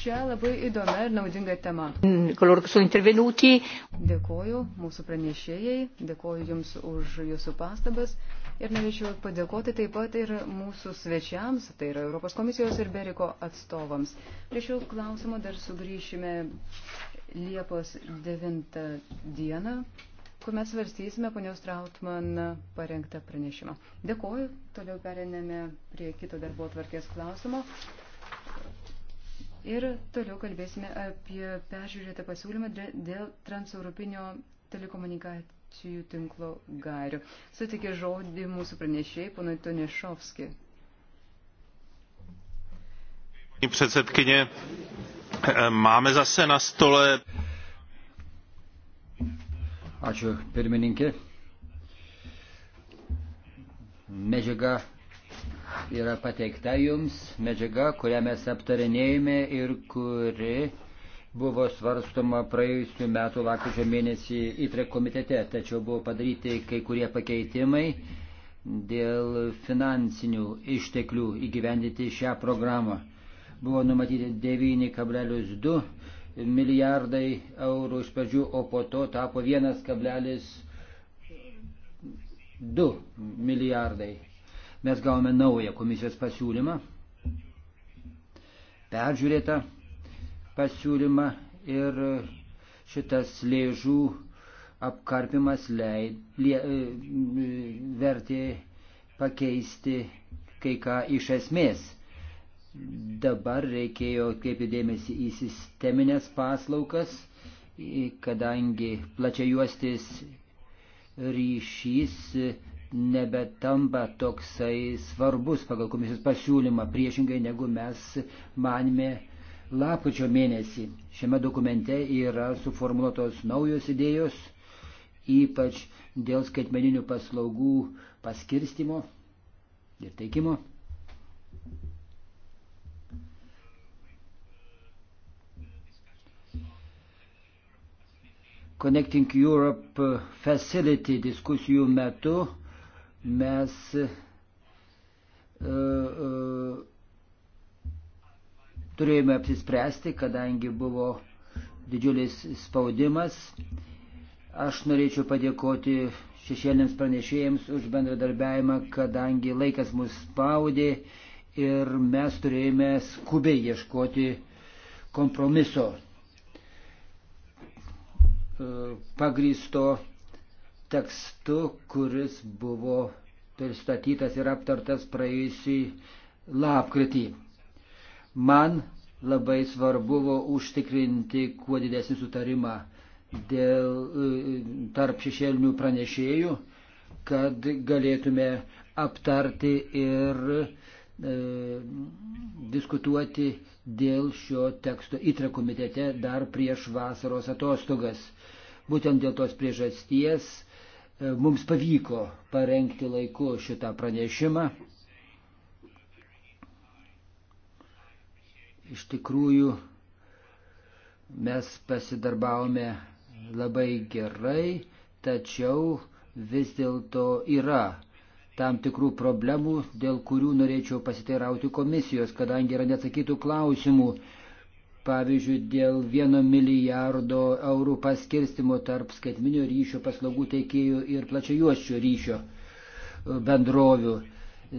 šią labai įdomią ir naudingą temą. Mm, dėkoju mūsų pranešėjai, dėkoju jums už jūsų pastabas ir norėčiau padėkoti taip pat ir mūsų svečiams, tai yra Europos komisijos ir Beriko atstovams. Prie šių klausimų dar sugrįšime Liepos 9 dieną kuomet svarstysime ponios Trautman parengtą pranešimą. Dėkuoju, toliau perinėme prie kito darbo tvarkės klausimo. Ir toliau kalbėsime apie peržiūrėtą pasiūlymą dėl transeuropinio telekomunikacijų tinklo gairių. Sutikė žodį mūsų pranešėjai, ponai Tonešovski. Předsedkyně, e, máme zase na stole Ačiū pirmininkė. Medžiaga yra pateikta jums, medžiaga, kurią mes aptarinėjome ir kuri buvo svarstoma praėjusiu metu lakryčio mėnesį įtre komitete, tačiau buvo padaryti kai kurie pakeitimai dėl finansinių išteklių įgyvendyti šią programą. Buvo numatyti 9,2 milijardai eurų iš pradžių, o po to tapo 1,2 milijardai. Mes gavome naują komisijos pasiūlymą, peržiūrėtą pasiūlymą ir šitas lėžų apkarpimas leid, lie, e, vertė pakeisti kai ką iš esmės. Dabar reikėjo kreipti dėmesį į sisteminės paslaukas, kadangi plačiajuostis ryšys nebetampa toksai svarbus pagal komisijos pasiūlymą, priešingai negu mes manime lapkričio mėnesį. Šiame dokumente yra suformuotos naujos idėjos, ypač dėl skaitmeninių paslaugų paskirstimo ir teikimo. Connecting Europe uh, Facility diskusijų metu mes uh, uh, turėjome apsispręsti, kadangi buvo didžiulis spaudimas. Aš norėčiau padėkoti šešėlėms pranešėjams už bendradarbiavimą, kadangi laikas mus spaudė ir mes turėjome skubiai ieškoti kompromiso pagrysto tekstu, kuris buvo pristatytas ir aptartas praėjusį lapkritį. Man labai svarbu buvo užtikrinti kuo didesnį sutarimą dėl, e, tarp šešėlinių pranešėjų, kad galėtume aptarti ir e, diskutuoti dėl šio teksto įtre komitete dar prieš vasaros atostogas. Būtent dėl tos priežasties e, mums pavyko parengti laiku šitą pranešimą. Iš tikrųjų, mes pasidarbavome labai gerai, tačiau vis dėlto yra tam tikrų problemų, dėl kurių norėčiau pasiteirauti komisijos, kadangi yra neatsakytų klausimų. Pavyzdžiui, dėl vieno milijardo eurų paskirstimo tarp skaitminio ryšio paslaugų teikėjų ir plačiajuosčio ryšio bendrovių.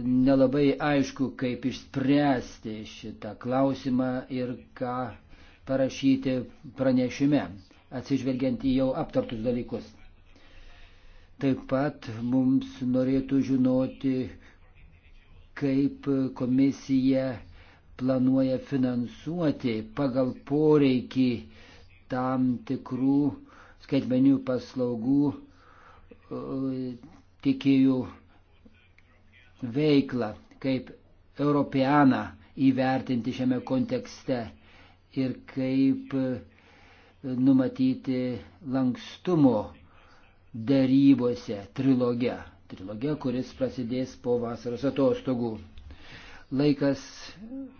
Nelabai aišku, kaip išspręsti šitą klausimą ir ką parašyti pranešime, atsižvelgiant į jau aptartus dalykus. Taip pat mums norėtų žinoti, kaip komisija planuoja finansuoti pagal poreikį tam tikrų skaitmenių paslaugų e, tikėjų veiklą, kaip europeaną įvertinti šiame kontekste ir kaip e, numatyti lankstumo darybose, triloge, triloge, kuris prasidės po vasaros atostogų. Laikas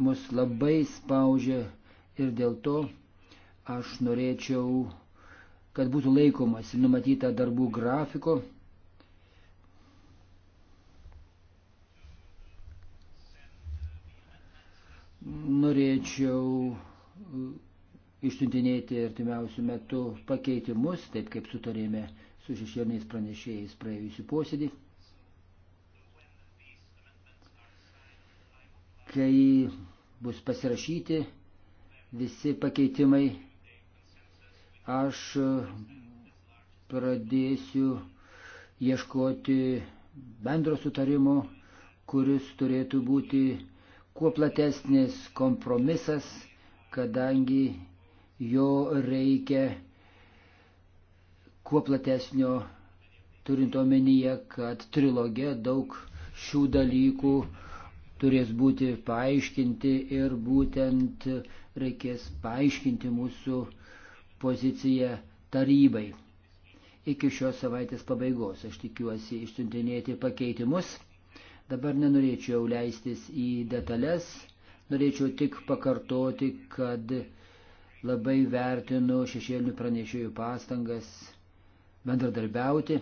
mus labai spaudžia ir dėl to aš norėčiau, kad būtų laikomasi numatyta darbų grafiko, norėčiau e, išsiuntinėti artimiausių metų pakeitimus, taip kaip sutarėme su šešėliniais pranešėjais praėjusiu posėdį. Kai bus pasirašyti visi pakeitimai, aš pradėsiu ieškoti bendro sutarimo, kuris turėtų būti kuo platesnis kompromisas, kadangi jo reikia kuo platesnio, turint omenyje, kad trilogė daug šių dalykų turės būti paaiškinti ir būtent reikės paaiškinti mūsų poziciją tarybai. Iki šios savaitės pabaigos aš tikiuosi išsiuntinėti pakeitimus. Dabar nenorėčiau leistis į detalės, norėčiau tik pakartoti, kad labai vertinu šešėlinių pranešėjų pastangas bendradarbiauti,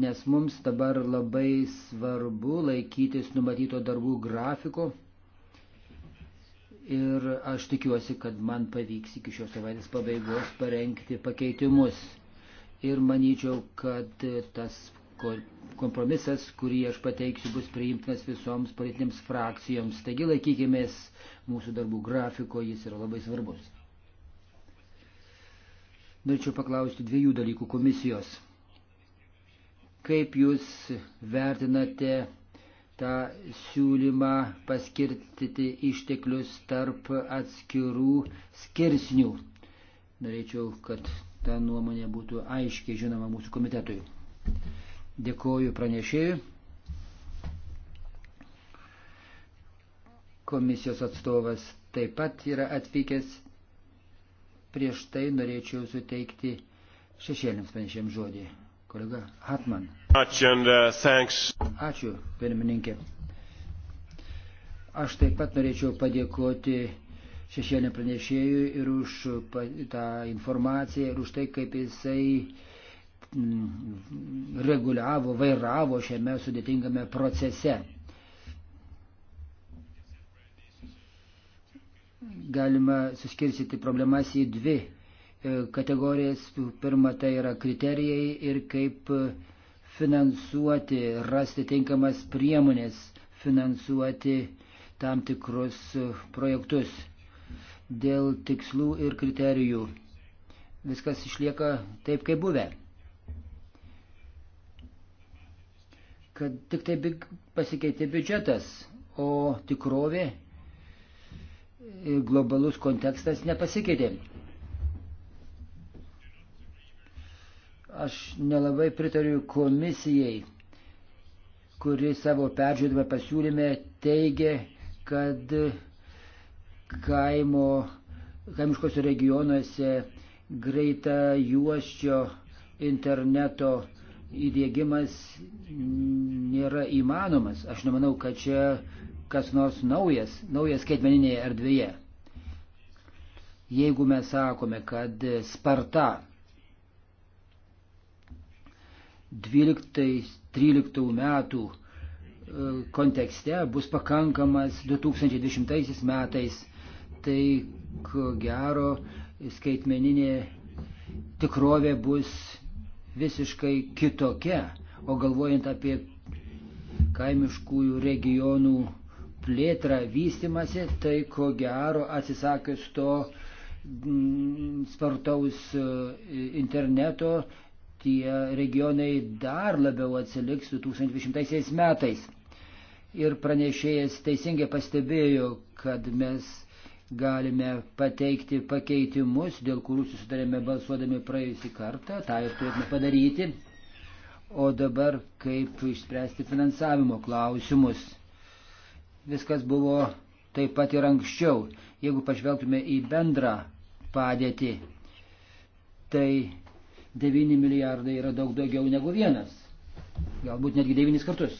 nes mums dabar labai svarbu laikytis numatyto darbų grafiko ir aš tikiuosi, kad man pavyks iki šios savaitės pabaigos parengti pakeitimus. Ir manyčiau, kad tas kompromisas, kurį aš pateiksiu, bus priimtinas visoms politinėms frakcijoms. Taigi laikykimės mūsų darbų grafiko, jis yra labai svarbus. Norėčiau paklausti dviejų dalykų komisijos. Kaip jūs vertinate tą siūlymą paskirtyti išteklius tarp atskirų skirsnių? Norėčiau, kad ta nuomonė būtų aiškiai žinoma mūsų komitetui. Dėkoju pranešėjui. Komisijos atstovas taip pat yra atvykęs prieš tai norėčiau suteikti šešėliams panašiam žodį. Kolega Hatman. Uh, Ačiū, pirmininkė. Aš taip pat norėčiau padėkoti šešėliniam pranešėjui ir už tą informaciją, ir už tai, kaip jisai mm, reguliavo, vairavo šiame sudėtingame procese. galima suskirstyti problemas į dvi e, kategorijas. Pirma, tai yra kriterijai ir kaip e, finansuoti, rasti tinkamas priemonės, finansuoti tam tikrus e, projektus dėl tikslų ir kriterijų. Viskas išlieka taip, kaip buvę. Kad tik tai pasikeitė biudžetas, o tikrovė globalus kontekstas nepasikeitė. Aš nelabai pritariu komisijai, kuri savo peržiūrimą pasiūlyme teigia, kad kaimo, kaimiškose regionuose greita juoščio interneto įdėgymas nėra įmanomas. Aš nemanau, kad čia kas nors naujas, naujas skaitmeninėje erdvėje. Jeigu mes sakome, kad Sparta 12-13 metų e, kontekste bus pakankamas 2020 metais, tai ko gero skaitmeninė tikrovė bus visiškai kitokia. O galvojant apie kaimiškųjų regionų plėtrą, vystimasi, tai ko gero atsisakius to mm, spartaus e, interneto, tie regionai dar labiau atsiliks 2020 metais. Ir pranešėjas teisingai pastebėjo, kad mes galime pateikti pakeitimus, dėl kurių susidarėme balsuodami praėjusį kartą, tą ir turėtume padaryti. O dabar kaip išspręsti finansavimo klausimus viskas buvo taip pat ir anksčiau. Jeigu pažvelgtume į bendrą padėtį, tai 9 milijardai yra daug daugiau negu vienas. Galbūt netgi 9 kartus.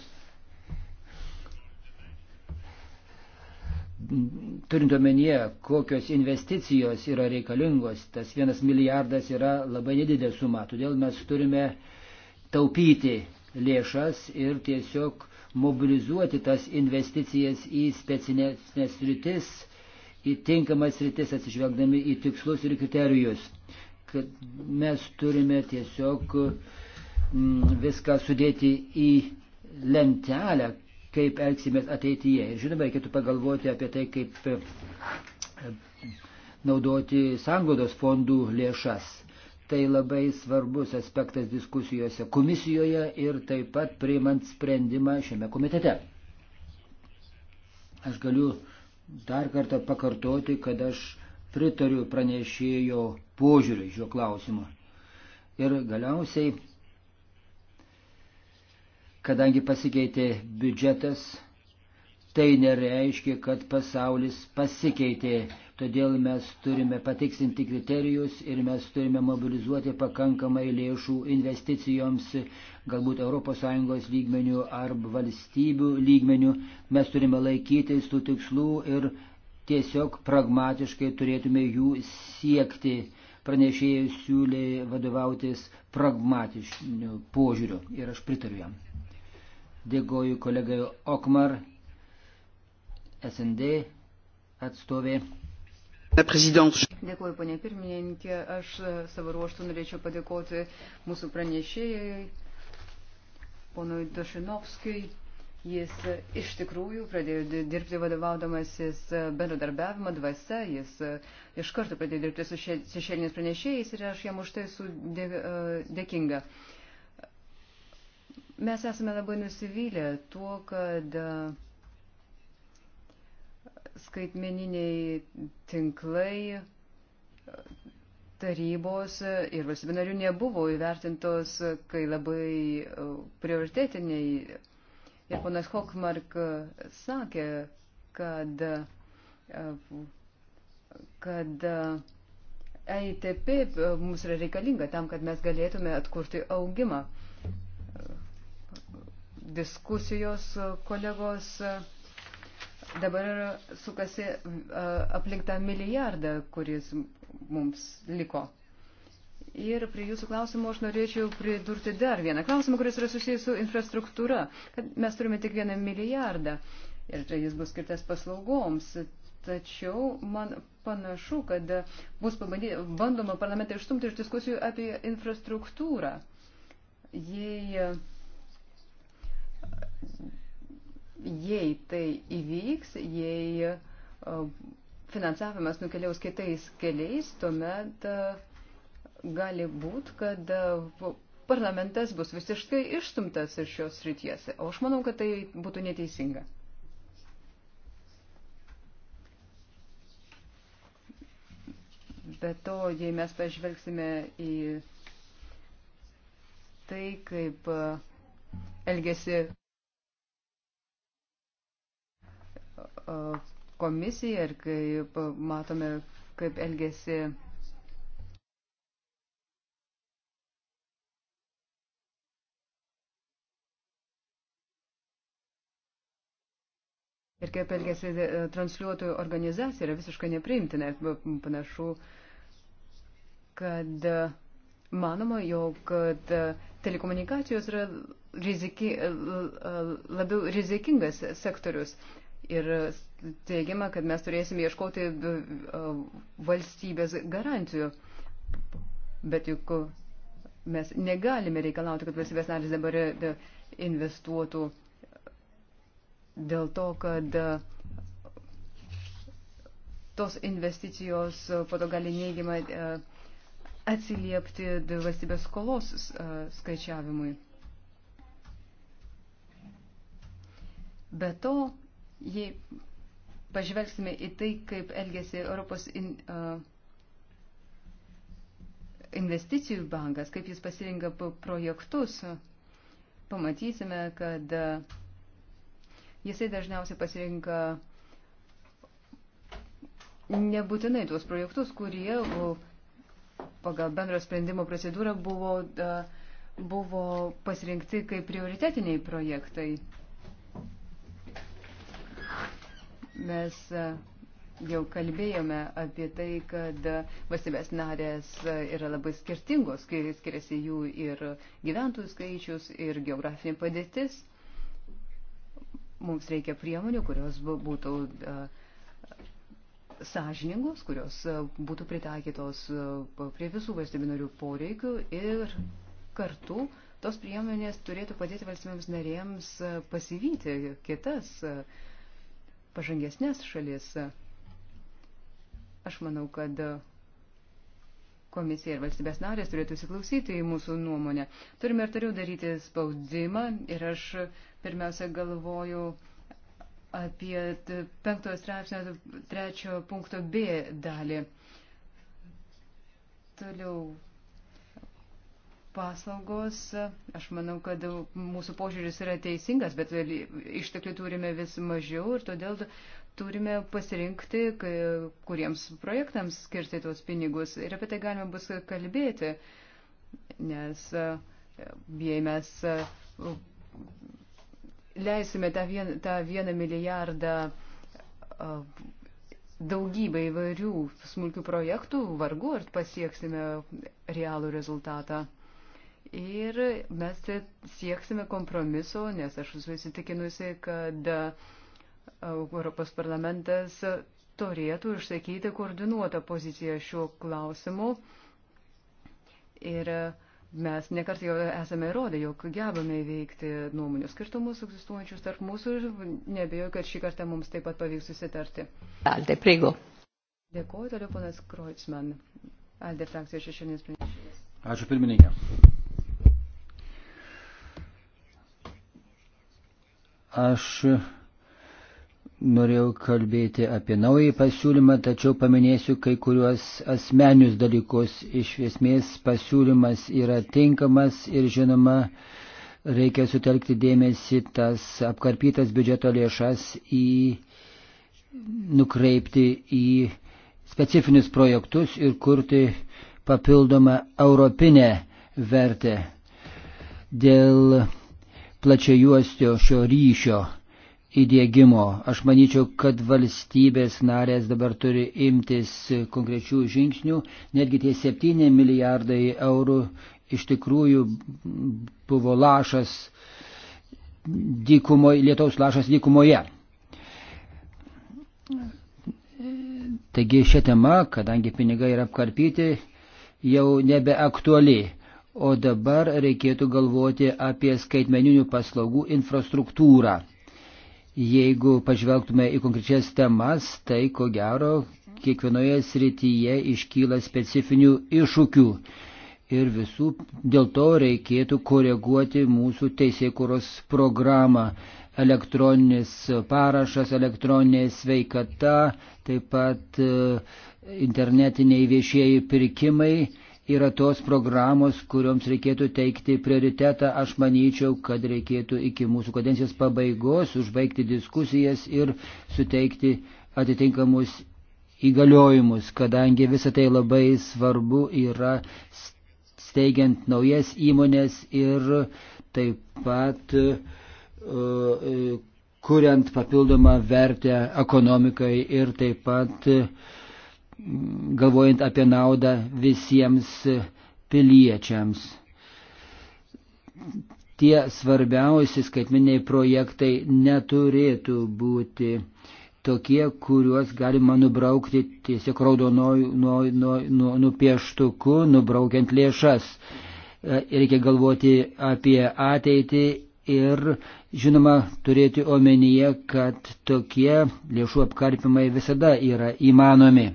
Turint omenyje, kokios investicijos yra reikalingos, tas vienas milijardas yra labai nedidelė suma. Todėl mes turime taupyti lėšas ir tiesiog mobilizuoti tas investicijas į specines rytis, į tinkamas rytis atsižvelgdami į tikslus ir kriterijus. Kad mes turime tiesiog mm, viską sudėti į lentelę, kaip elgsimės ateityje. Ir žinoma, reikėtų pagalvoti apie tai, kaip e, naudoti sangodos fondų lėšas. Tai labai svarbus aspektas diskusijose komisijoje ir taip pat priimant sprendimą šiame komitete. Aš galiu dar kartą pakartoti, kad aš pritariu pranešėjo požiūrį šio klausimo. Ir galiausiai, kadangi pasikeitė biudžetas, tai nereiškia, kad pasaulis pasikeitė. Todėl mes turime patiksinti kriterijus ir mes turime mobilizuoti pakankamai lėšų investicijoms, galbūt ES lygmenių ar valstybių lygmenių. Mes turime laikytis tų tikslų ir tiesiog pragmatiškai turėtume jų siekti. Pranešėjai siūlė vadovautis pragmatiškiu požiūriu ir aš pritariu jam. Dėkoju kolegai Okmar, SND atstovė. Dėkuoju, ponė pirmininkė. Aš e, savo ruoštų norėčiau padėkoti mūsų pranešėjai, ponui Došinovskijui. Jis e, iš tikrųjų pradėjo dirbti vadovaudamasis e, bendradarbiavimo dvasia, jis iš karto pradėjo dirbti su šešėliniais pranešėjais ir aš jam už tai esu dėkinga. Mes esame labai nusivylę tuo, kad skaitmeniniai tinklai tarybos ir valstybinarių nebuvo įvertintos, kai labai e, prioritetiniai. Ir ponas Hokmark sakė, kad, e, kad EITP e, mums yra reikalinga tam, kad mes galėtume atkurti augimą. Diskusijos kolegos dabar sukasi aplink tą milijardą, kuris mums liko. Ir prie jūsų klausimo aš norėčiau pridurti dar vieną klausimą, kuris yra susijęs su infrastruktūra. Kad mes turime tik vieną milijardą ir tai jis bus skirtas paslaugoms. Tačiau man panašu, kad bus pabandy, bandoma parlamentą išstumti iš diskusijų apie infrastruktūrą. Jei jei tai įvyks, jei e, finansavimas nukeliaus kitais keliais, tuomet e, gali būti, kad e, parlamentas bus visiškai išstumtas iš šios ryties. O aš manau, kad tai būtų neteisinga. Bet to, jei mes pažvelgsime į tai, kaip elgesi komisiją ir kai matome, kaip elgesi Ir kaip elgesi e, transliuotojų organizacija yra visiškai nepriimtina. Panašu, kad e, manoma, jog e, telekomunikacijos yra riziki, labiau rizikingas sektorius. Ir teigiama, kad mes turėsime ieškoti e, valstybės garantijų. Bet juk mes negalime reikalauti, kad valstybės narys dabar e, investuotų dėl to, kad e, tos investicijos po to gali neigiamai atsiliepti valstybės skolos skaičiavimui. Be to, Jei pažvelgsime į tai, kaip elgėsi Europos in, uh, investicijų bankas, kaip jis pasirinka projektus, pamatysime, kad jisai dažniausiai pasirinka nebūtinai tuos projektus, kurie pagal bendro sprendimo procedūrą buvo, buvo pasirinkti kaip prioritetiniai projektai. Mes e, jau kalbėjome apie tai, kad valstybės narės e, yra labai skirtingos, skiriasi jų ir gyventojų skaičius, ir geografinė padėtis. Mums reikia priemonių, kurios būtų e, sąžiningos, kurios būtų pritaikytos prie visų valstybinarių poreikių ir kartu tos priemonės turėtų padėti valstybėms narėms pasivyti kitas uh, pažangesnės šalis. Aš manau, kad komisija ir valstybės narės turėtų įsiklausyti į mūsų nuomonę. Turime ir turiu daryti spaudimą ir aš pirmiausia galvoju apie penktojo straipsnio trečio punkto B dalį. Toliau paslaugos, aš manau, kad mūsų požiūris yra teisingas, bet išteklių turime vis mažiau ir todėl turime pasirinkti, kuriems projektams skirti tuos pinigus. Ir apie tai galime bus kalbėti, nes e, jei mes e, leisime tą, vien, tą vieną milijardą e, daugybę įvairių smulkių projektų, vargu ar pasieksime realų rezultatą. Ir mes sieksime kompromiso, nes aš esu įsitikinusi, kad e, Europos parlamentas turėtų išsakyti koordinuotą poziciją šiuo klausimu. Ir mes nekart jau esame įrodę, jog gebame įveikti nuomonių skirtumus egzistuojančius tarp mūsų ir nebejoju, kad šį kartą mums taip pat pavyks susitarti. Alde, prigo. Dėkuoju, toliau ponas Kreutzmann. Alde frakcijos šešėlinis pranešimas. Ačiū pirmininkė. Aš norėjau kalbėti apie naują pasiūlymą, tačiau paminėsiu kai kuriuos asmenius dalykus. Iš esmės pasiūlymas yra tinkamas ir žinoma, reikia sutelkti dėmesį tas apkarpytas biudžeto lėšas į nukreipti į specifinius projektus ir kurti papildomą europinę vertę. Dėl plačiajuostio šio ryšio įdėgymo. Aš manyčiau, kad valstybės narės dabar turi imtis konkrečių žingsnių, netgi tie 7 milijardai eurų iš tikrųjų buvo lašas dykumoje, lietaus lašas dykumoje. Taigi šią temą, kadangi pinigai yra apkarpyti, jau nebeaktuali o dabar reikėtų galvoti apie skaitmeninių paslaugų infrastruktūrą. Jeigu pažvelgtume į konkrečias temas, tai ko gero kiekvienoje srityje iškyla specifinių iššūkių. Ir visų dėl to reikėtų koreguoti mūsų teisėkuros programą. Elektroninis parašas, elektroninė sveikata, taip pat e, internetiniai viešieji pirkimai yra tos programos, kuriuoms reikėtų teikti prioritetą. Aš manyčiau, kad reikėtų iki mūsų kadencijos pabaigos užbaigti diskusijas ir suteikti atitinkamus įgaliojimus, kadangi visą tai labai svarbu yra steigiant naujas įmonės ir taip pat uh, kuriant papildomą vertę ekonomikai ir taip pat uh, galvojant apie naudą visiems piliečiams. Tie svarbiausi skaitminiai projektai neturėtų būti tokie, kuriuos galima nubraukti tiesiog raudonoju nu, nu, nu, nupieštuku, nubraukiant lėšas. E, reikia galvoti apie ateitį ir, žinoma, turėti omenyje, kad tokie lėšų apkarpimai visada yra įmanomi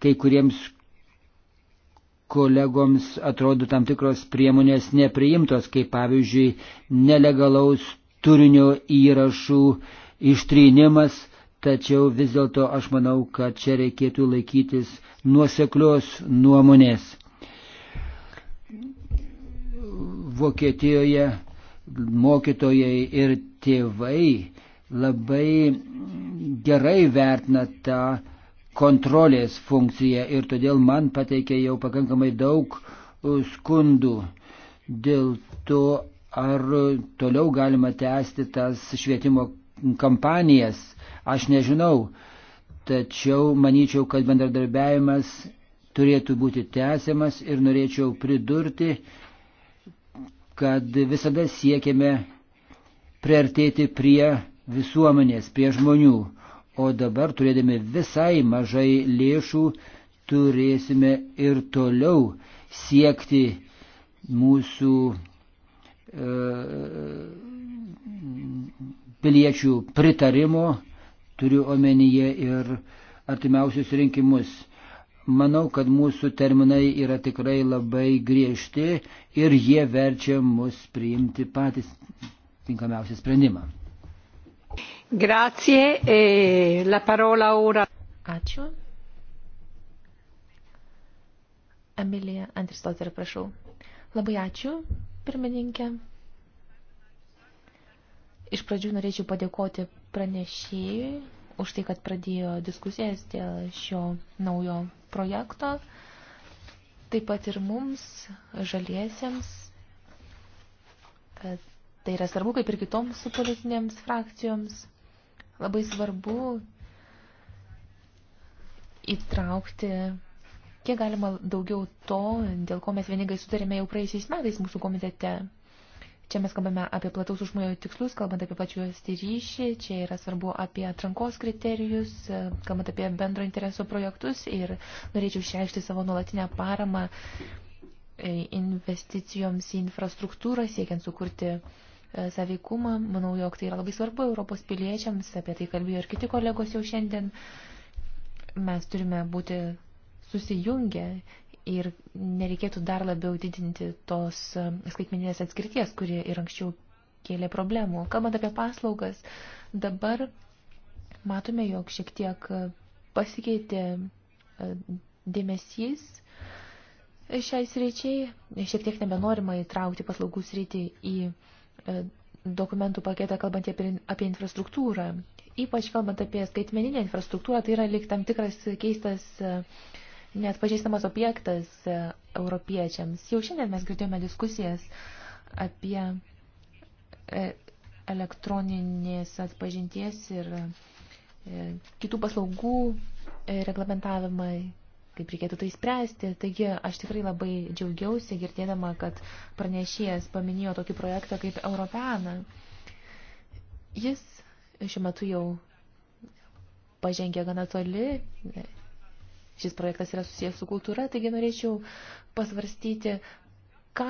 kai kuriems kolegoms atrodo tam tikros priemonės nepriimtos, kaip pavyzdžiui nelegalaus turinio įrašų ištrynimas, tačiau vis dėlto aš manau, kad čia reikėtų laikytis nuoseklios nuomonės. Vokietijoje mokytojai ir tėvai labai gerai vertina tą kontrolės funkciją ir todėl man pateikė jau pakankamai daug e, skundų dėl to, ar toliau galima tęsti tas švietimo kampanijas. Aš nežinau, tačiau manyčiau, kad bendradarbiavimas turėtų būti tęsiamas ir norėčiau pridurti, kad visada siekiame priartėti prie visuomenės, prie žmonių. O dabar turėdami visai mažai lėšų turėsime ir toliau siekti mūsų e, piliečių pritarimo, turiu omenyje ir artimiausius rinkimus. Manau, kad mūsų terminai yra tikrai labai griežti ir jie verčia mus priimti patys tinkamiausią sprendimą. Grazie. E la parola ora. Ačiū. Emilija Antristoter, prašau. Labai ačiū, pirmininkė. Iš pradžių norėčiau padėkoti pranešėjui už tai, kad pradėjo diskusijas dėl šio naujo projekto. Taip pat ir mums, žaliesiems, kad tai yra svarbu kaip ir kitoms politinėms frakcijoms. Labai svarbu įtraukti kiek galima daugiau to, dėl ko mes vieningai sutarėme jau praeisiais metais mūsų komitete. Čia mes kalbame apie plataus užmojo tikslus, kalbant apie pačios ryšį, čia yra svarbu apie atrankos kriterijus, kalbant apie bendro intereso projektus ir norėčiau išreikšti savo nuolatinę paramą e, investicijoms į infrastruktūrą, siekiant sukurti uh, saveikumą. Manau, jog tai yra labai svarbu Europos piliečiams, apie tai kalbėjo ir kiti kolegos jau šiandien. Mes turime būti susijungę ir nereikėtų dar labiau didinti tos e, skaitmeninės atskirties, kurie ir anksčiau kėlė problemų. Kalbant apie paslaugas, dabar matome, jog šiek tiek pasikeitė e, dėmesys šiai sričiai, šiek tiek nebenorima įtraukti paslaugų sritį į E, dokumentų paketą, kalbant apie infrastruktūrą. Ypač kalbant apie skaitmeninę infrastruktūrą, tai yra lyg tam tikras keistas, e, net pažįstamas objektas e, europiečiams. Jau šiandien mes girdėjome diskusijas apie elektroninės atpažinties ir kitų paslaugų reglamentavimą kaip reikėtų tai spręsti. Taigi aš tikrai labai džiaugiausi girdėdama, kad pranešėjas paminėjo tokį projektą kaip Europeana. Jis šiuo metu jau pažengė gana toli. Šis projektas yra susijęs su kultūra, taigi norėčiau pasvarstyti, ką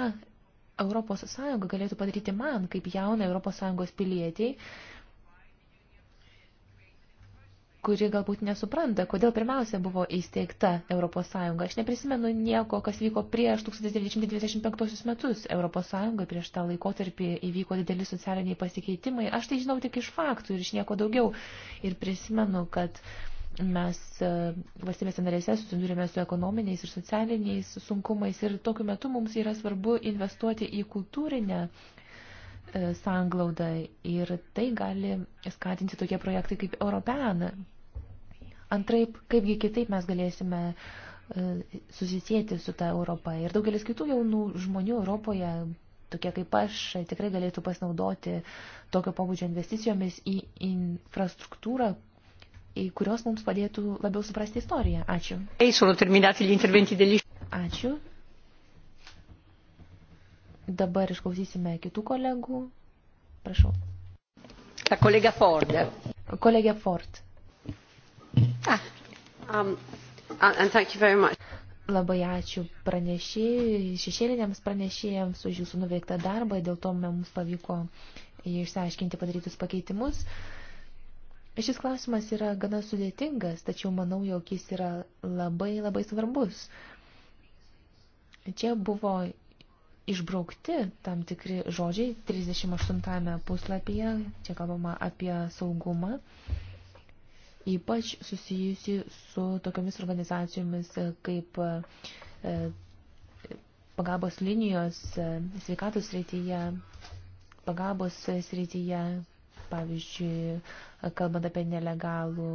Europos Sąjunga galėtų padaryti man, kaip jaunai Europos Sąjungos pilietiai, kuri galbūt nesupranta, kodėl pirmiausia buvo įsteigta ES. Aš neprisimenu nieko, kas vyko prieš 1995 metus ES, prieš tą laikotarpį įvyko dideli socialiniai pasikeitimai. Aš tai žinau tik iš faktų ir iš nieko daugiau. Ir prisimenu, kad mes e, valstybėse narėse susidūrėme su ekonominiais ir socialiniais sunkumais ir tokiu metu mums yra svarbu investuoti į kultūrinę e, sanglaudą ir tai gali skatinti tokie projektai kaip Europeana. Antraip, kaipgi kitaip mes galėsime e, susisėti su ta Europa. Ir daugelis kitų jaunų žmonių Europoje, tokie kaip aš, tikrai galėtų pasinaudoti tokio pobūdžio investicijomis į infrastruktūrą, į kurios mums padėtų labiau suprasti istoriją. Ačiū. Ačiū. Dabar išklausysime kitų kolegų. Prašau. La kolega Ford. Kolegė Ford. Ah. Um, and thank you very much. Labai ačiū pranešėjai, šešėliniams pranešėjams už jūsų nuveiktą darbą, dėl to mums pavyko išsiaiškinti padarytus pakeitimus. Šis klausimas yra gana sudėtingas, tačiau manau, jog jis yra labai labai svarbus. Čia buvo išbraukti tam tikri žodžiai 38 puslapyje, čia kalbama apie saugumą ypač susijusi su tokiamis organizacijomis e, kaip e, pagalbos linijos e, sveikatos srityje, pagalbos srityje, pavyzdžiui, kalbant apie nelegalų,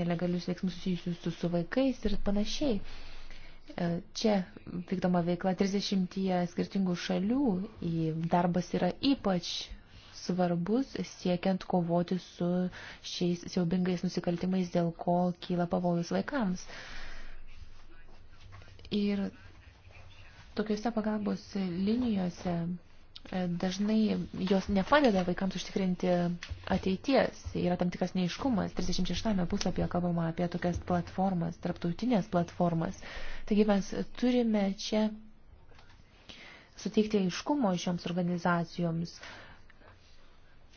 nelegalius veiksmus susijusius su, su vaikais ir panašiai. Čia vykdoma veikla 30 skirtingų šalių, darbas yra ypač svarbus siekiant kovoti su šiais siaubingais nusikaltimais, dėl ko kyla pavojus vaikams. Ir tokiuose pagalbos linijose e, dažnai jos nepadeda vaikams užtikrinti ateities. Yra tam tikras neiškumas. 36 puslapyje kalbama apie tokias platformas, tarptautinės platformas. Taigi mes turime čia suteikti aiškumo šioms organizacijoms,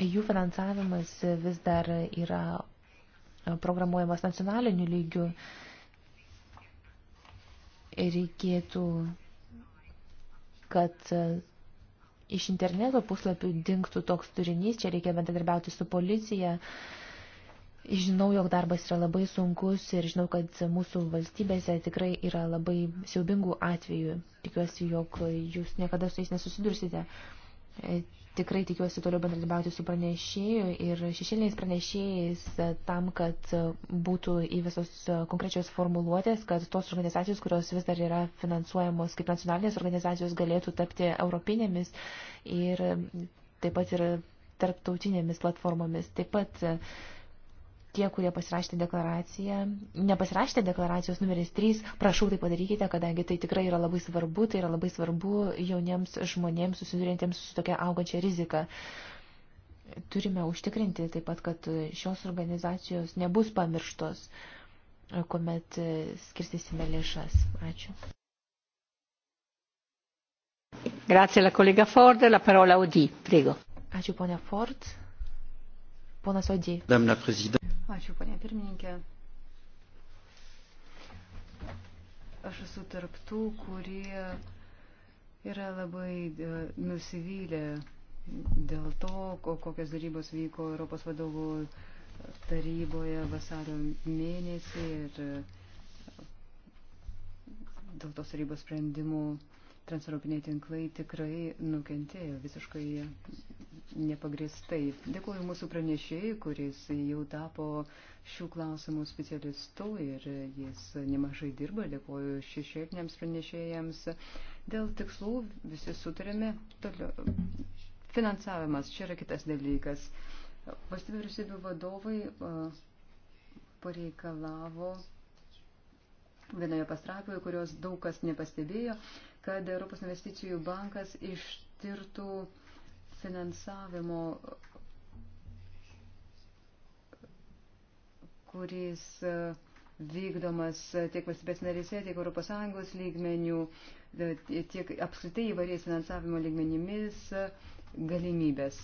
jų finansavimas vis dar yra programuojamas nacionaliniu lygiu. Reikėtų, kad iš interneto puslapių dinktų toks turinys, čia reikia bendradarbiauti su policija. Žinau, jog darbas yra labai sunkus ir žinau, kad mūsų valstybėse tikrai yra labai siaubingų atvejų. Tikiuosi, jog jūs niekada su jais nesusidursite Tikrai tikiuosi toliau bendradarbiauti su pranešėju ir šešėliniais pranešėjais e, tam, kad e, būtų į visos e, konkrečios formuluotės, kad tos organizacijos, kurios vis dar yra finansuojamos kaip nacionalinės organizacijos, galėtų tapti europinėmis ir taip pat ir tarptautinėmis platformomis. Taip pat tie, kurie pasirašėte deklaraciją, nepasirašėte deklaracijos numeris 3, prašau tai padarykite, kadangi tai tikrai yra labai svarbu, tai yra labai svarbu jauniems žmonėms susidurintiems su tokia augančia rizika. Turime užtikrinti taip pat, kad šios organizacijos nebus pamirštos, kuomet skirstysime lėšas. Ačiū. Grazie la collega Ford, la parola Audi, prego. Ačiū ponia Ford. Ponas Odį. Ačiū, ponė pirmininkė. Aš esu tarptų, kurie yra labai e, nusivylę dėl to, kokios darybos vyko Europos vadovų taryboje vasario mėnesį ir e, dėl tos tarybos sprendimų transeuropiniai tinklai tikrai nukentėjo, visiškai nepagristai. Dėkuoju mūsų pranešėjai, kuris jau tapo šių klausimų specialistu ir jis nemažai dirba. Dėkuoju šešėliniams pranešėjams. Dėl tikslų visi sutarėme. Toliau. Finansavimas čia yra kitas dalykas. Valstybių vyriausybių vadovai pareikalavo vienoje pastraipoje, kurios daug kas nepastebėjo, kad Europos investicijų bankas ištirtų uh, finansavimo, kuris e, vykdomas tiek valstybės narėse, tiek ES lygmenių, e, tiek apskritai įvairiais finansavimo lygmenimis e, galimybės.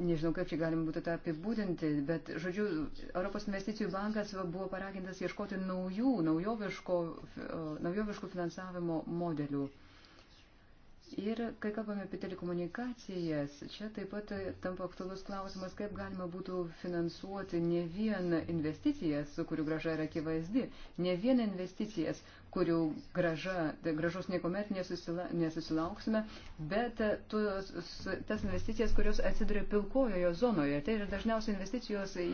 Nežinau, kaip čia galima būtų tą apibūdinti, bet, žodžiu, Europos investicijų bankas buvo paragintas ieškoti naujų, naujoviško, naujoviškų finansavimo modelių. Uh, Ir kai kalbame apie telekomunikacijas, čia taip pat tampa aktualus klausimas, kaip galima būtų finansuoti ne vien investicijas, kurių graža yra akivaizdi, ne vien investicijas, kurių graža, tai gražos niekuomet nesusila, nesusilauksime, bet tos, tas investicijas, kurios atsiduria pilkojoje zonoje. Tai yra dažniausiai investicijos į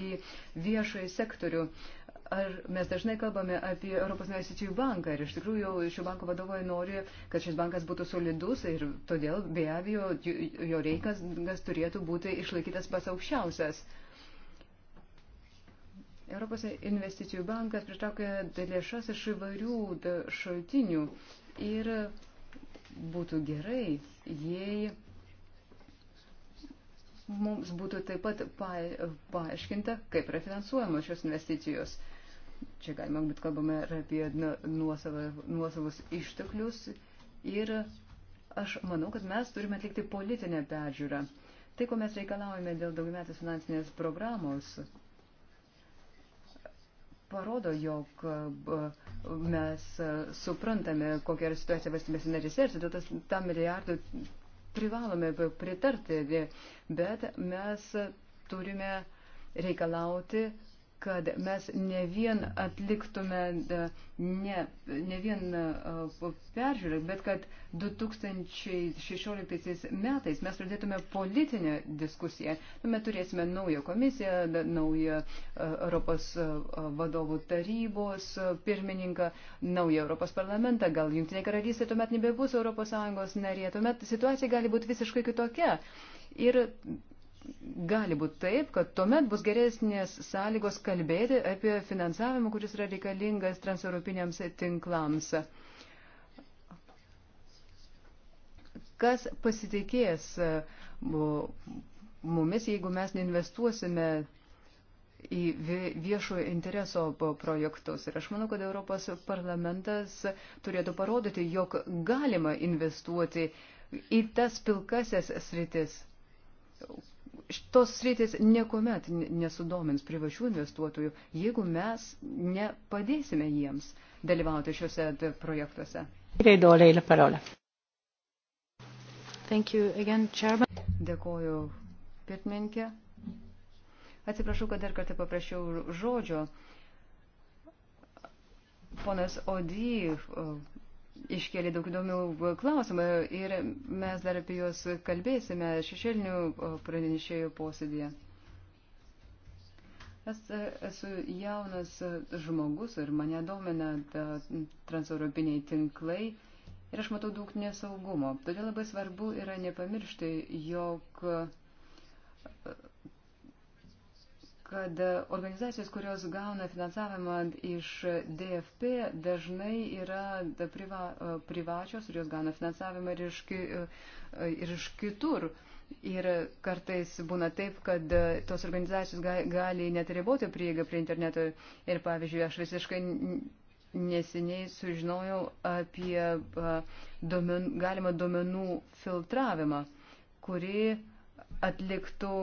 viešąjį sektorių. Uh, Ar mes dažnai kalbame apie Europos investicijų banką ir iš tikrųjų šio banko vadovai nori, kad šis bankas būtų solidus ir todėl be abejo jo reikas turėtų būti išlaikytas pas aukščiausias. Europos investicijų bankas pritraukia lėšas iš įvairių šaltinių ir būtų gerai, jei mums būtų taip pat paaiškinta, kaip yra finansuojamos šios investicijos. Čia galima būti kalbama ir apie nuosavus išteklius. Ir aš manau, kad mes turime atlikti politinę peržiūrą. Tai, ko mes reikalaujame dėl daugiametės finansinės programos, parodo, jog mes suprantame, kokia yra situacija valstybės narėse ir todėl tas, tam milijardų privalome pritarti, bet mes turime reikalauti kad mes ne vien atliktume, ne, ne vien peržiūrą, bet kad 2016 metais mes pradėtume politinę diskusiją. Tuomet turėsime naują komisiją, naują Europos vadovų tarybos pirmininką, naują Europos parlamentą, gal Junktinė karalystė tuomet nebebus Europos Sąjungos narė, tuomet situacija gali būti visiškai kitokia. Ir gali būti taip, kad tuomet bus geresnės sąlygos kalbėti apie finansavimą, kuris yra reikalingas transeuropiniams tinklams. Kas pasitikės e, mumis, jeigu mes neinvestuosime į viešojo intereso projektus. Ir aš manau, kad Europos parlamentas turėtų parodyti, jog galima investuoti į tas pilkasias sritis, tos sritis niekuomet nesudomins privačių investuotojų, jeigu mes nepadėsime jiems dalyvauti šiuose projektuose. Again, Dėkoju, pirmininkė. Atsiprašau, kad dar kartą paprašiau žodžio. Ponas Odijų iškėlė daug įdomių klausimų ir mes dar apie juos kalbėsime šešėlinių pranešėjų posėdėje. Aš e, esu jaunas žmogus ir mane domina e, transeuropiniai tinklai ir aš matau daug nesaugumo. Todėl labai svarbu yra nepamiršti, jog kad organizacijos, kurios gauna finansavimą iš DFP, dažnai yra priva, e, privačios ir jos gauna finansavimą ir iš, e, ir iš kitur. Ir kartais būna taip, kad e, tos organizacijos gali net riboti prieigą prie interneto. Ir pavyzdžiui, aš visiškai neseniai sužinojau apie domen, galimą domenų filtravimą, kuri atliktų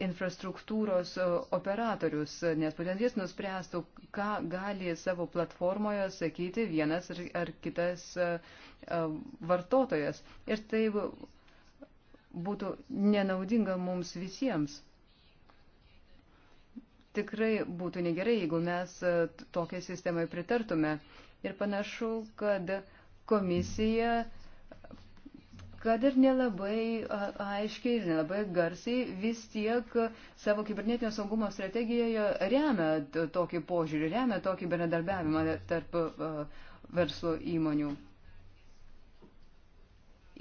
infrastruktūros e, operatorius, nes būtent jis nuspręstų, ką gali savo platformoje sakyti vienas ar kitas e, e, vartotojas. Ir tai būtų nenaudinga mums visiems. Tikrai būtų negerai, jeigu mes tokiai sistemai pritartume. Ir panašu, kad komisija kad ir nelabai aiškiai ir nelabai garsiai, vis tiek savo kibernetinio saugumo strategijoje remia tokį požiūrį, remia tokį bendradarbiavimą tarp verslo įmonių.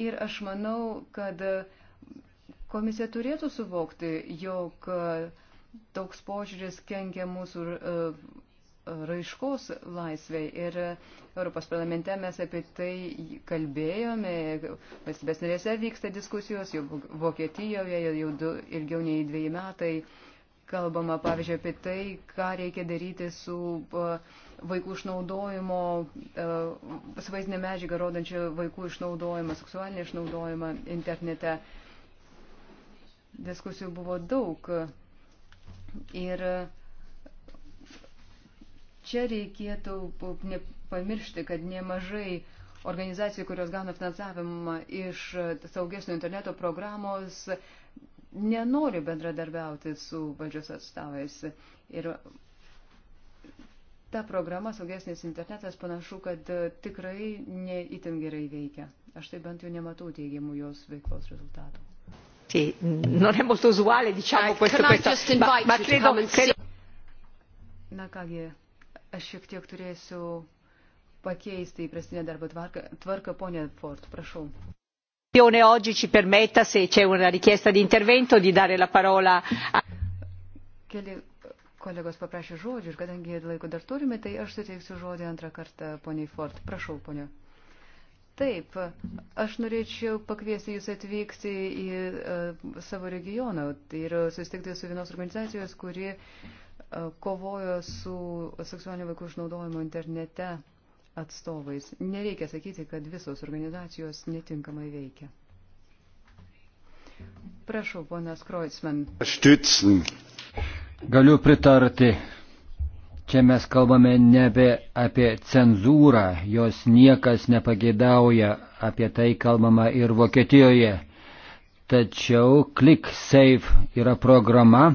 Ir aš manau, kad komisija turėtų suvokti, jog toks požiūris kenkia mūsų raiškos laisvai. Ir Europos parlamente mes apie tai kalbėjome, valstybės narėse vyksta diskusijos, jau Vokietijoje jau du, ilgiau nei dviejai metai kalbama, pavyzdžiui, apie tai, ką reikia daryti su vaikų išnaudojimo, su vaizdinė medžiaga rodančia vaikų išnaudojimą, seksualinį išnaudojimą internete. Diskusijų buvo daug. Ir uh, čia reikėtų nepamiršti, kad nemažai organizacijų, kurios gauna finansavimą iš e, saugesnio interneto programos, nenori bendradarbiauti su valdžios atstovais. Ir ta programa saugesnis internetas panašu, kad e, tikrai neįtin gerai veikia. Aš tai bent jau nematau teigiamų jos veiklos rezultatų. Sì, non è molto usuale, diciamo, questo, questo ma, ma credo, credo... Na kągi, Aš šiek tiek turėsiu pakeisti įprastinę darbo tvarką. Tvarką, ponė Ford, prašau. Oggi ci permetta, se c'è una richiesta di intervento, di dare la parola. Keli kolegos paprašė žodžių ir kadangi laiko dar turime, tai aš suteiksiu žodį antrą kartą poniai Ford. Prašau, ponio. Taip, aš norėčiau pakviesti Jūs atvykti į uh, savo regioną ir susitikti su vienos organizacijos, kuri uh, kovojo su seksualiniu vaikų išnaudojimu internete atstovais. Nereikia sakyti, kad visos organizacijos netinkamai veikia. Prašau, ponas Kreutzmann. Stützen. Galiu pritarti. Čia mes kalbame nebe apie cenzūrą, jos niekas nepagėdauja, apie tai kalbama ir Vokietijoje. Tačiau ClickSafe yra programa,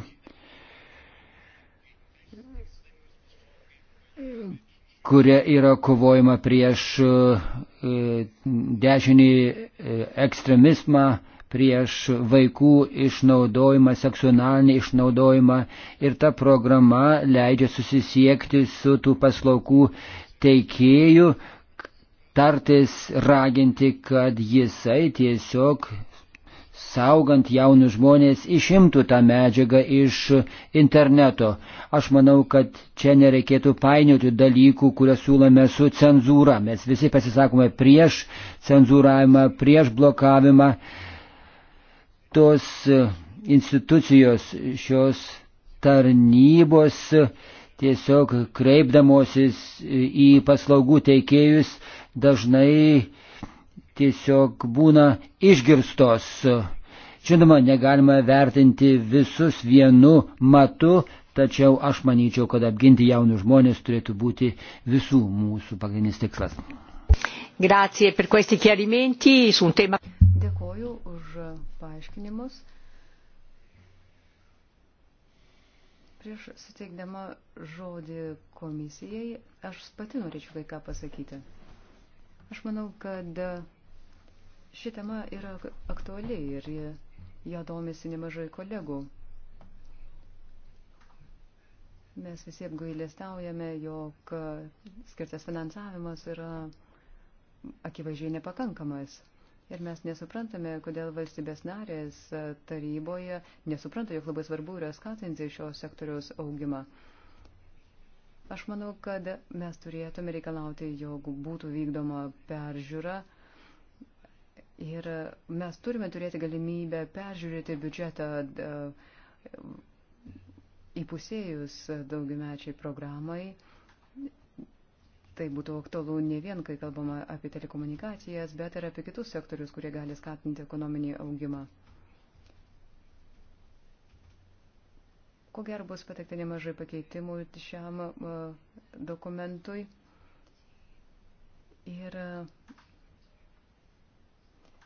kuria yra kovojama prieš e, e, dešinį e, ekstremizmą, prieš vaikų išnaudojimą, seksualinį išnaudojimą ir ta programa leidžia susisiekti su tų paslaugų teikėjų, tartis raginti, kad jisai tiesiog saugant jaunus žmonės, išimtų tą medžiagą iš interneto. Aš manau, kad čia nereikėtų painioti dalykų, kurias siūlome su cenzūra. Mes visi pasisakome prieš cenzūravimą, prieš blokavimą. Tos e, institucijos, šios tarnybos tiesiog kreipdamosis į paslaugų teikėjus dažnai tiesiog būna išgirstos. Žinoma, negalima vertinti visus vienu matu, tačiau aš manyčiau, kad apginti jaunus žmonės turėtų būti visų mūsų pagrindinis tikslas. Grazie per questi chiarimenti su un tema. Dėkoju už paaiškinimus. Prieš suteikdama žodį komisijai, aš pati norėčiau kai ką pasakyti. Aš manau, kad Ši tema yra aktuali ir ją domisi nemažai kolegų. Mes visi apgailėstaujame, jog skirtas finansavimas yra akivaizdžiai nepakankamas. Ir mes nesuprantame, kodėl valstybės narės taryboje nesupranta, jog labai svarbu yra skatinti šios sektoriaus augimą. Aš manau, kad mes turėtume reikalauti, jog būtų vykdoma peržiūra Ir e, mes turime turėti galimybę peržiūrėti biudžetą e, įpusėjus daugiamečiai programai. Tai būtų aktualu ne vien, kai kalbama apie telekomunikacijas, bet ir apie kitus sektorius, kurie gali skatinti ekonominį augimą. Ko gero bus patekta nemažai pakeitimų šiam e, dokumentui. Ir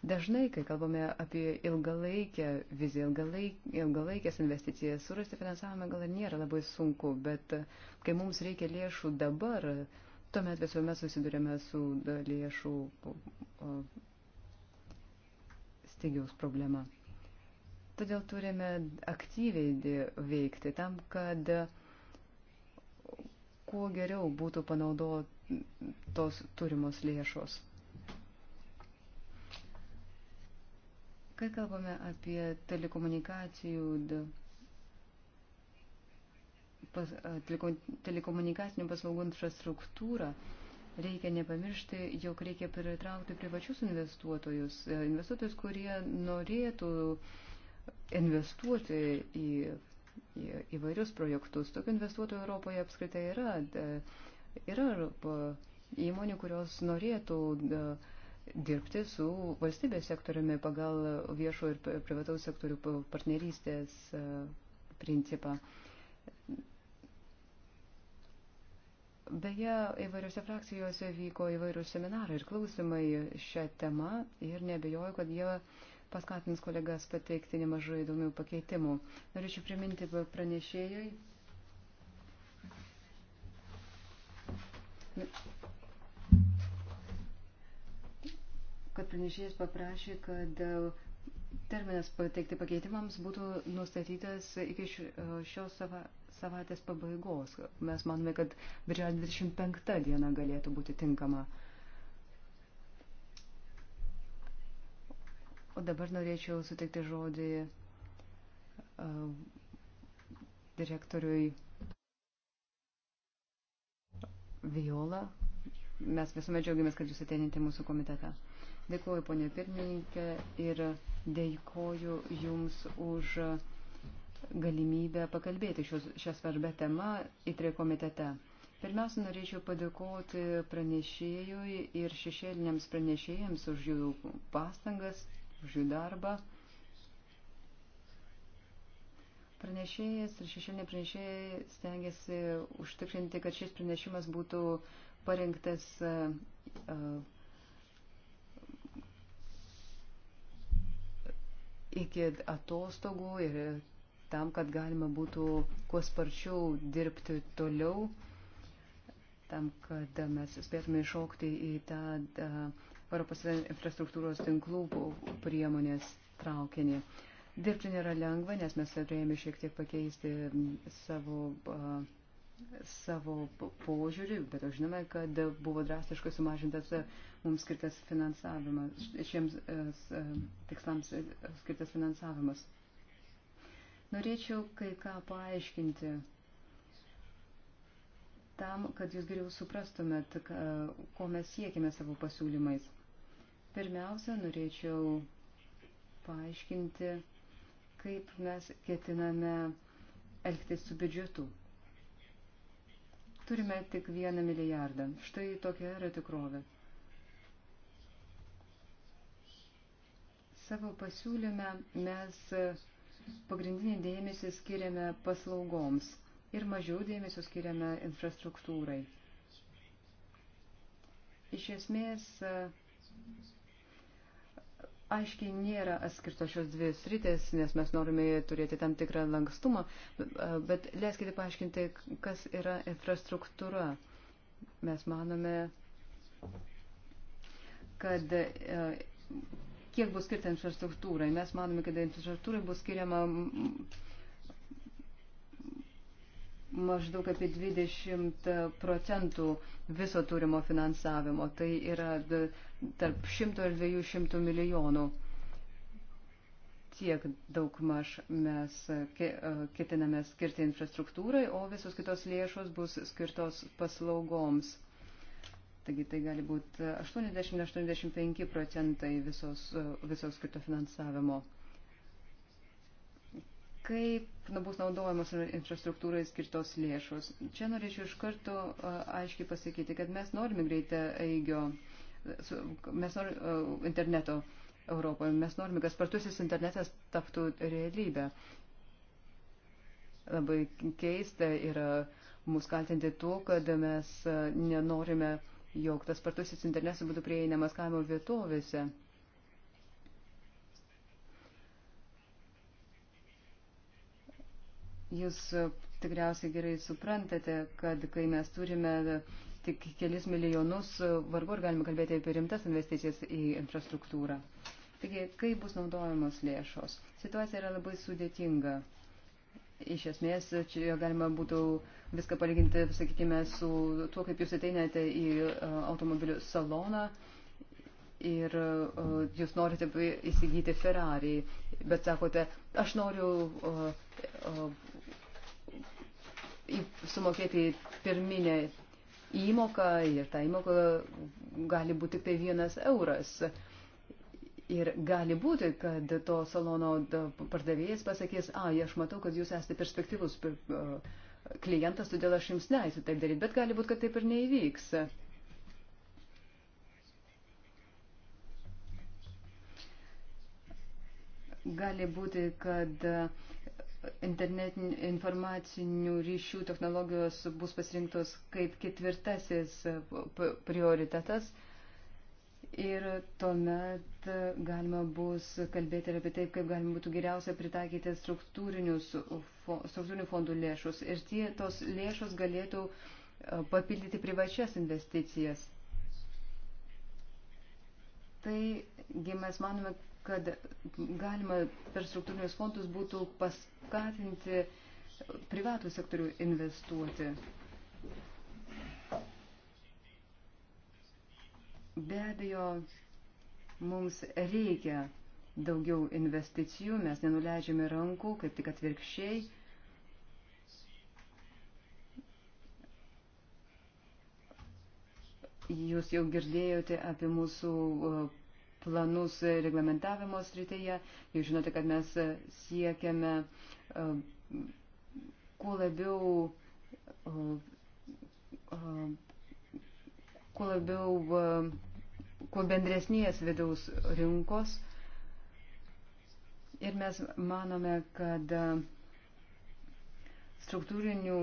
Dažnai, kai kalbame apie ilgalaikę viziją, ilgalaikės investicijas, surasti finansavimą gal ir nėra labai sunku, bet kai mums reikia lėšų dabar, tuomet visuomet susidurėme su lėšų stygiaus problema. Todėl turime aktyviai veikti tam, kad kuo geriau būtų panaudotos turimos lėšos. Kai kalbame apie telekomunikacijų, pas, telekomunikacinių paslaugų infrastruktūrą, reikia nepamiršti, jog reikia pritraukti privačius investuotojus, e, investuotojus, kurie norėtų investuoti į, į įvairius projektus. Tokių investuotojų Europoje apskritai yra. Yra įmonių, kurios norėtų. Da, dirbti su valstybės sektoriumi pagal viešo ir privataus sektorių partnerystės e, principą. Beje, įvairiose frakcijose vyko įvairius seminarai ir klausimai šią temą ir nebejoju, kad jie paskatins kolegas pateikti nemažai įdomių pakeitimų. Norėčiau priminti pranešėjai. kad pranešėjas paprašė, kad e, terminas pateikti pakeitimams būtų nustatytas iki e, šios sava, savaitės pabaigos. Mes manome, kad birželio 25 diena galėtų būti tinkama. O dabar norėčiau suteikti žodį uh, direktoriui Viola. Mes visuomet džiaugiamės, kad jūs ateinate mūsų komitetą. Dėkuoju, ponė pirmininkė, ir dėkuoju Jums už galimybę pakalbėti šios, šią svarbę temą įtrė e komitete. Pirmiausia, norėčiau padėkoti pranešėjui ir šešėliniams pranešėjams už jų pastangas, už jų darbą. Pranešėjas ir šešėlinė pranešėjai stengiasi užtikrinti, kad šis pranešimas būtų parengtas uh, iki atostogų ir tam, kad galima būtų kuo sparčiau dirbti toliau, tam, kad mes spėtume iššokti į tą Europos infrastruktūros tinklų priemonės traukinį. Dirbti nėra lengva, nes mes turėjome šiek tiek pakeisti savo. Uh, savo požiūrį, bet jau žinome, kad buvo drastiškai sumažintas e, mums skirtas finansavimas, šiems e, e, tikslams skirtas finansavimas. Norėčiau kai ką paaiškinti tam, kad jūs geriau suprastumėt, ko mes siekime savo pasiūlymais. Pirmiausia, norėčiau paaiškinti, kaip mes ketiname elgtis su biudžetu. Turime tik vieną milijardą. Štai tokia yra tikrovė. Savo pasiūlyme mes pagrindinį dėmesį skiriame paslaugoms ir mažiau dėmesio skiriame infrastruktūrai. Iš esmės, aiškiai nėra atskirtos šios dvi sritis, nes mes norime turėti tam tikrą lankstumą, bet leiskite paaiškinti, kas yra infrastruktūra. Mes manome, kad e, kiek bus skirta infrastruktūrai. Mes manome, kad infrastruktūrai bus skiriama maždaug apie 20 procentų viso turimo finansavimo. Tai yra tarp 100 ir 200 milijonų. Tiek daug maž mes e, ketiname skirti infrastruktūrai, o visos kitos lėšos bus skirtos paslaugoms. Taigi tai gali būti 80-85 procentai visos, e, visos skirto finansavimo kaip nu, bus naudojamos infrastruktūrai skirtos lėšos. Čia norėčiau iš karto aiškiai pasakyti, kad mes norime greitą eigio, mes norime interneto Europoje, mes norime, kad spartusis internetas taptų realybę. Labai keista yra mus kaltinti tuo, kad mes nenorime, jog tas spartusis internetas būtų prieinamas kaimo vietovėse. Jūs e, tikriausiai gerai suprantate, kad kai mes turime tik kelis milijonus, e, vargu ar galime kalbėti apie rimtas investicijas į infrastruktūrą. Taigi, kaip bus naudojamos lėšos? Situacija yra labai sudėtinga. Iš esmės, čia galima būtų viską palyginti, sakykime, su tuo, kaip jūs ateinate į e, automobilių saloną ir jūs norite įsigyti Ferrari, bet sakote, aš noriu sumokėti pirminę įmoką ir ta įmoka gali būti tik tai vienas euras. Ir gali būti, kad to salono pardavėjas pasakys, a, aš matau, kad jūs esate perspektyvus klientas, todėl aš jums leisiu taip daryti, bet gali būti, kad taip ir neįvyks. Gali būti, kad uh, internetinių informacinių ryšių technologijos bus pasirinktos kaip ketvirtasis e, prioritetas. Ir tuomet e, galima bus kalbėti ir apie taip, kaip galima būtų geriausia pritaikyti struktūrinių fondų lėšus. Ir tie, tos lėšus galėtų e, papildyti privačias investicijas. Taigi mes manome, kad galima per struktūrinius fondus būtų paskatinti privatų sektorių investuoti. Be abejo, mums reikia daugiau investicijų, mes nenuleidžiame rankų, kaip tik atvirkščiai. Jūs jau girdėjote apie mūsų planus reglamentavimo srityje. Jūs žinote, kad mes siekiame e, kuo labiau, e, e, kuo labiau, kuo bendresnės vidaus rinkos. Ir mes manome, kad struktūrinių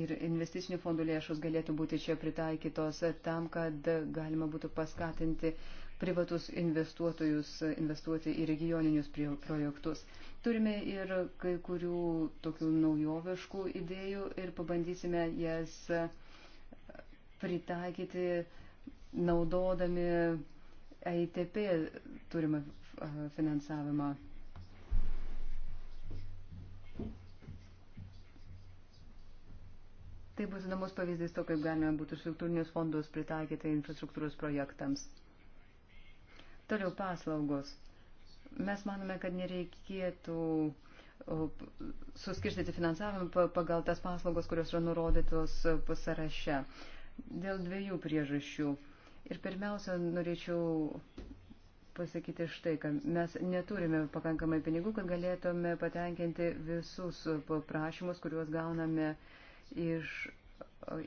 ir investicinių fondų lėšos galėtų būti čia pritaikytos tam, kad galima būtų paskatinti uh, privatus investuotojus investuoti į regioninius projektus. Turime ir kai kurių tokių naujoviškų idėjų ir pabandysime jas pritaikyti naudodami EITP turimą finansavimą. Tai bus įdomus pavyzdys to, kaip galima būtų struktūrinius fondus pritaikyti infrastruktūros projektams. Toliau paslaugos. Mes manome, kad nereikėtų suskirstyti finansavimą pagal tas paslaugos, kurios yra nurodytos pasaraše. Dėl dviejų priežasčių. Ir pirmiausia, norėčiau pasakyti štai, kad mes neturime pakankamai pinigų, kad galėtume patenkinti visus prašymus, kuriuos gauname iš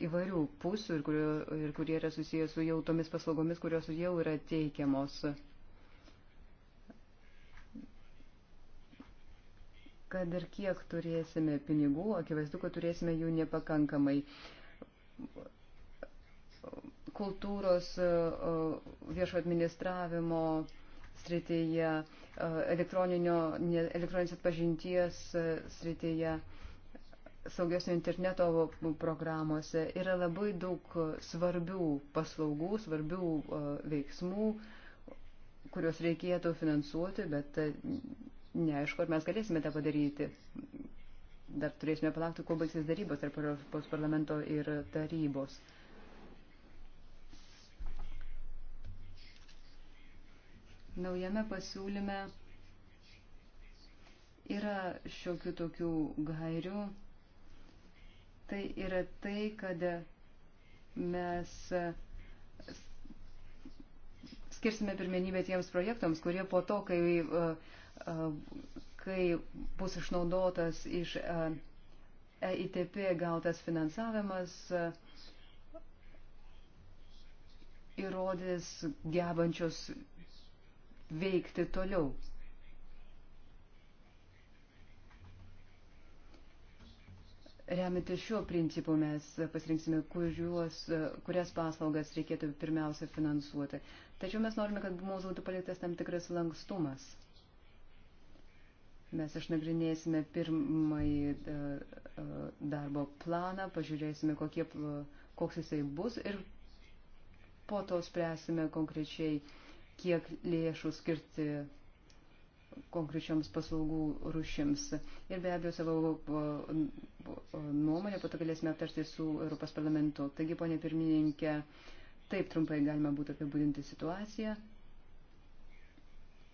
įvairių pusių ir, kurio, ir kurie yra susijęs su jau tomis paslaugomis, kurios jau yra teikiamos. kad ir kiek turėsime pinigų, akivaizdu, kad turėsime jų nepakankamai. Kultūros e, e, viešo administravimo srityje, e, elektroninės atpažinties srityje, saugiosio interneto programuose yra labai daug svarbių paslaugų, svarbių veiksmų, kuriuos reikėtų finansuoti, bet Neaišku, ar mes galėsime tą padaryti. Dar turėsime palaukti, kuo baigsis darybos tarp Europos parlamento ir tarybos. Naujame pasiūlyme yra šiokių tokių gairių. Tai yra tai, kad mes skirsime pirmenybę tiems projektams, kurie po to, kai uh, kai bus išnaudotas iš EITP e gautas finansavimas, e, įrodys gebančios veikti toliau. Remiantis šiuo principu mes pasirinksime, kuriuos, kurias paslaugas reikėtų pirmiausia finansuoti. Tačiau mes norime, kad mums būtų paliktas tam tikras lankstumas. Mes išnagrinėsime pirmąjį e, e, darbo planą, pažiūrėsime, kokie, koks jisai bus ir po to spręsime konkrečiai, kiek lėšų skirti konkrečioms paslaugų rušims. Ir be abejo savo nuomonę pato galėsime aptarti su Europos parlamentu. Taigi, ponė pirmininkė, taip trumpai galima būtų apibūdinti situaciją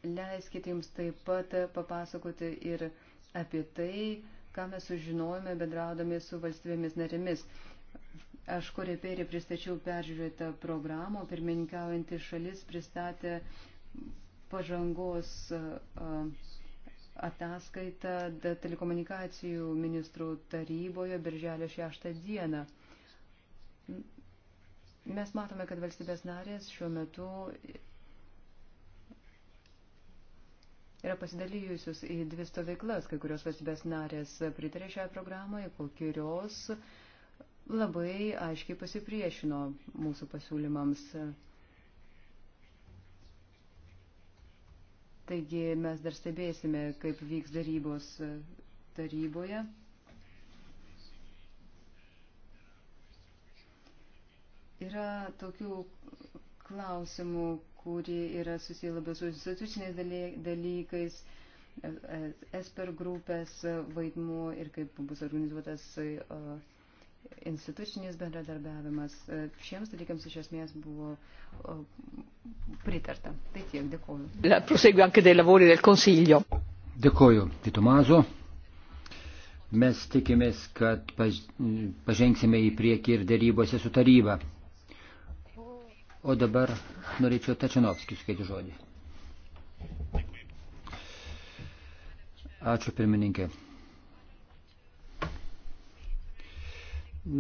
leiskite jums taip pat papasakoti ir apie tai, ką mes sužinojome bendraudami su valstybėmis narėmis. Aš korepėrį pristačiau peržiūrėtą programą, pirmininkaujantį šalis pristatė pažangos ataskaitą telekomunikacijų ministrų taryboje birželio 6 dieną. Mes matome, kad valstybės narės šiuo metu yra pasidalijusios į dvi stovyklas, kai kurios valstybės narės pritarė šią programą, kai kurios labai aiškiai pasipriešino mūsų pasiūlymams. Taigi mes dar stebėsime, kaip vyks darybos taryboje. Yra tokių klausimų, kuri yra susiję labiau su instituciniais dalykais, esper grupės vaidmuo ir kaip bus organizuotas e, institucinis bendradarbiavimas. E, šiems dalykams iš esmės buvo pritarta. Tai tiek, dėkoju. Dėkoju, Titumazo. Mes tikimės, kad paž... pažengsime į priekį ir dėrybose su taryba. O dabar norėčiau Tačianovskis skaiti žodį. Ačiū pirmininkė.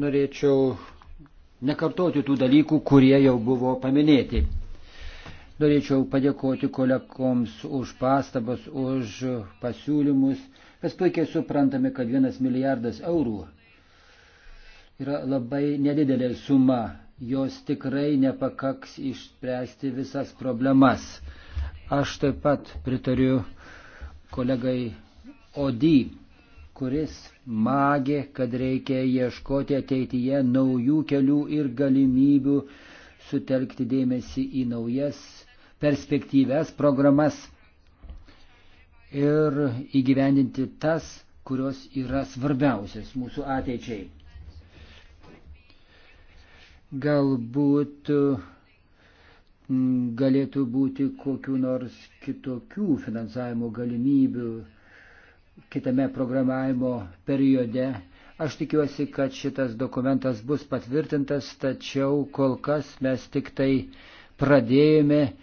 Norėčiau nekartoti tų dalykų, kurie jau buvo paminėti. Norėčiau padėkoti kolegoms už pastabas, už pasiūlymus. Mes puikiai suprantame, kad vienas milijardas eurų yra labai nedidelė suma jos tikrai nepakaks išspręsti visas problemas. Aš taip pat pritariu kolegai Odį, kuris magė, kad reikia ieškoti ateityje naujų kelių ir galimybių sutelkti dėmesį į naujas perspektyves programas ir įgyvendinti tas, kurios yra svarbiausias mūsų ateičiai galbūt mm, galėtų būti kokiu nors kitokių finansavimo galimybių kitame programavimo periode. Aš tikiuosi, kad šitas dokumentas bus patvirtintas, tačiau kol kas mes tik tai pradėjome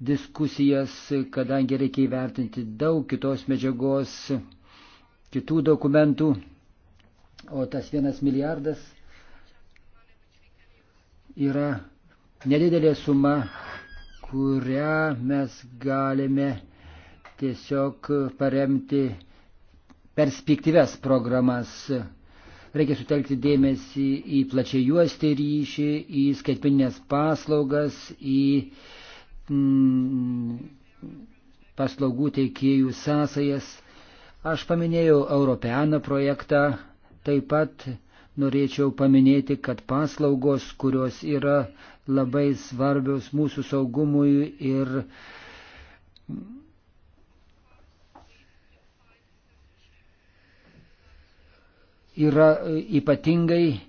diskusijas, kadangi reikia įvertinti daug kitos medžiagos, kitų dokumentų, o tas vienas milijardas yra nedidelė suma, kurią mes galime tiesiog paremti perspektyves programas. Reikia sutelkti dėmesį į plačiai juostį ryšį, į skaitminės paslaugas, į mm, paslaugų teikėjų sąsajas. Aš paminėjau Europeaną projektą, taip pat norėčiau paminėti, kad paslaugos, kurios yra labai svarbios mūsų saugumui ir yra ypatingai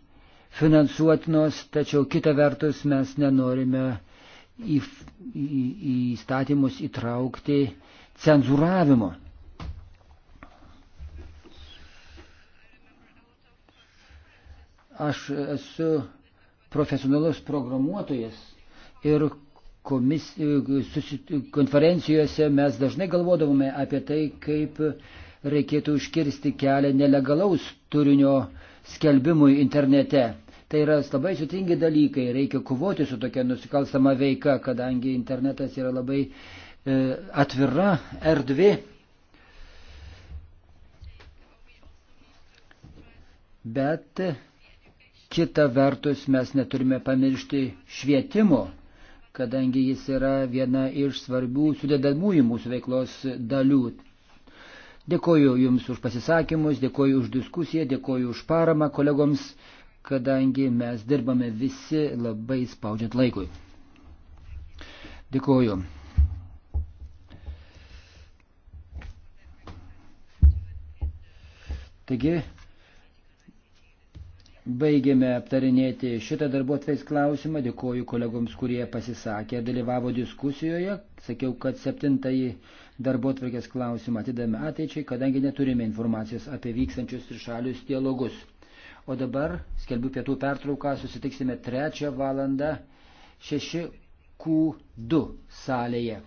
finansuotinos, tačiau kita vertus mes nenorime į, į, į įstatymus įtraukti cenzuravimo. Aš esu profesionalus programuotojas ir komis, susit, konferencijose mes dažnai galvodavome apie tai, kaip reikėtų užkirsti kelią nelegalaus turinio skelbimui internete. Tai yra labai sutingi dalykai, reikia kovoti su tokia nusikalstama veika, kadangi internetas yra labai e, atvira erdvė. Bet Kita vertus, mes neturime pamiršti švietimo, kadangi jis yra viena iš svarbių sudėdamųjų mūsų veiklos dalių. Dėkoju Jums už pasisakymus, dėkoju už diskusiją, dėkoju už paramą kolegoms, kadangi mes dirbame visi labai spaudžiant laikui. Dėkoju. Taigi, Baigėme aptarinėti šitą darbuotvės klausimą. Dėkoju kolegoms, kurie pasisakė, dalyvavo diskusijoje. Sakiau, kad septintąjį darbuotvės klausimą atidame ateičiai, kadangi neturime informacijos apie vykstančius trišalius dialogus. O dabar skelbiu pietų pertrauką, susitiksime trečią valandą 6Q2 salėje.